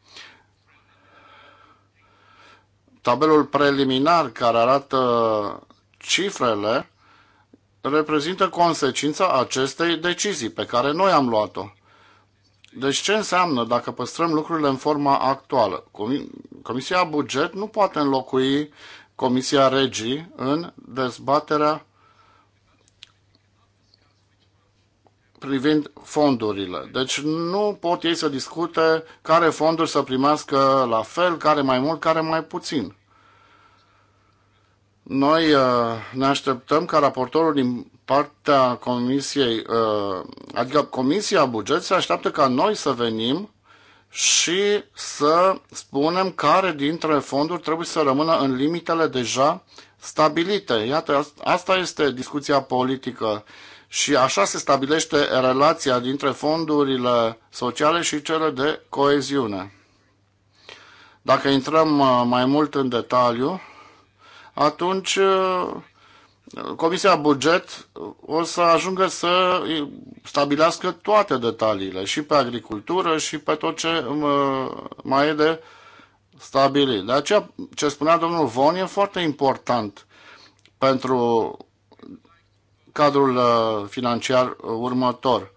Tabelul preliminar care arată cifrele reprezintă consecința acestei decizii pe care noi am luat-o. Deci ce înseamnă dacă păstrăm lucrurile în forma actuală? Comisia Buget nu poate înlocui Comisia Regii în dezbaterea privind fondurile. Deci nu pot ei să discute care fonduri să primească la fel, care mai mult, care mai puțin. Noi uh, ne așteptăm ca raportorul din partea comisiei, uh, adică comisia buget se așteaptă ca noi să venim și să spunem care dintre fonduri trebuie să rămână în limitele deja stabilite. Iată, asta este discuția politică și așa se stabilește relația dintre fondurile sociale și cele de coeziune. Dacă intrăm uh, mai mult în detaliu, atunci uh, Comisia Buget o să ajungă să stabilească toate detaliile, și pe agricultură, și pe tot ce um, mai e de stabilit. De aceea, ce spunea domnul Von e foarte important pentru cadrul uh, financiar următor.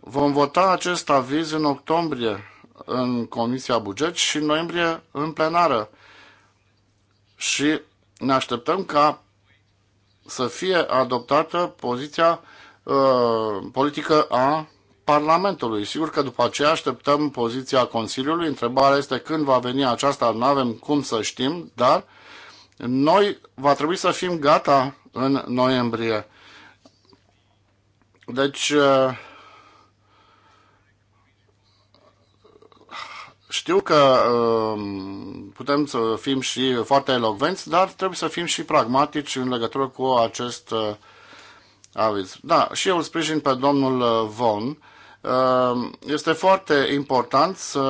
Vom vota acest aviz în octombrie în Comisia Buget și în noiembrie în plenară. Și ne așteptăm ca să fie adoptată poziția uh, politică a Parlamentului. Sigur că după aceea așteptăm poziția Consiliului. Întrebarea este când va veni aceasta, nu avem cum să știm, dar noi va trebui să fim gata în noiembrie. Deci, uh, Știu că um, putem să fim și foarte elogvenți, dar trebuie să fim și pragmatici în legătură cu acest uh, aviz. Da, și eu îl sprijin pe domnul uh, Von. Um, este foarte important să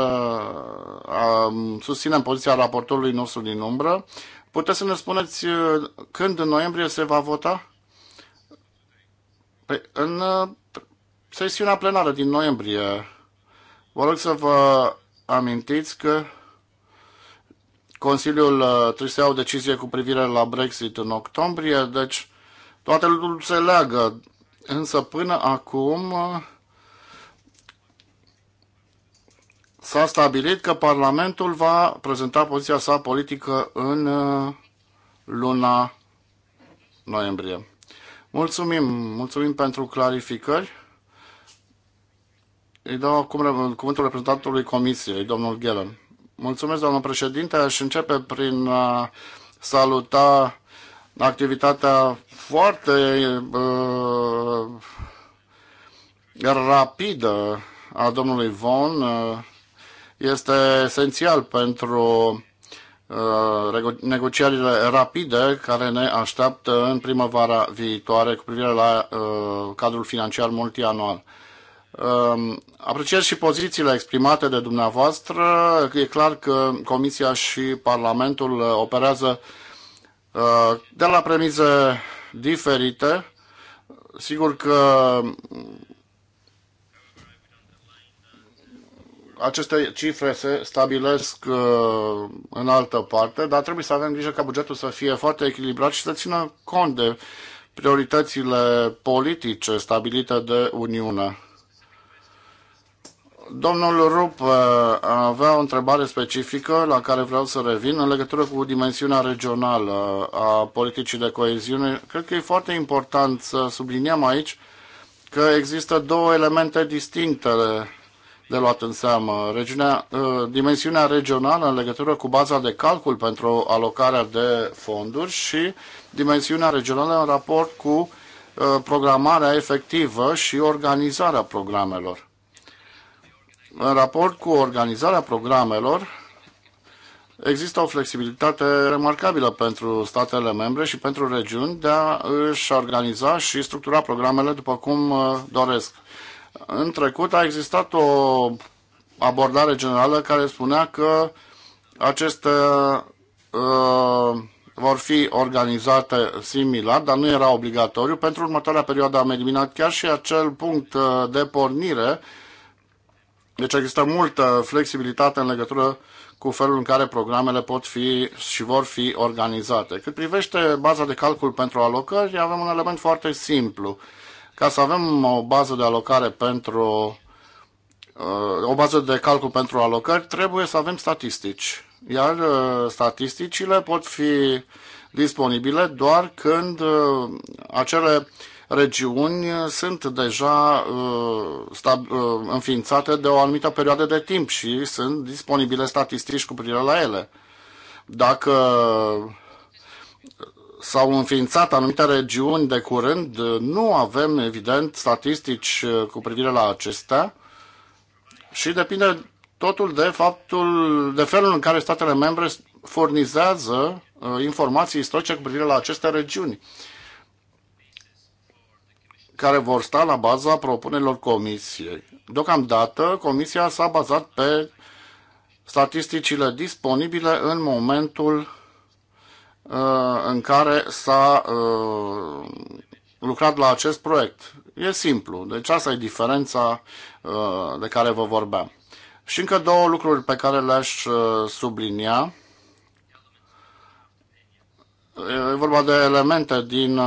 um, susținem poziția raportorului nostru din umbră. Puteți să ne spuneți uh, când în noiembrie se va vota? Păi, în sesiunea plenară din noiembrie. Vă rog să vă amintiți că Consiliul uh, trebuie să ia o decizie cu privire la Brexit în octombrie, deci toate lucrurile se leagă. Însă până acum uh, s-a stabilit că Parlamentul va prezenta poziția sa politică în uh, luna noiembrie. Mulțumim, mulțumim pentru clarificări. Îi dau acum cuvântul reprezentantului Comisiei, domnul Ghelen. Mulțumesc, doamnă președinte. Aș începe prin a saluta activitatea foarte uh, rapidă a domnului Von. Uh, este esențial pentru uh, negocierile rapide care ne așteaptă în primăvara viitoare cu privire la uh, cadrul financiar multianual. Um, apreciez și pozițiile exprimate de dumneavoastră. E clar că Comisia și Parlamentul uh, operează uh, de la premize diferite. Sigur că mm, aceste cifre se stabilesc uh, în altă parte, dar trebuie să avem grijă ca bugetul să fie foarte echilibrat și să țină cont de prioritățile politice stabilite de Uniune. Domnul Rup uh, avea o întrebare specifică la care vreau să revin în legătură cu dimensiunea regională a politicii de coeziune. Cred că e foarte important să subliniem aici că există două elemente distincte de luat în seamă. Regiunea, uh, dimensiunea regională în legătură cu baza de calcul pentru alocarea de fonduri și dimensiunea regională în raport cu uh, programarea efectivă și organizarea programelor. În raport cu organizarea programelor, există o flexibilitate remarcabilă pentru statele membre și pentru regiuni de a își organiza și structura programele după cum uh, doresc. În trecut a existat o abordare generală care spunea că aceste uh, vor fi organizate similar, dar nu era obligatoriu. Pentru următoarea perioadă am eliminat chiar și acel punct uh, de pornire deci există multă flexibilitate în legătură cu felul în care programele pot fi și vor fi organizate. Cât privește baza de calcul pentru alocări, avem un element foarte simplu. Ca să avem o bază de alocare pentru uh, o bază de calcul pentru alocări, trebuie să avem statistici. Iar uh, statisticile pot fi disponibile doar când uh, acele regiuni sunt deja uh, uh, înființate de o anumită perioadă de timp și sunt disponibile statistici cu privire la ele. Dacă s-au înființat anumite regiuni de curând, nu avem, evident, statistici uh, cu privire la acestea și depinde totul de faptul, de felul în care statele membre furnizează informații istorice cu privire la aceste regiuni care vor sta la baza propunerilor comisiei. Deocamdată, comisia s-a bazat pe statisticile disponibile în momentul uh, în care s-a uh, lucrat la acest proiect. E simplu, deci asta e diferența uh, de care vă vorbeam. Și încă două lucruri pe care le-aș sublinia. E vorba de elemente din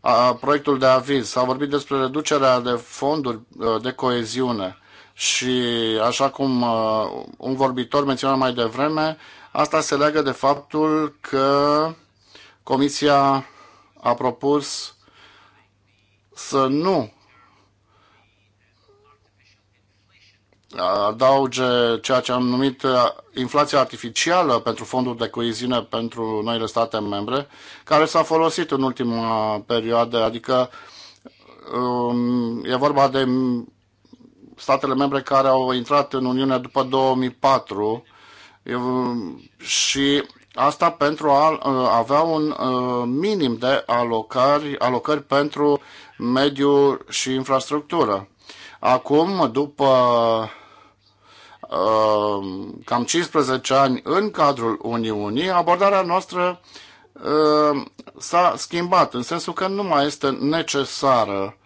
a, proiectul de aviz. S-a vorbit despre reducerea de fonduri de coeziune și, așa cum a, un vorbitor menționa mai devreme, asta se leagă de faptul că Comisia a propus să nu adauge ceea ce am numit uh, inflația artificială pentru fondul de coeziune pentru noile state membre, care s-a folosit în ultima perioadă, adică um, e vorba de statele membre care au intrat în Uniune după 2004 și asta pentru a uh, avea un uh, minim de alocări, alocări pentru mediu și infrastructură. Acum, după Uh, cam 15 ani în cadrul Uniunii, abordarea noastră uh, s-a schimbat, în sensul că nu mai este necesară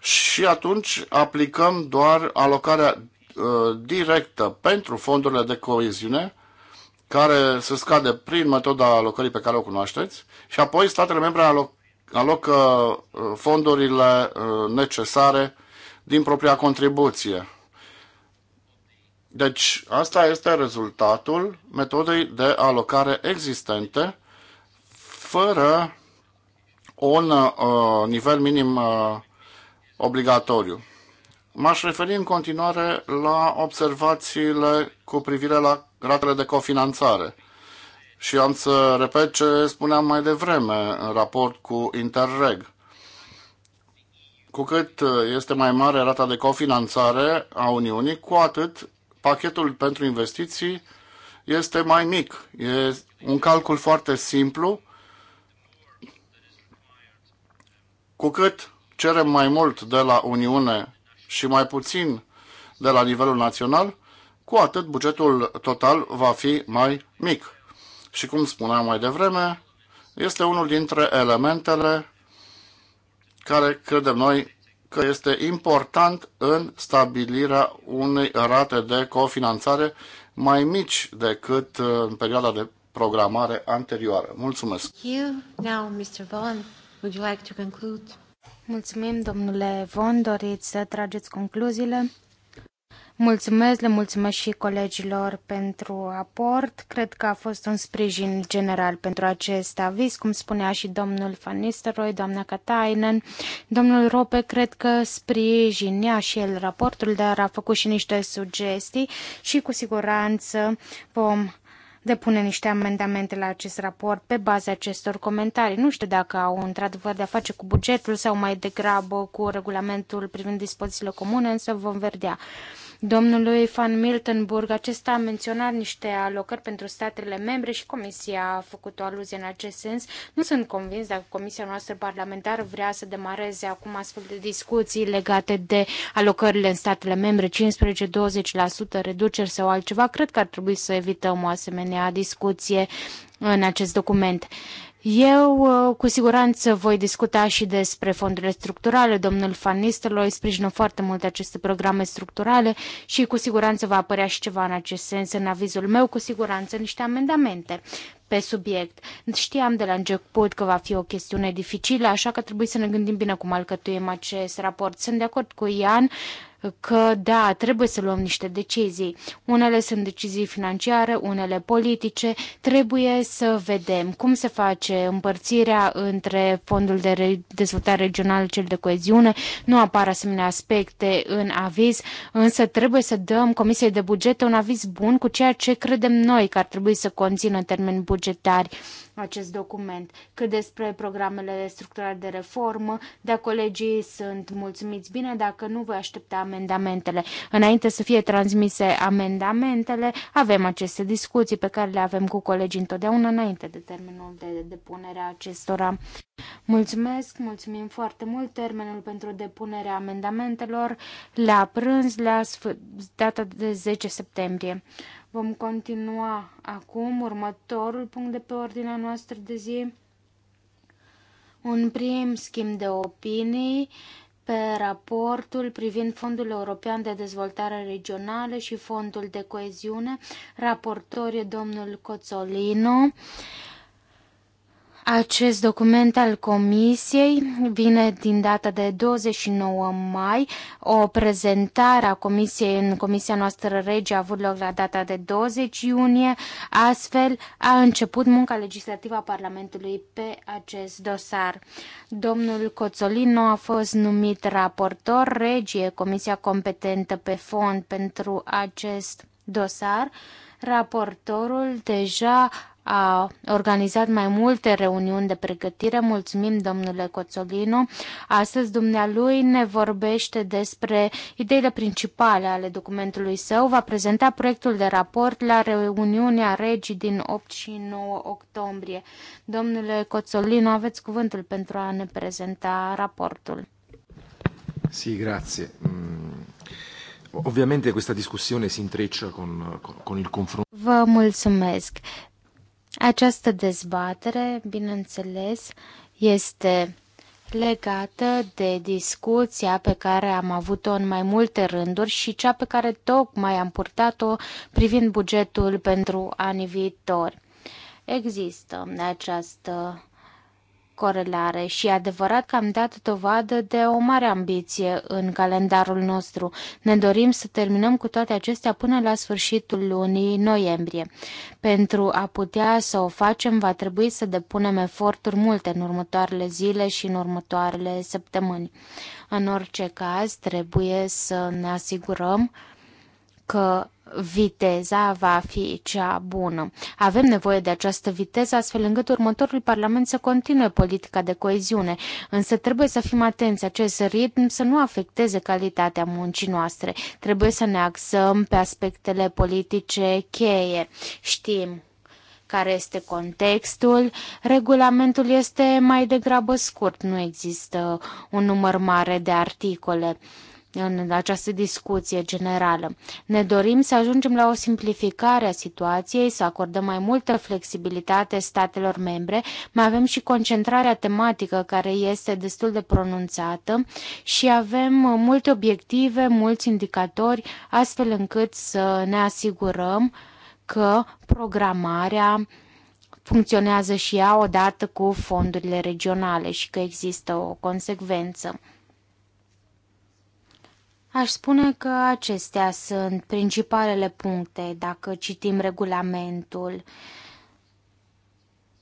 și atunci aplicăm doar alocarea uh, directă pentru fondurile de coeziune, care se scade prin metoda alocării pe care o cunoașteți, și apoi statele membre aloc, alocă fondurile necesare din propria contribuție. Deci, asta este rezultatul metodei de alocare existente, fără un uh, nivel minim uh, obligatoriu. M-aș referi în continuare la observațiile cu privire la ratele de cofinanțare. Și am să repet ce spuneam mai devreme în raport cu Interreg. Cu cât uh, este mai mare rata de cofinanțare a Uniunii, cu atât pachetul pentru investiții este mai mic. E un calcul foarte simplu. Cu cât cerem mai mult de la Uniune și mai puțin de la nivelul național, cu atât bugetul total va fi mai mic. Și cum spuneam mai devreme, este unul dintre elementele care credem noi că este important în stabilirea unei rate de cofinanțare mai mici decât uh, în perioada de programare anterioară. Mulțumesc! You, now, Mr. Vaughan, would you like to conclude? Mulțumim, domnule Von, doriți să trageți concluziile? Mulțumesc, le mulțumesc și colegilor pentru aport. Cred că a fost un sprijin general pentru acest avis, cum spunea și domnul Van Nistelrooy, doamna Katainen. Domnul Rope cred că sprijinea și el raportul, dar a făcut și niște sugestii și cu siguranță vom depune niște amendamente la acest raport pe baza acestor comentarii. Nu știu dacă au într-adevăr de-a face cu bugetul sau mai degrabă cu regulamentul privind dispozițiile comune, însă vom vedea domnului Van Miltenburg. Acesta a menționat niște alocări pentru statele membre și Comisia a făcut o aluzie în acest sens. Nu sunt convins dacă Comisia noastră parlamentară vrea să demareze acum astfel de discuții legate de alocările în statele membre, 15-20% reduceri sau altceva. Cred că ar trebui să evităm o asemenea discuție în acest document. Eu uh, cu siguranță voi discuta și despre fondurile structurale. Domnul Van Nistelrooy sprijină foarte mult aceste programe structurale și cu siguranță va apărea și ceva în acest sens în avizul meu, cu siguranță niște amendamente pe subiect. Știam de la început că va fi o chestiune dificilă, așa că trebuie să ne gândim bine cum alcătuim acest raport. Sunt de acord cu Ian că, da, trebuie să luăm niște decizii. Unele sunt decizii financiare, unele politice. Trebuie să vedem cum se face împărțirea între fondul de dezvoltare regională, cel de coeziune. Nu apar asemenea aspecte în aviz, însă trebuie să dăm Comisiei de Bugete un aviz bun cu ceea ce credem noi că ar trebui să conțină termen termeni bugetari acest document. Cât despre programele structurale de reformă, de colegii sunt mulțumiți bine, dacă nu voi aștepta amendamentele. Înainte să fie transmise amendamentele, avem aceste discuții pe care le avem cu colegii întotdeauna înainte de termenul de depunere a acestora. Mulțumesc, mulțumim foarte mult. Termenul pentru depunerea amendamentelor la prânz la data de 10 septembrie. Vom continua acum următorul punct de pe ordinea noastră de zi. Un prim schimb de opinii pe raportul privind Fondul European de Dezvoltare Regională și Fondul de Coeziune, raportor domnul Coțolino. Acest document al Comisiei vine din data de 29 mai. O prezentare a Comisiei în Comisia noastră rege a avut loc la data de 20 iunie. Astfel a început munca legislativă a Parlamentului pe acest dosar. Domnul Coțolino a fost numit raportor regie, Comisia competentă pe fond pentru acest dosar. Raportorul deja a organizat mai multe reuniuni de pregătire. Mulțumim, domnule Coțolino. Astăzi dumnealui ne vorbește despre ideile principale ale documentului său. Va prezenta proiectul de raport la reuniunea regii din 8 și 9 octombrie. Domnule Coțolino, aveți cuvântul pentru a ne prezenta raportul. Sì, grazie. Mm. Ovviamente questa discussione si intreccia con, con il confronto. Vă mulțumesc. Această dezbatere, bineînțeles, este legată de discuția pe care am avut-o în mai multe rânduri și cea pe care tocmai am purtat-o privind bugetul pentru anii viitori. Există această corelare și adevărat că am dat dovadă de o mare ambiție în calendarul nostru. Ne dorim să terminăm cu toate acestea până la sfârșitul lunii noiembrie. Pentru a putea să o facem, va trebui să depunem eforturi multe în următoarele zile și în următoarele săptămâni. În orice caz, trebuie să ne asigurăm că viteza va fi cea bună. Avem nevoie de această viteză astfel încât următorul Parlament să continue politica de coeziune, însă trebuie să fim atenți acest ritm să nu afecteze calitatea muncii noastre. Trebuie să ne axăm pe aspectele politice cheie. Știm care este contextul. Regulamentul este mai degrabă scurt, nu există un număr mare de articole în această discuție generală. Ne dorim să ajungem la o simplificare a situației, să acordăm mai multă flexibilitate statelor membre, mai avem și concentrarea tematică care este destul de pronunțată și avem multe obiective, mulți indicatori, astfel încât să ne asigurăm că programarea funcționează și ea odată cu fondurile regionale și că există o consecvență. Aș spune că acestea sunt principalele puncte dacă citim regulamentul.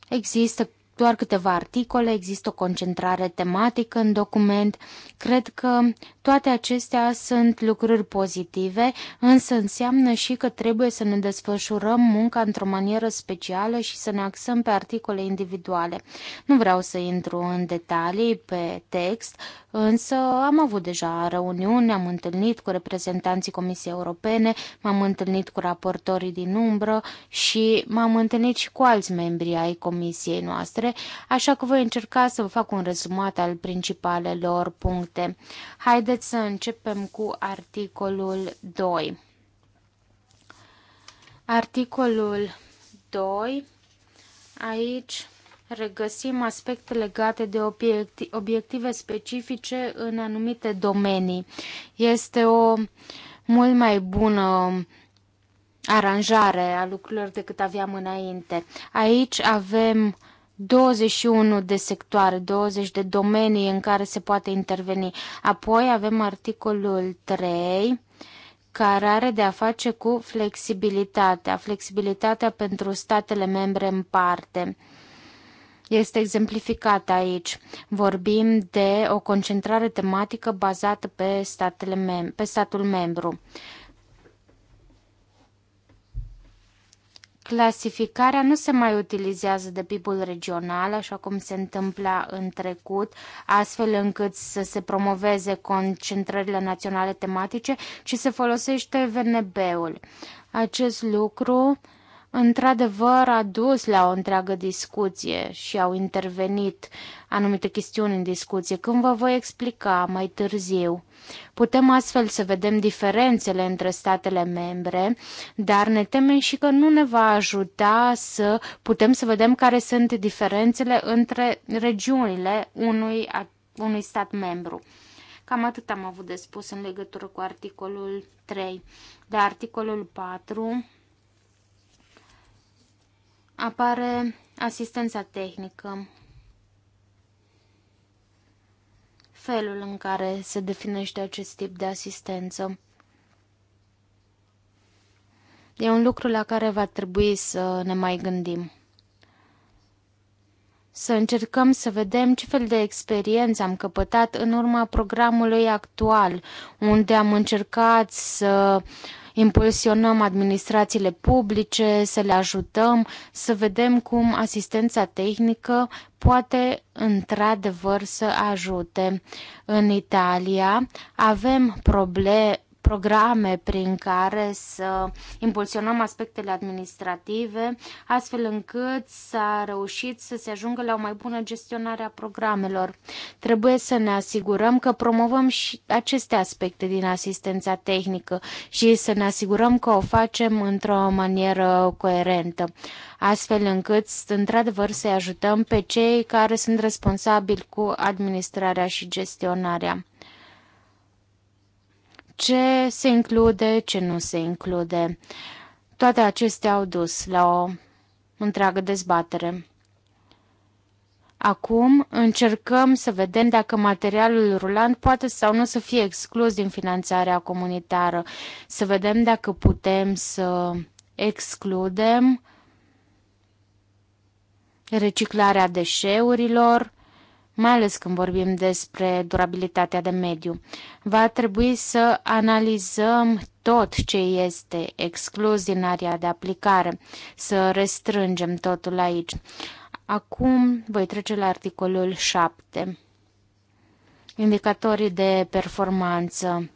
Există doar câteva articole, există o concentrare tematică în document. Cred că toate acestea sunt lucruri pozitive, însă înseamnă și că trebuie să ne desfășurăm munca într-o manieră specială și să ne axăm pe articole individuale. Nu vreau să intru în detalii pe text, însă am avut deja reuniuni, am întâlnit cu reprezentanții Comisiei Europene, m-am întâlnit cu raportorii din umbră și m-am întâlnit și cu alți membri ai Comisiei noastre noastre, așa că voi încerca să vă fac un rezumat al principalelor puncte. Haideți să începem cu articolul 2. Articolul 2. Aici regăsim aspecte legate de obiective specifice în anumite domenii. Este o mult mai bună aranjare a lucrurilor decât aveam înainte. Aici avem 21 de sectoare, 20 de domenii în care se poate interveni. Apoi avem articolul 3 care are de a face cu flexibilitatea, flexibilitatea pentru statele membre în parte. Este exemplificată aici. Vorbim de o concentrare tematică bazată pe, statele mem- pe statul membru. Clasificarea nu se mai utilizează de PIB-ul regional, așa cum se întâmpla în trecut, astfel încât să se promoveze concentrările naționale tematice, ci se folosește VNB-ul. Acest lucru uh, într-adevăr a dus la o întreagă discuție și au intervenit anumite chestiuni în discuție, când vă voi explica mai târziu. Putem astfel să vedem diferențele între statele membre, dar ne temem și că nu ne va ajuta să putem să vedem care sunt diferențele între regiunile unui, unui stat membru. Cam atât am avut de spus în legătură cu articolul 3. De articolul 4 apare asistența tehnică. Felul în care se definește acest tip de asistență. E un lucru la care va trebui să ne mai gândim. Să încercăm să vedem ce fel de experiență am căpătat în urma programului actual, unde am încercat să uh, impulsionăm administrațiile publice, să le ajutăm, să vedem cum asistența tehnică poate într-adevăr să ajute. În Italia avem probleme programe prin care să impulsionăm aspectele administrative, astfel încât s-a reușit să se ajungă la o mai bună gestionare a programelor. Trebuie să ne asigurăm că promovăm și aceste aspecte din asistența tehnică și să ne asigurăm că o facem într-o manieră coerentă, astfel încât, într-adevăr, să-i ajutăm pe cei care sunt responsabili cu administrarea și gestionarea ce se include, ce nu se include. Toate acestea au dus la o întreagă dezbatere. Acum încercăm să vedem dacă materialul rulant poate sau nu să fie exclus din finanțarea comunitară, să vedem dacă putem să excludem reciclarea deșeurilor, mai ales când vorbim despre durabilitatea de mediu. Va trebui să analizăm tot ce este exclus din area de aplicare, să restrângem totul aici. Acum voi trece la articolul 7. Indicatorii de performanță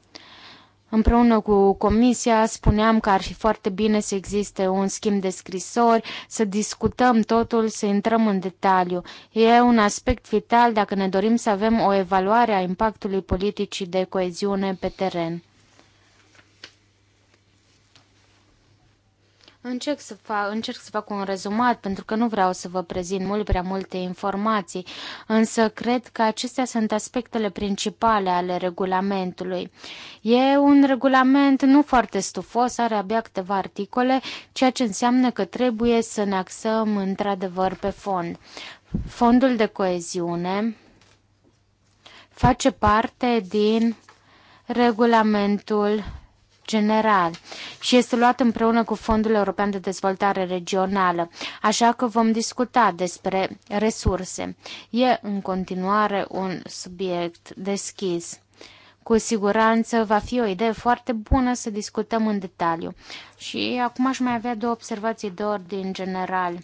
Împreună cu comisia spuneam că ar fi foarte bine să existe un schimb de scrisori, să discutăm totul, să intrăm în detaliu. E un aspect vital dacă ne dorim să avem o evaluare a impactului politicii de coeziune pe teren. Încerc să, fac, încerc să fac un rezumat pentru că nu vreau să vă prezint mult prea multe informații, însă cred că acestea sunt aspectele principale ale regulamentului. E un regulament nu foarte stufos, are abia câteva articole, ceea ce înseamnă că trebuie să ne axăm într-adevăr pe fond. Fondul de coeziune face parte din regulamentul general și este luat împreună cu Fondul European de Dezvoltare Regională, așa că vom discuta despre resurse. E în continuare un subiect deschis. Cu siguranță va fi o idee foarte bună să discutăm în detaliu. Și acum aș mai avea două observații de ordin general.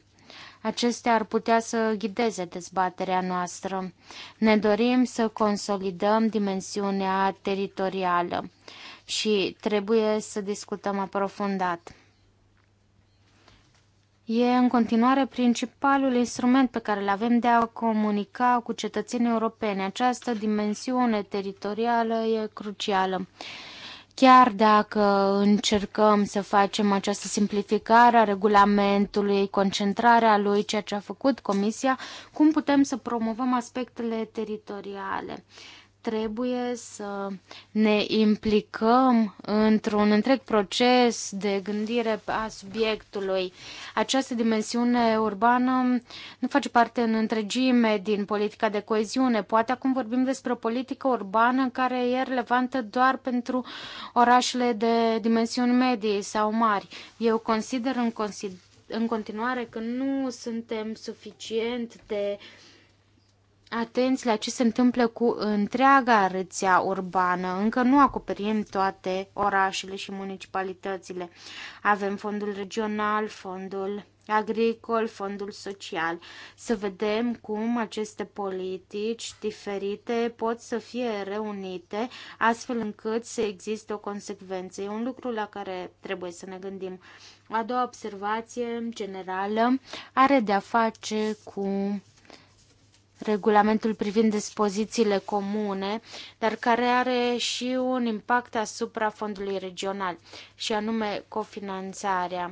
Acestea ar putea să ghideze dezbaterea noastră. Ne dorim să consolidăm dimensiunea teritorială și trebuie să discutăm aprofundat. E în continuare principalul instrument pe care îl avem de a comunica cu cetățenii europeni. Această dimensiune teritorială e crucială. Chiar dacă încercăm să facem această simplificare a regulamentului, concentrarea lui, ceea ce a făcut Comisia, cum putem să promovăm aspectele teritoriale? trebuie să ne implicăm într-un întreg proces de gândire a subiectului. Această dimensiune urbană nu face parte în întregime din politica de coeziune. Poate acum vorbim despre o politică urbană care e relevantă doar pentru orașele de dimensiuni medii sau mari. Eu consider în, consider, în continuare că nu suntem suficient de uh, atenți la ce se întâmplă cu întreaga rețea urbană. Încă nu acoperim toate orașele și municipalitățile. Avem fondul regional, fondul agricol, fondul social. Să vedem cum aceste politici diferite pot să fie reunite astfel încât să existe o consecvență. E un lucru la care trebuie să ne gândim. A doua observație generală are de-a face cu regulamentul privind dispozițiile comune, dar care are și un impact asupra fondului regional, și anume cofinanțarea.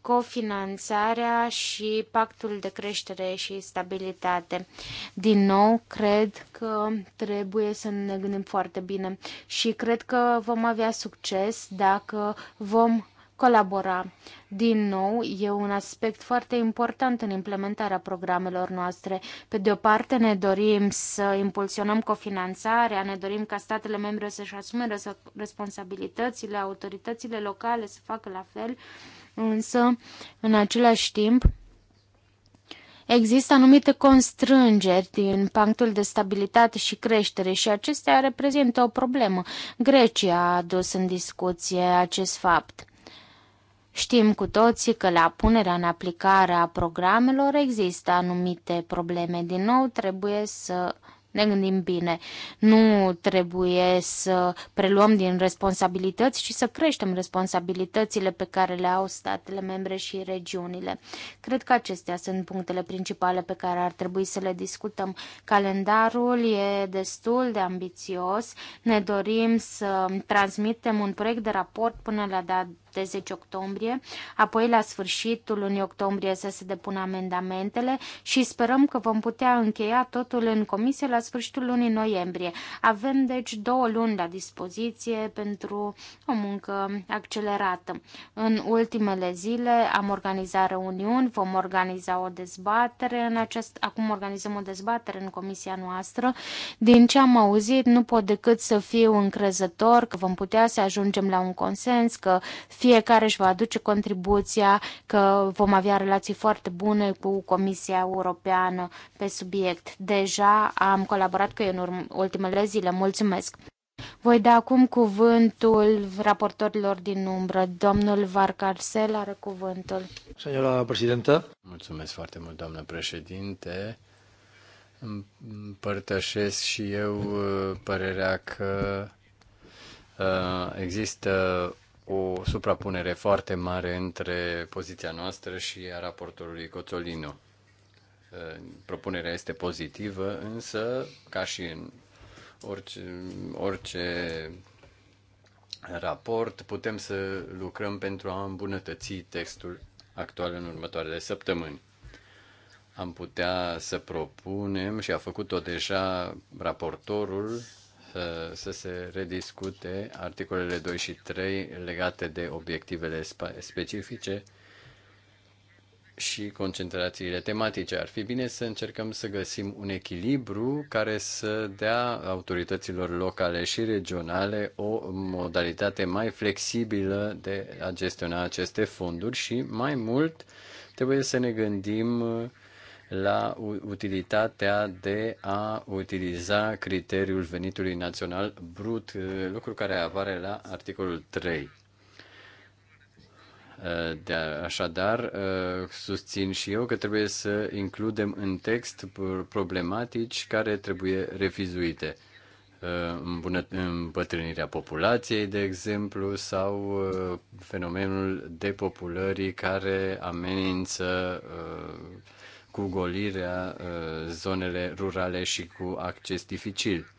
Cofinanțarea și pactul de creștere și stabilitate. Din nou, cred că trebuie să ne gândim foarte bine și cred că vom avea succes dacă vom colabora. Din nou, e un aspect foarte important în implementarea programelor noastre. Pe de o parte, ne dorim să impulsionăm cofinanțarea, ne dorim ca statele membre să-și asume responsabilitățile, autoritățile locale să facă la fel, însă, în același timp, Există anumite constrângeri din pactul de stabilitate și creștere și acestea reprezintă o problemă. Grecia a adus în discuție acest fapt. Știm cu toții că la punerea în aplicare a programelor există anumite probleme. Din nou, trebuie să ne gândim bine. Nu trebuie să preluăm din responsabilități, ci să creștem responsabilitățile pe care le au statele membre și regiunile. Cred că acestea sunt punctele principale pe care ar trebui să le discutăm. Calendarul e destul de ambițios. Ne dorim să transmitem un proiect de raport până la data 70 octombrie, apoi la sfârșitul lunii octombrie să se depună amendamentele și sperăm că vom putea încheia totul în comisie la sfârșitul lunii noiembrie. Avem deci două luni la dispoziție pentru o muncă accelerată. În ultimele zile am organizat reuniuni, vom organiza o dezbatere în acest, acum organizăm o dezbatere în comisia noastră. Din ce am auzit, nu pot decât să fiu încrezător că vom putea să ajungem la un consens, că fiecare își va aduce contribuția, că vom avea relații foarte bune cu Comisia Europeană pe subiect. Deja am colaborat cu ei în ultimele zile. Mulțumesc! Voi da acum cuvântul raportorilor din umbră. Domnul Varcarcel are cuvântul. Senora președintă. Mulțumesc foarte mult, doamnă președinte. Împărtășesc și eu uh, părerea că uh, există o suprapunere foarte mare între poziția noastră și a raportorului Coțolino. Uh, propunerea este pozitivă, însă, ca și în orice, orice raport, putem să lucrăm pentru a îmbunătăți textul actual în următoarele săptămâni. Am putea să propunem, și a făcut-o deja raportorul, Uh, să se rediscute articolele 2 și 3 legate de obiectivele specifice și concentrațiile tematice. Ar fi bine să încercăm să găsim un echilibru care să dea autorităților locale și regionale o modalitate mai flexibilă de a gestiona aceste fonduri și mai mult trebuie să ne gândim uh, la utilitatea de a utiliza criteriul venitului național brut, uh, lucru care apare la articolul 3. Uh, de așadar, uh, susțin și eu că trebuie să includem în text problematici care trebuie revizuite. Îmbătrânirea populației, de exemplu, sau fenomenul depopulării care amenință cu golirea uh, zonele rurale și cu acces dificil.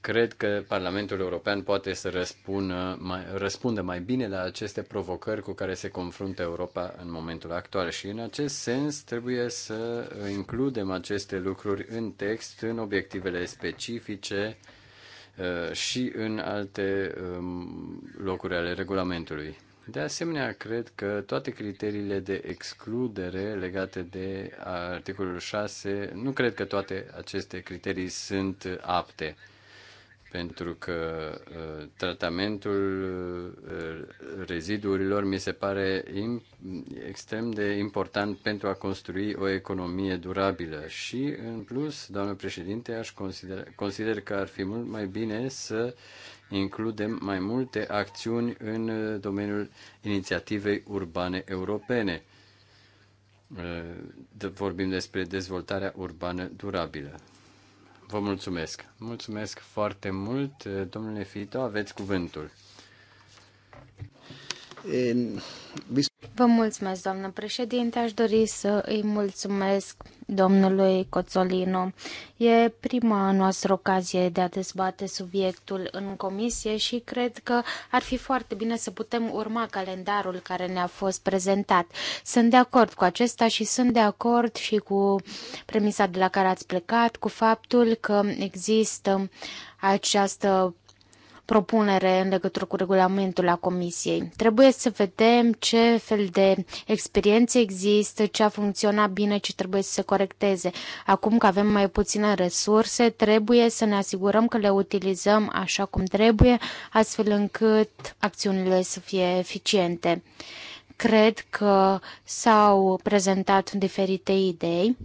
Cred că Parlamentul European poate să răspună mai, răspundă mai bine la aceste provocări cu care se confruntă Europa în momentul actual și în acest sens trebuie să includem aceste lucruri în text, în obiectivele specifice uh, și în alte um, locuri ale regulamentului. De asemenea, cred că toate criteriile de excludere legate de articolul 6, nu cred că toate aceste criterii sunt apte, pentru că uh, tratamentul uh, rezidurilor mi se pare extrem de important pentru a construi o economie durabilă. Și, în plus, doamnă președinte, aș consider, consider că ar fi mult mai bine să uh, includem mai multe acțiuni în uh, domeniul inițiativei urbane europene. Uh, vorbim despre dezvoltarea urbană durabilă. Vă mulțumesc. Mulțumesc foarte mult, uh, domnule Fito, aveți cuvântul. Vă mulțumesc, doamnă președinte. Aș dori să îi mulțumesc domnului Coțolino. E prima noastră ocazie de a dezbate subiectul în comisie și cred că ar fi foarte bine să putem urma calendarul care ne-a fost prezentat. Sunt de acord cu acesta și sunt de acord și cu premisa de la care ați plecat, cu faptul că există această propunere în legătură cu regulamentul la Comisiei. Trebuie să vedem ce fel de experiențe există, ce a funcționat bine, ce trebuie să se corecteze. Acum că avem mai puține resurse, trebuie să ne asigurăm că le utilizăm așa cum trebuie, astfel încât acțiunile să fie eficiente. Cred că s-au prezentat diferite idei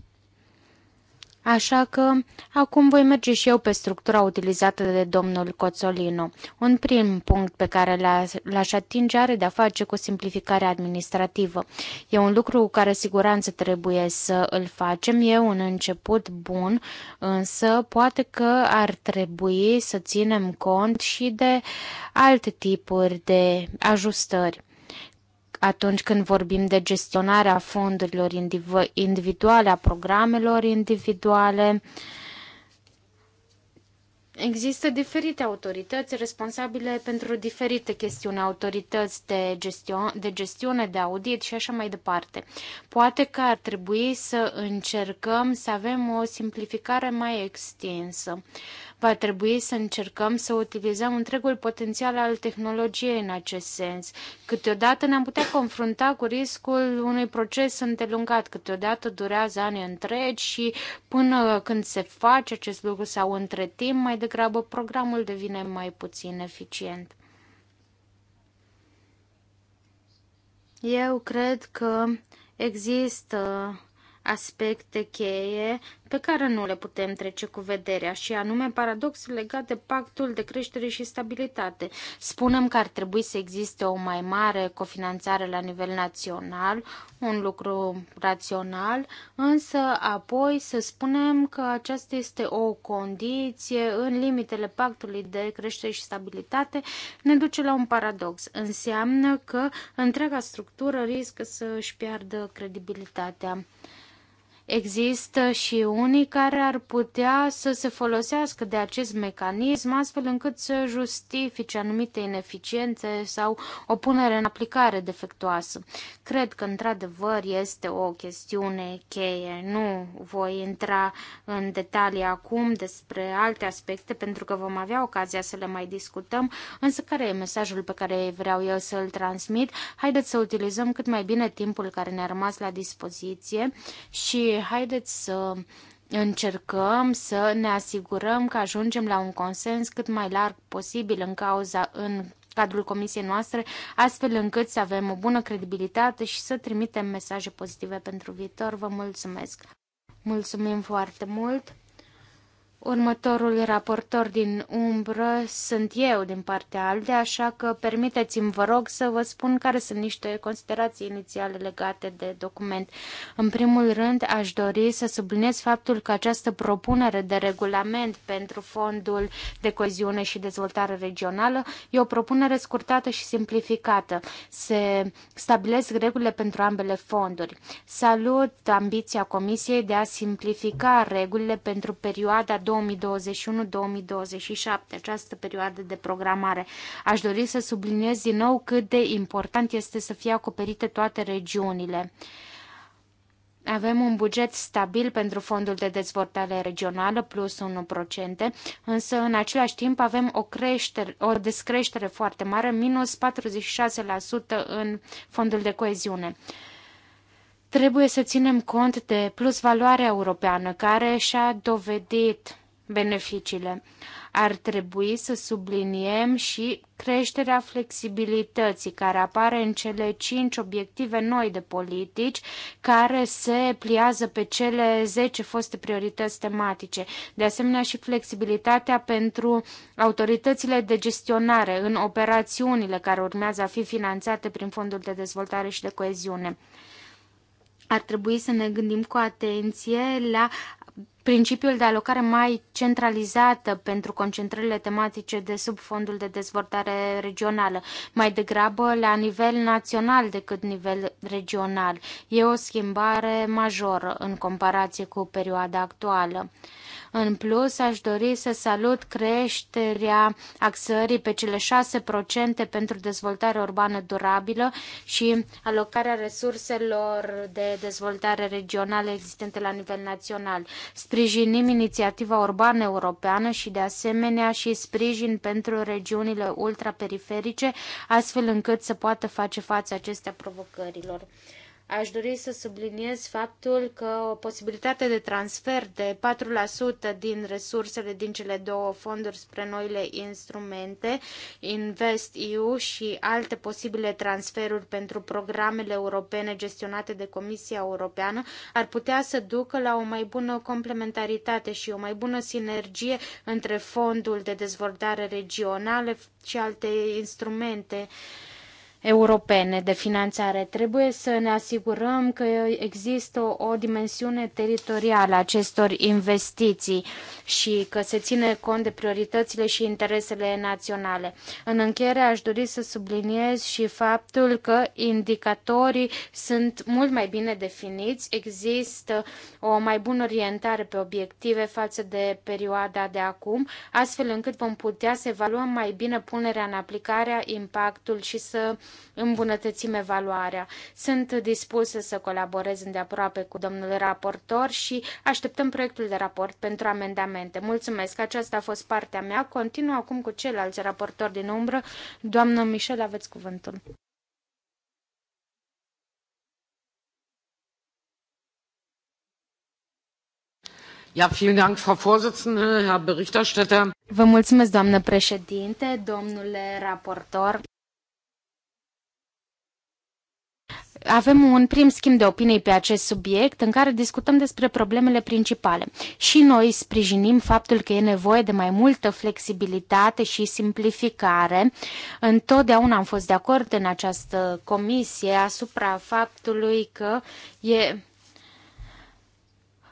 Așa că acum voi merge și eu pe structura utilizată de domnul Coțolino. Un prim punct pe care l-aș atinge are de-a face cu simplificarea administrativă. E un lucru cu care siguranță trebuie să îl facem. E un început bun, însă poate că ar trebui să ținem cont și de alte tipuri de ajustări atunci când vorbim de gestionarea fondurilor individuale, a programelor individuale, uh, Există diferite autorități responsabile pentru diferite chestiuni, autorități de, gestion, de gestiune, de audit și așa mai departe. Poate că ar trebui să încercăm să avem o simplificare mai extinsă. Va trebui să încercăm să utilizăm întregul potențial al tehnologiei în acest sens. Câteodată ne-am putea confrunta cu riscul unui proces îndelungat, câteodată durează ani întregi și până când se face acest lucru sau între timp mai degrabă programul devine mai puțin eficient. Eu cred că există aspecte cheie pe care nu le putem trece cu vederea și anume paradoxul legat de pactul de creștere și stabilitate. Spunem că ar trebui să existe o mai mare cofinanțare la nivel național, un lucru rațional, însă apoi să spunem că aceasta este o condiție în limitele pactului de creștere și stabilitate ne duce la un paradox. Înseamnă că întreaga structură riscă să își piardă credibilitatea. Există și unii care ar putea să se folosească de acest mecanism astfel încât să justifice anumite ineficiențe sau o punere în aplicare defectuoasă. Cred că, într-adevăr, este o chestiune cheie. Nu voi intra în detalii acum despre alte aspecte pentru că vom avea ocazia să le mai discutăm, însă care e mesajul pe care vreau eu să-l transmit? Haideți să utilizăm cât mai bine timpul care ne-a rămas la dispoziție și haideți să încercăm să ne asigurăm că ajungem la un consens cât mai larg posibil în cauza în cadrul comisiei noastre, astfel încât să avem o bună credibilitate și să trimitem mesaje pozitive pentru viitor. Vă mulțumesc! Mulțumim foarte mult! Următorul raportor din umbră sunt eu din partea ALDE, așa că permiteți-mi, vă rog, să vă spun care sunt niște considerații inițiale legate de document. În primul rând, aș dori să subliniez faptul că această propunere de regulament pentru Fondul de Coeziune și Dezvoltare Regională e o propunere scurtată și simplificată. Se stabilesc regulile pentru ambele fonduri. Salut ambiția Comisiei de a simplifica regulile pentru perioada 2021-2027, această perioadă de programare. Aș dori să subliniez din nou cât de important este să fie acoperite toate regiunile. Avem un buget stabil pentru fondul de dezvoltare regională, plus 1%, însă în același timp avem o, creștere, o descreștere foarte mare, minus 46% în fondul de coeziune. Trebuie să ținem cont de plus valoarea europeană, care și-a dovedit beneficiile. Ar trebui să subliniem și creșterea flexibilității care apare în cele cinci obiective noi de politici care se pliază pe cele 10 foste priorități tematice. De asemenea și flexibilitatea pentru autoritățile de gestionare în operațiunile care urmează a fi finanțate prin Fondul de Dezvoltare și de Coeziune ar trebui să ne gândim cu atenție la Principiul de alocare mai centralizată pentru concentrările tematice de sub fondul de dezvoltare regională, mai degrabă la nivel național decât nivel regional, e o schimbare majoră în comparație cu perioada actuală. În plus, aș dori să salut creșterea axării pe cele 6% pentru dezvoltare urbană durabilă și alocarea resurselor de dezvoltare regională existente la nivel național. Sprijinim inițiativa urbană europeană și de asemenea și sprijin pentru regiunile ultraperiferice, astfel încât să poată face față acestea provocărilor aș dori să subliniez faptul că o posibilitate de transfer de 4% din resursele din cele două fonduri spre noile instrumente, Invest EU și alte posibile transferuri pentru programele europene gestionate de Comisia Europeană, ar putea să ducă la o mai bună complementaritate și o mai bună sinergie între fondul de dezvoltare regională și alte instrumente uh, europene de finanțare. Trebuie să ne asigurăm că există o, dimensiune teritorială a acestor investiții și că se ține cont de prioritățile și interesele naționale. În încheiere aș dori să subliniez și faptul că indicatorii sunt mult mai bine definiți, există o mai bună orientare pe obiective față de perioada de acum, astfel încât vom putea să evaluăm mai bine punerea în aplicare, impactul și să îmbunătățim evaluarea. Sunt dispusă să colaborez îndeaproape cu domnul raportor și așteptăm proiectul de raport pentru amendamente. Mulțumesc, aceasta a fost partea mea. Continuă acum cu ceilalți raportori din umbră. Doamnă Michel, aveți cuvântul. Ja, vielen Dank, Frau Vorsitzende, Herr Berichterstatter. Vă mulțumesc, doamnă președinte, domnule raportor. avem un prim schimb de opinii pe acest subiect în care discutăm despre problemele principale. Și noi sprijinim faptul că e nevoie de mai multă flexibilitate și simplificare. Întotdeauna am fost de acord în această comisie asupra faptului că e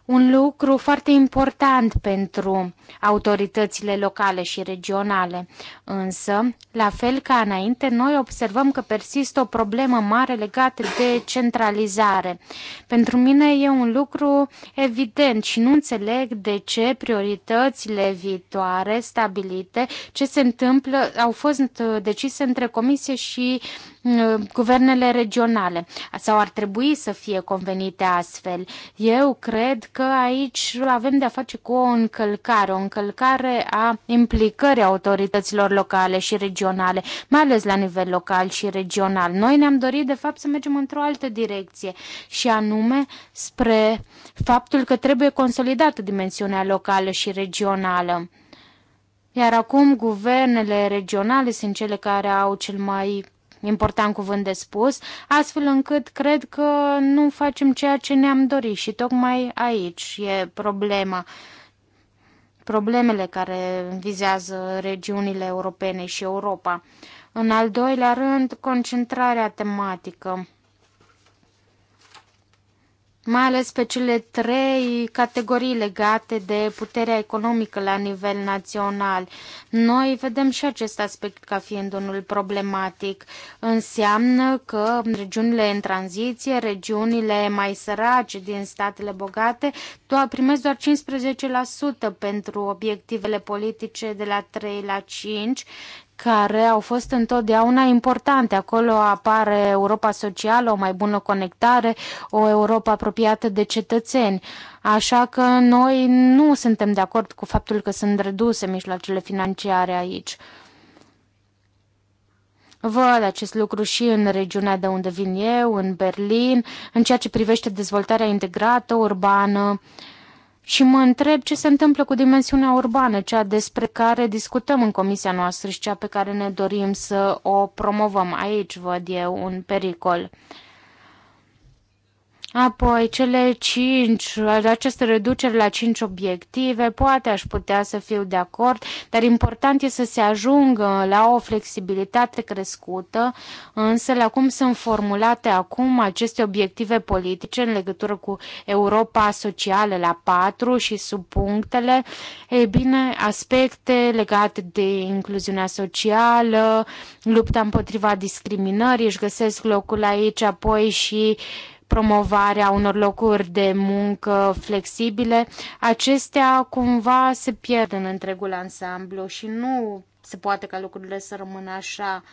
un lucru foarte important pentru autoritățile locale și regionale. Însă, la fel ca înainte, noi observăm că persistă o problemă mare legată de centralizare. Pentru mine e un lucru evident și nu înțeleg de ce prioritățile viitoare stabilite, ce se întâmplă, au fost decise între comisie și uh, Mm, guvernele regionale sau ar trebui să fie convenite astfel. Eu cred că aici avem de a face cu o încălcare, o încălcare a implicării autorităților locale și regionale, mai ales la nivel local și regional. Noi ne-am dorit, de fapt, să mergem într-o altă direcție și anume spre faptul că trebuie consolidată dimensiunea locală și regională. Iar acum guvernele regionale sunt cele care au cel mai important cuvânt de spus, astfel încât cred că nu facem ceea ce ne-am dorit și tocmai aici e problema problemele care vizează regiunile europene și Europa. În al doilea rând, concentrarea tematică mai ales pe cele trei categorii legate de puterea economică la nivel național. Noi vedem și acest aspect ca fiind unul problematic. Înseamnă că regiunile în tranziție, regiunile mai sărace din statele bogate, doar primesc doar 15% pentru obiectivele politice de la 3 la 5 care au fost întotdeauna importante. Acolo apare Europa socială, o mai bună conectare, o Europa apropiată de cetățeni. Așa că noi nu suntem de acord cu faptul că sunt reduse mijloacele financiare aici. Văd acest lucru și în regiunea de unde vin eu, în Berlin, în ceea ce privește dezvoltarea integrată urbană. Uh, și mă întreb ce se întâmplă cu dimensiunea urbană, cea despre care discutăm în comisia noastră și cea pe care ne dorim să o promovăm. Aici văd eu un pericol. Uh, Apoi, cele cinci, aceste reduceri la cinci obiective, poate aș putea să fiu de acord, dar important e să se ajungă la o flexibilitate crescută, însă la cum sunt formulate acum aceste obiective politice în legătură cu Europa socială la patru și subpunctele, e bine, aspecte legate de incluziunea socială, lupta împotriva discriminării, își găsesc locul aici, apoi și uh, promovarea unor locuri de muncă flexibile, acestea cumva se pierd în întregul ansamblu și nu se poate ca lucrurile să rămână așa.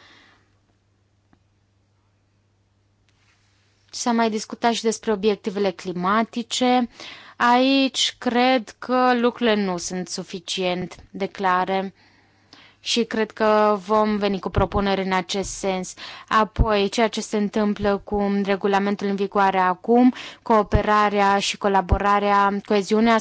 S-a mai discutat și despre obiectivele climatice. Aici cred că lucrurile nu sunt suficient de clare și cred că vom veni cu propuneri în acest sens. Apoi, ceea ce se întâmplă cu regulamentul în vigoare acum, cooperarea și colaborarea, coeziunea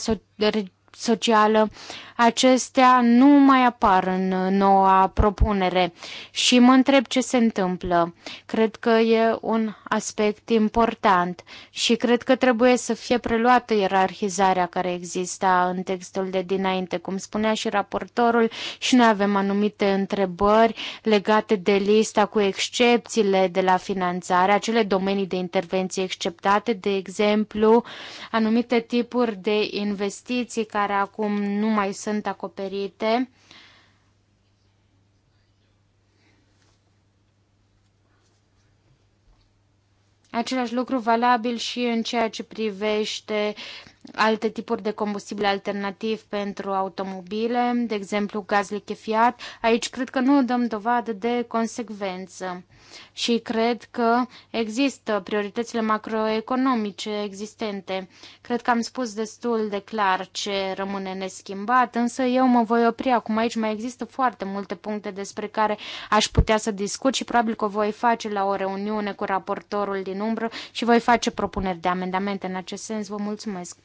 socială, acestea nu mai apar în noua propunere și mă întreb ce se întâmplă. Cred că e un aspect important și cred că trebuie să fie preluată ierarhizarea care exista în textul de dinainte, cum spunea și raportorul, și noi avem anumite întrebări legate de lista cu excepțiile de la finanțare, acele domenii de intervenție exceptate, de exemplu, anumite tipuri de investiții care acum nu mai sunt acoperite Același lucru valabil și în ceea ce privește alte tipuri de combustibil alternativ pentru automobile, de exemplu gaz lichefiat. Aici cred că nu dăm dovadă de consecvență și cred că există prioritățile macroeconomice existente. Cred că am spus destul de clar ce rămâne neschimbat, însă eu mă voi opri acum aici. Mai există foarte multe puncte despre care aș putea să discut și probabil că o voi face la o reuniune cu raportorul din umbră și voi face propuneri de amendamente în acest sens. Vă mulțumesc!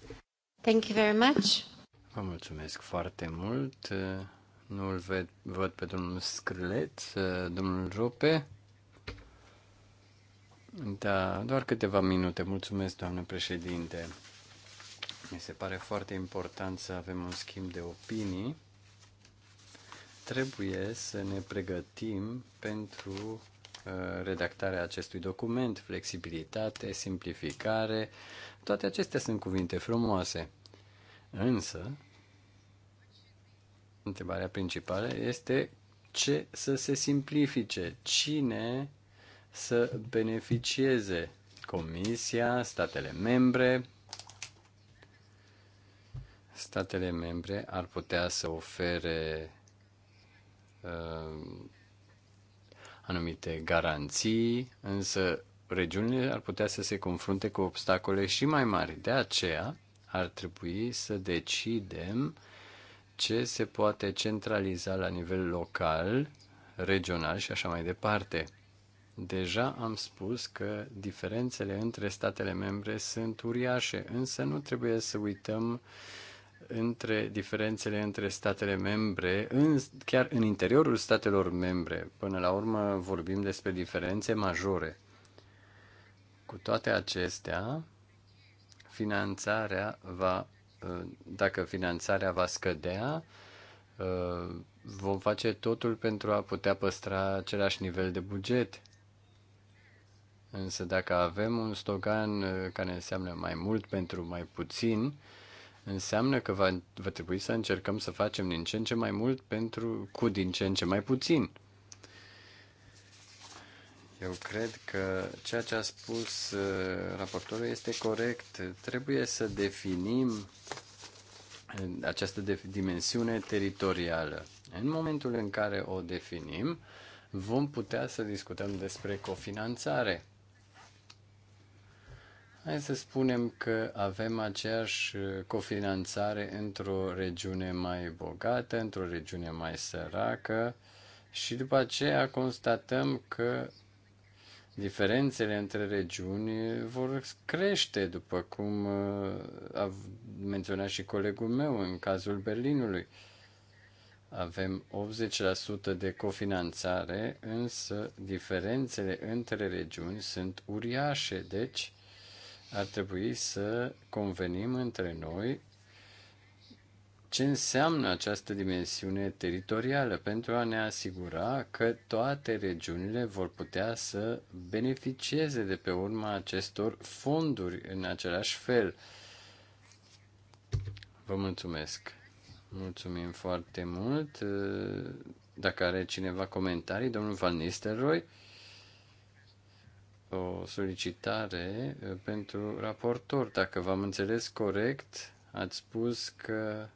Thank you very much. Vă mulțumesc foarte mult. Nu îl ved, văd pe domnul Scrileț, domnul Rope. Da, doar câteva minute. Mulțumesc, doamnă președinte. Mi se pare foarte important să avem un schimb de opinii. Trebuie să ne pregătim pentru uh, redactarea acestui document, flexibilitate, simplificare, toate acestea sunt cuvinte frumoase. Însă, întrebarea principală este ce să se simplifice, cine să beneficieze, Comisia, statele membre. Statele membre ar putea să ofere uh, anumite garanții, însă regiunile ar putea să se confrunte cu obstacole și mai mari. De aceea, ar trebui să decidem ce se poate centraliza la nivel local, regional și așa mai departe. Deja am spus că diferențele între statele membre sunt uriașe, însă nu trebuie să uităm între diferențele între statele membre, în, chiar în interiorul statelor membre. Până la urmă vorbim despre diferențe majore. Cu toate acestea, finanțarea va, uh, dacă finanțarea va scădea, uh, vom face totul pentru a putea păstra același nivel de buget. Însă dacă avem un slogan uh, care înseamnă mai mult pentru mai puțin, înseamnă că va, va trebui să încercăm să facem din ce în ce mai mult pentru cu din ce în ce mai puțin. Eu cred că ceea ce a spus uh, raportorul este corect. Trebuie să definim uh, această dimensiune teritorială. În momentul în care o definim, vom putea să discutăm despre cofinanțare. Hai să spunem că avem aceeași uh, cofinanțare într-o regiune mai bogată, într-o regiune mai săracă și după aceea constatăm că diferențele între regiuni vor crește, după cum uh, a menționat și colegul meu în cazul Berlinului. Avem 80% de cofinanțare, însă diferențele între regiuni sunt uriașe, deci ar trebui să convenim între noi ce înseamnă această dimensiune teritorială pentru a ne asigura că toate regiunile vor putea să beneficieze de pe urma acestor fonduri în același fel. Vă mulțumesc. Mulțumim foarte mult. Dacă are cineva comentarii, domnul Van Nistelrooy, o solicitare pentru raportor. Dacă v-am înțeles corect, ați spus că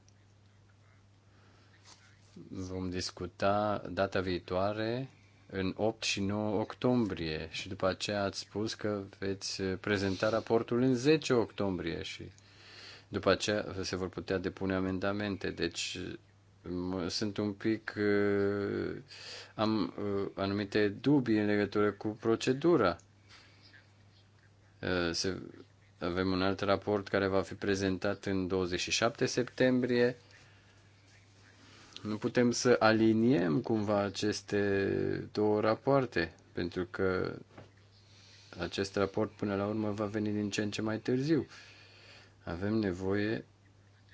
vom discuta data viitoare în 8 și 9 octombrie și după aceea ați spus că veți prezenta raportul în 10 octombrie și după aceea se vor putea depune amendamente. Deci sunt un pic uh, am uh, anumite dubii în legătură cu procedura. Uh, avem un alt raport care va fi prezentat în 27 septembrie nu putem să aliniem cumva aceste două rapoarte, pentru că acest raport până la urmă va veni din ce în ce mai târziu. Avem nevoie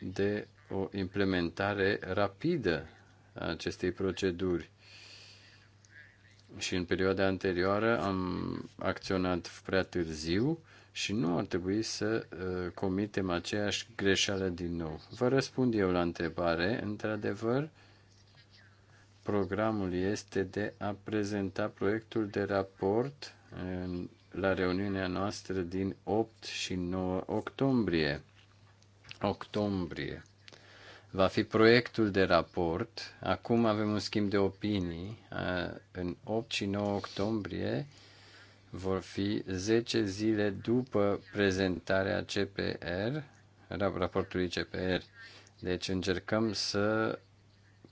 de o implementare rapidă a acestei proceduri. Și în perioada anterioară am acționat prea târziu și nu ar trebui să uh, comitem aceeași greșeală din nou. Vă răspund eu la întrebare. Într-adevăr, programul este de a prezenta proiectul de raport în, uh, la reuniunea noastră din 8 și 9 octombrie. Octombrie. Va fi proiectul de raport. Acum avem un schimb de opinii. Uh, în 8 și 9 octombrie vor fi 10 zile după prezentarea CPR, raportului CPR. Deci încercăm să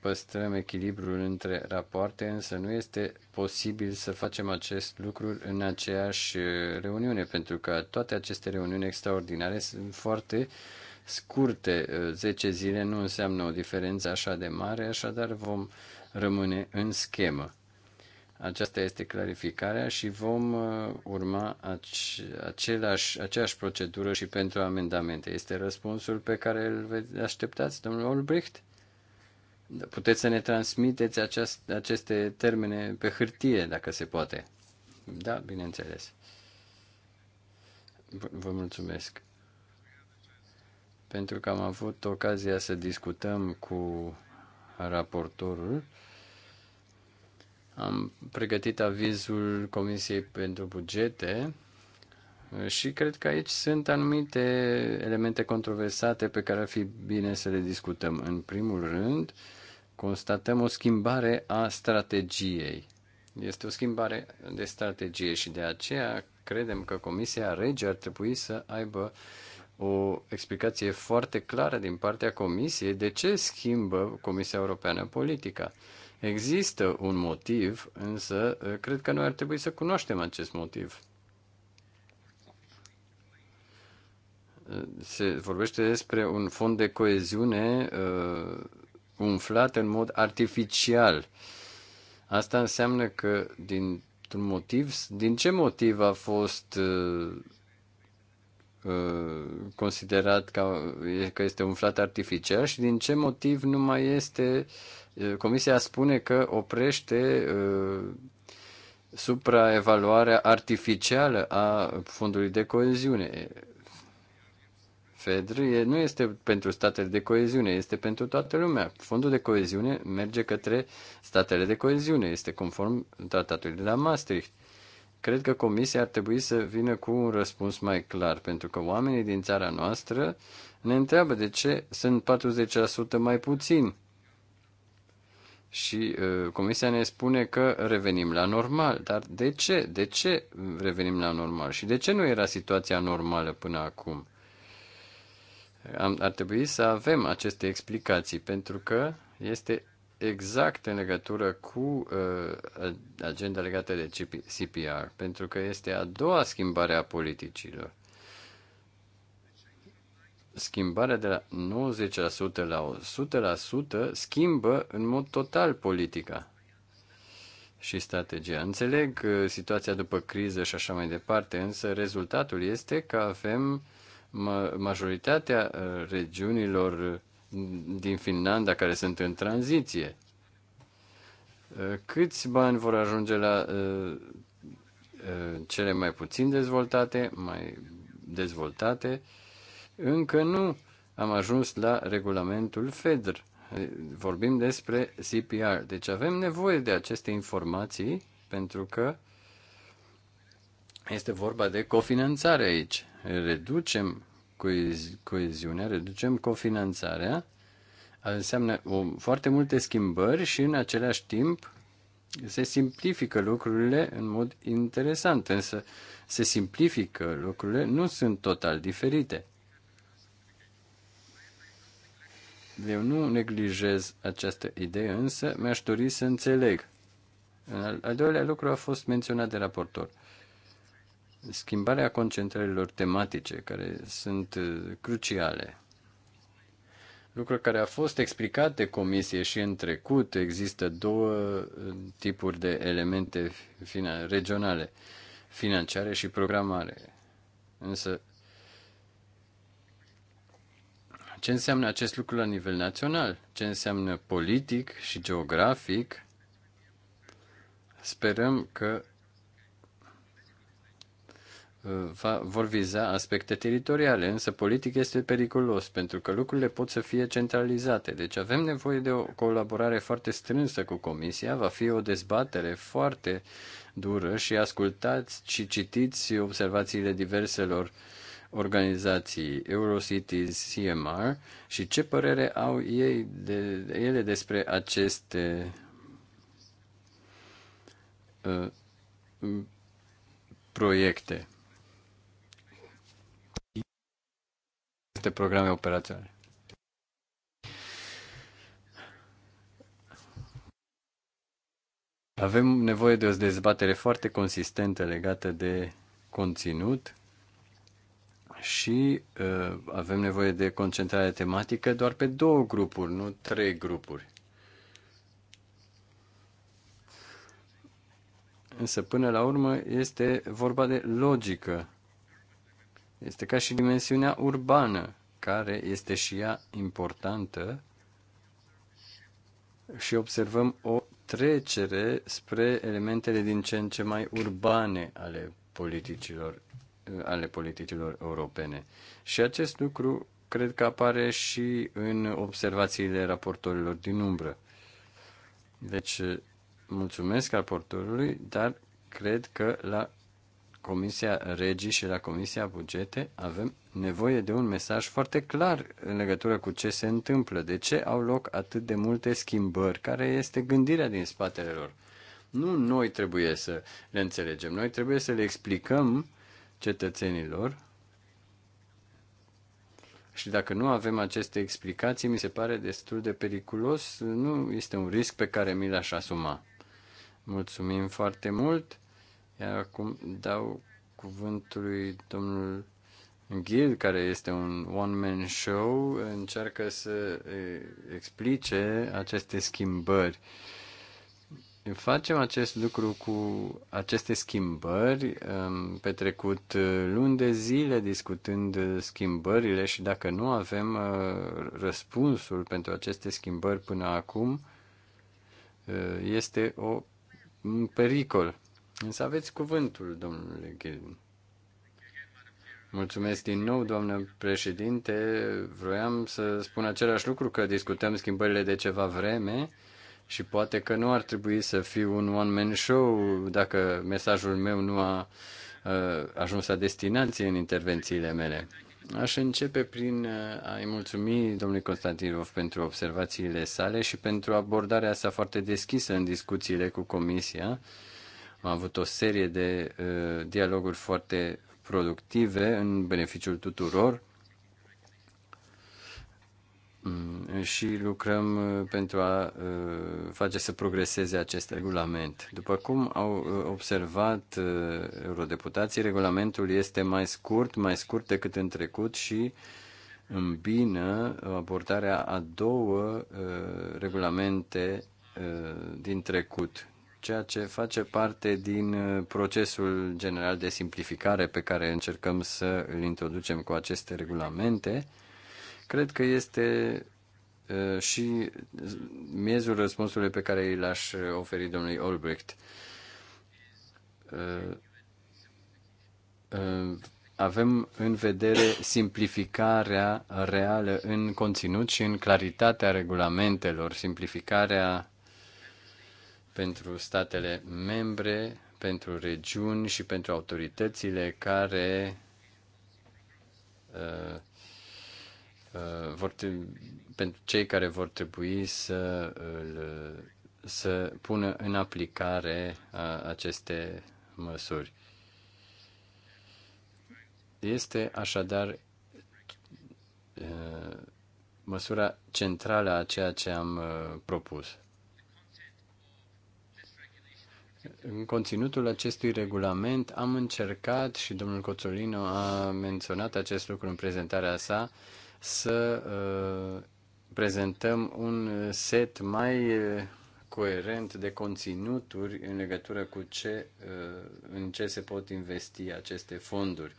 păstrăm echilibrul între rapoarte, însă nu este posibil să facem acest lucru în aceeași reuniune, pentru că toate aceste reuniuni extraordinare sunt foarte scurte. 10 zile nu înseamnă o diferență așa de mare, așadar vom rămâne în schemă. Aceasta este clarificarea și vom uh, urma același, aceeași procedură și pentru amendamente. Este răspunsul pe care îl așteptați, domnul Olbricht? Da, puteți să ne transmiteți aceast, aceste termene pe hârtie, dacă se poate. Da, bineînțeles. Vă mulțumesc. Pentru că am avut ocazia să discutăm cu raportorul am pregătit avizul Comisiei pentru Bugete și cred că aici sunt anumite elemente controversate pe care ar fi bine să le discutăm. În primul rând, constatăm o schimbare a strategiei. Este o schimbare de strategie și de aceea credem că Comisia Rege ar trebui să aibă o explicație foarte clară din partea Comisiei de ce schimbă Comisia Europeană politica. Există un motiv, însă eh, cred că noi ar trebui să cunoaștem acest motiv. Eh, se vorbește despre un fond de coeziune uh, umflat în mod artificial. Asta înseamnă că din un motiv, din ce motiv a fost uh, uh, considerat ca, că este umflat artificial și din ce motiv nu mai este uh, Comisia spune că oprește supraevaluarea artificială a fondului de coeziune. FEDR nu este pentru statele de coeziune, este pentru toată lumea. Fondul de coeziune merge către statele de coeziune, este conform tratatului de la Maastricht. Cred că Comisia ar trebui să vină cu un răspuns mai clar, pentru că oamenii din țara noastră ne întreabă de ce sunt 40% mai puțini și comisia ne spune că revenim la normal. Dar de ce? De ce revenim la normal? Și de ce nu era situația normală până acum? Am, ar trebui să avem aceste explicații, pentru că este exact în legătură cu uh, agenda legată de CPR, pentru că este a doua schimbare a politicilor schimbarea de la 90% la 100% schimbă în mod total politica și strategia. Înțeleg uh, situația după criză și așa mai departe, însă rezultatul este că avem majoritatea uh, regiunilor uh, din Finlanda care sunt în tranziție. Câți bani vor ajunge la cele mai puțin dezvoltate, mai dezvoltate, încă nu am ajuns la regulamentul FEDR. Vorbim despre CPR. Deci avem nevoie de aceste informații pentru că este vorba de cofinanțare aici. Reducem coeziunea, reducem cofinanțarea, înseamnă o, foarte multe schimbări și în același timp se simplifică lucrurile în mod interesant, însă se simplifică lucrurile, nu sunt total diferite. Eu nu neglijez această idee, însă mi-aș dori să înțeleg. Al, al doilea lucru a fost menționat de raportor. Schimbarea concentrărilor tematice, care sunt uh, cruciale. Lucru care a fost explicat de comisie și în trecut, există două uh, tipuri de elemente regionale, financiare și programare. Însă ce înseamnă acest lucru la nivel național, ce înseamnă politic și geografic. Sperăm că uh, va, vor viza aspecte teritoriale, însă politic este periculos pentru că lucrurile pot să fie centralizate. Deci avem nevoie de o colaborare foarte strânsă cu Comisia, va fi o dezbatere foarte dură și ascultați și citiți observațiile diverselor uh, organizații Eurocities, CMR și ce părere au ei de, de ele despre aceste uh, proiecte, aceste programe operaționale. Avem nevoie de o dezbatere foarte consistentă legată de conținut și uh, avem nevoie de concentrare tematică doar pe două grupuri, nu trei grupuri. Însă, până la urmă, este vorba de logică. Este ca și dimensiunea urbană, care este și ea importantă și observăm o trecere spre elementele din ce în ce mai urbane ale politicilor Uh, ale politicilor europene. Și acest lucru cred că apare și în observațiile raportorilor din umbră. Deci, uh, mulțumesc raportorului, dar cred că la Comisia Regii și la Comisia Bugete avem nevoie de un mesaj foarte clar în legătură cu ce se întâmplă, de ce au loc atât de multe schimbări, care este gândirea din spatele lor. Nu noi trebuie să le înțelegem, noi trebuie să le explicăm cetățenilor. Și dacă nu avem aceste explicații, mi se pare destul de periculos, nu este un risc pe care mi l-aș asuma. Mulțumim foarte mult, iar acum dau cuvântul lui domnul Gil, care este un one-man show, încearcă să eh, explice aceste schimbări. Facem acest lucru cu aceste schimbări. Am petrecut uh, luni de zile discutând uh, schimbările și dacă nu avem uh, răspunsul pentru aceste schimbări până acum, este o, un pericol. Însă aveți cuvântul, domnule Gilden. Mulțumesc din nou, doamnă președinte. Vroiam să spun același lucru, că discutăm schimbările de ceva vreme și poate că nu ar trebui să fiu un one-man show dacă mesajul meu nu a ajuns la destinație în intervențiile mele. Aș începe prin a-i mulțumi domnului Constantinov pentru observațiile sale și pentru abordarea sa foarte deschisă în discuțiile cu Comisia. Am avut o serie de uh, dialoguri foarte productive în beneficiul tuturor Mm, și lucrăm uh, pentru a uh, face să progreseze acest regulament. După cum au uh, observat eurodeputații, regulamentul este mai scurt, mai scurt decât în trecut și îmbină abordarea a două regulamente din trecut, ceea ce face parte din procesul general de simplificare pe care încercăm să îl introducem cu aceste regulamente Cred că este și miezul răspunsului pe care îl aș oferi domnului Olbrecht. Avem în vedere simplificarea reală în conținut și în claritatea regulamentelor, simplificarea pentru statele membre, pentru regiuni și pentru autoritățile care uh, Uh, vor trebui, pentru cei care vor trebui să, să pună în aplicare uh, aceste măsuri. Este așadar uh, măsura centrală a ceea ce am propus. În conținutul acestui regulament am încercat și domnul Coțolino a menționat acest lucru în prezentarea sa să uh, prezentăm un set mai uh, coerent de conținuturi în legătură cu ce, uh, în ce se pot investi aceste fonduri.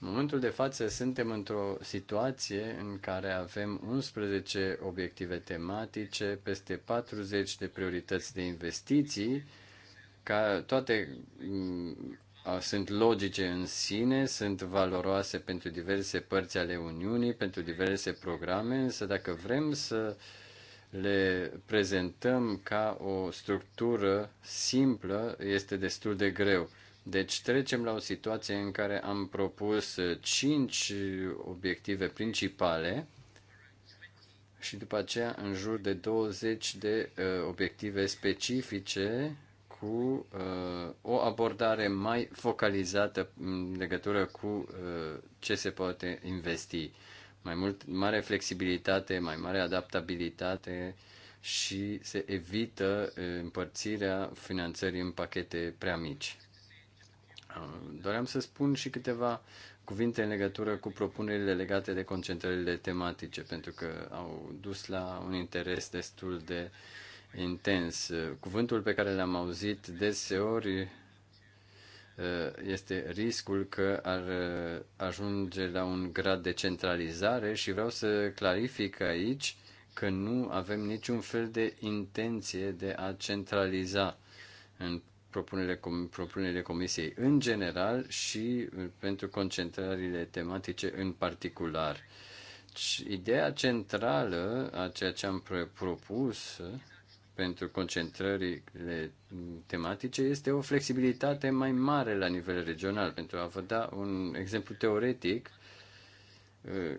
În momentul de față suntem într-o situație în care avem 11 obiective tematice, peste 40 de priorități de investiții, ca toate mm, sunt logice în sine, sunt valoroase pentru diverse părți ale Uniunii, pentru diverse programe, însă dacă vrem să le prezentăm ca o structură simplă, este destul de greu. Deci trecem la o situație în care am propus 5 obiective principale și după aceea în jur de 20 de uh, obiective specifice cu uh, o abordare mai focalizată în legătură cu uh, ce se poate investi. Mai mult, mare flexibilitate, mai mare adaptabilitate și se evită uh, împărțirea finanțării în pachete prea mici. Uh, doream să spun și câteva cuvinte în legătură cu propunerile legate de concentrările tematice, pentru că au dus la un interes destul de uh, intens. Cuvântul pe care l-am auzit deseori uh, este riscul că ar uh, ajunge la un grad de centralizare și vreau să clarific aici că nu avem niciun fel de intenție de a centraliza în propunerile, com, propunerile comisiei în general și uh, pentru concentrările tematice în particular. ideea centrală a ceea ce am propus pentru concentrările tematice este o flexibilitate mai mare la nivel regional. Pentru a vă da un exemplu teoretic,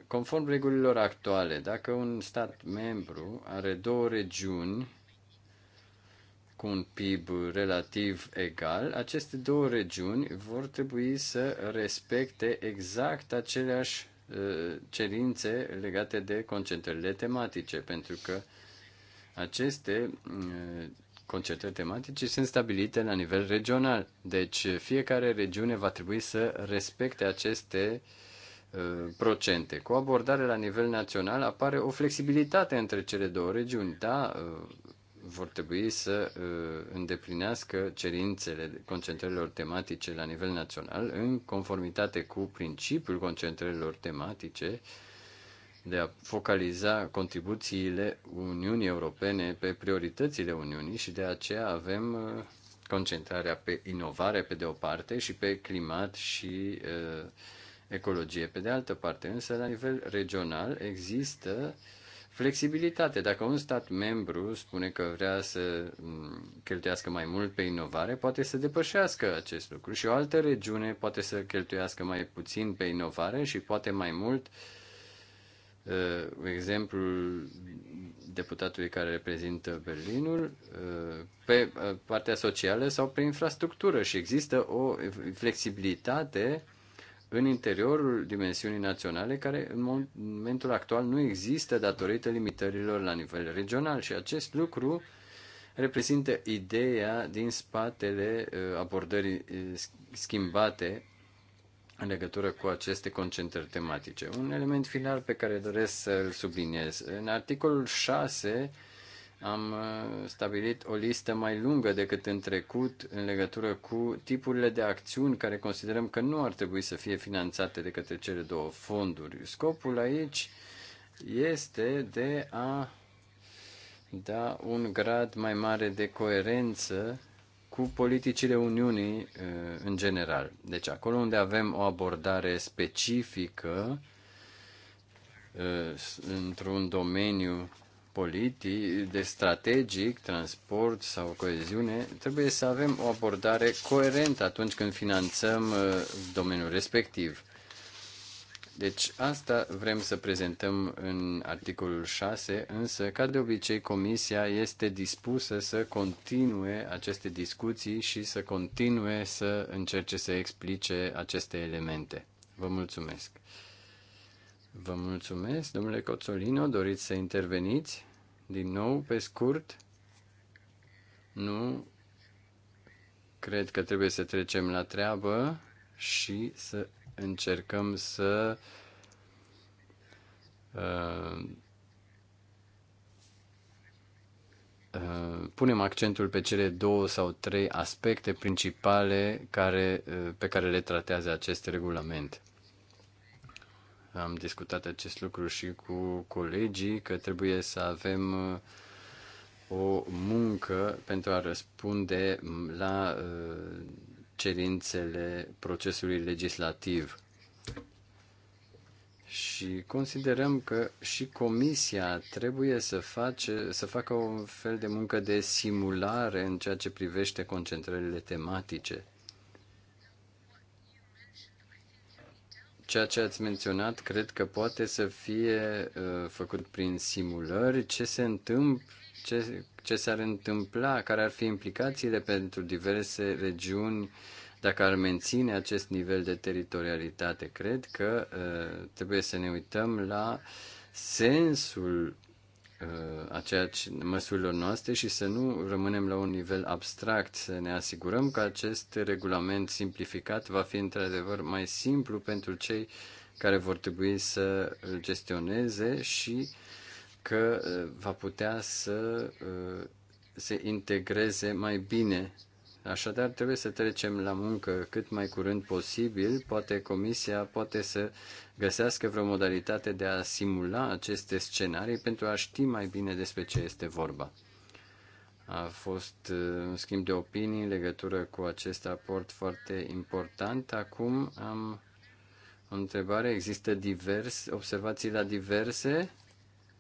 conform regulilor actuale, dacă un stat membru are două regiuni cu un PIB relativ egal, aceste două regiuni vor trebui să respecte exact aceleași uh, cerințe legate de concentrările tematice, pentru că uh, aceste mm, concerte tematice sunt stabilite la nivel regional. Deci fiecare regiune va trebui să respecte aceste uh, procente. Cu abordare la nivel național apare o flexibilitate între cele două regiuni. Da, uh, vor trebui să uh, îndeplinească cerințele concentrărilor tematice la nivel național în conformitate cu principiul concentrărilor tematice de a focaliza contribuțiile Uniunii Europene pe prioritățile Uniunii și de aceea avem uh, concentrarea pe inovare pe de o parte și pe climat și uh, ecologie pe de altă parte. Însă, la nivel regional, există flexibilitate. Dacă un stat membru spune că vrea să mm, cheltuiască mai mult pe inovare, poate să depășească acest lucru și o altă regiune poate să cheltuiască mai puțin pe inovare și poate mai mult uh, uh, exemplul deputatului care reprezintă Berlinul uh, pe uh, partea socială sau pe infrastructură și există o flexibilitate în interiorul dimensiunii naționale care în momentul actual nu există datorită limitărilor la nivel regional și acest lucru reprezintă ideea din spatele uh, abordării uh, schimbate în legătură cu aceste concentrări tematice. Un element final pe care doresc să-l subliniez. În articolul 6 am uh, stabilit o listă mai lungă decât în trecut în legătură cu tipurile de acțiuni care considerăm că nu ar trebui să fie finanțate de către cele două fonduri. Scopul aici este de a da un grad mai mare de coerență cu politicile Uniunii uh, în general. Deci acolo unde avem o abordare specifică uh, într-un domeniu politic, de strategic, transport sau coeziune, trebuie să avem o abordare coerentă atunci când finanțăm uh, domeniul respectiv. Deci asta vrem să prezentăm în articolul 6, însă, ca de obicei, Comisia este dispusă să continue aceste discuții și să continue să încerce să explice aceste elemente. Vă mulțumesc! Vă mulțumesc, domnule Coțolino, doriți să interveniți? Din nou, pe scurt? Nu? Cred că trebuie să trecem la treabă și să încercăm să uh, uh, punem accentul pe cele două sau trei aspecte principale care, uh, pe care le tratează acest regulament. Am discutat acest lucru și cu colegii că trebuie să avem uh, o muncă pentru a răspunde la uh, cerințele procesului legislativ. Și considerăm că și comisia trebuie să, face, să facă un fel de muncă de simulare în ceea ce privește concentrările tematice. ceea ce ați menționat cred că poate să fie uh, făcut prin simulări ce se întâmplă ce, ce s-ar întâmpla, care ar fi implicațiile pentru diverse regiuni dacă ar menține acest nivel de teritorialitate. Cred că uh, trebuie să ne uităm la sensul uh, a ceea ce, măsurilor noastre și să nu rămânem la un nivel abstract, să ne asigurăm că acest regulament simplificat va fi într-adevăr mai simplu pentru cei care vor trebui să îl gestioneze și că uh, va putea să uh, se integreze mai bine. Așadar, trebuie să trecem la muncă cât mai curând posibil. Poate comisia poate să găsească vreo modalitate de a simula aceste scenarii pentru a ști mai bine despre ce este vorba. A fost uh, un schimb de opinii în legătură cu acest raport foarte important. Acum am o întrebare. Există divers, observații la diverse?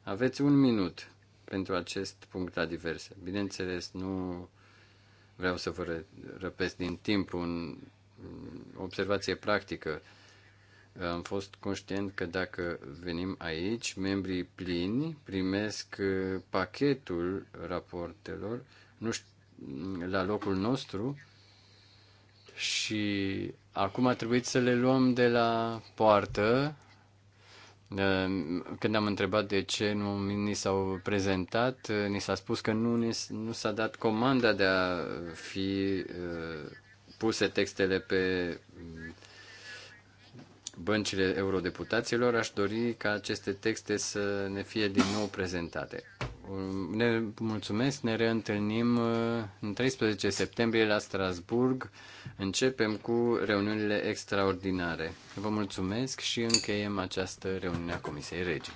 Aveți un minut pentru acest punct la diverse. Bineînțeles, nu vreau să vă răpesc din timp un observație practică. Am fost conștient că dacă venim aici, membrii plini primesc uh, pachetul raportelor nu știu, la locul nostru și acum a trebuit să le luăm de la poartă Ehm, când am întrebat de ce nu ni s-au prezentat, eh, ni s-a spus că nu, nu s-a dat comanda de a fi eh, puse textele pe mm, băncile eurodeputaților. Aș dori ca aceste texte să ne fie din nou prezentate. Ne mulțumesc, ne reîntâlnim uh, în 13 septembrie la Strasburg. Începem cu reuniunile extraordinare. Vă mulțumesc și încheiem această reuniune a Comisiei Regii.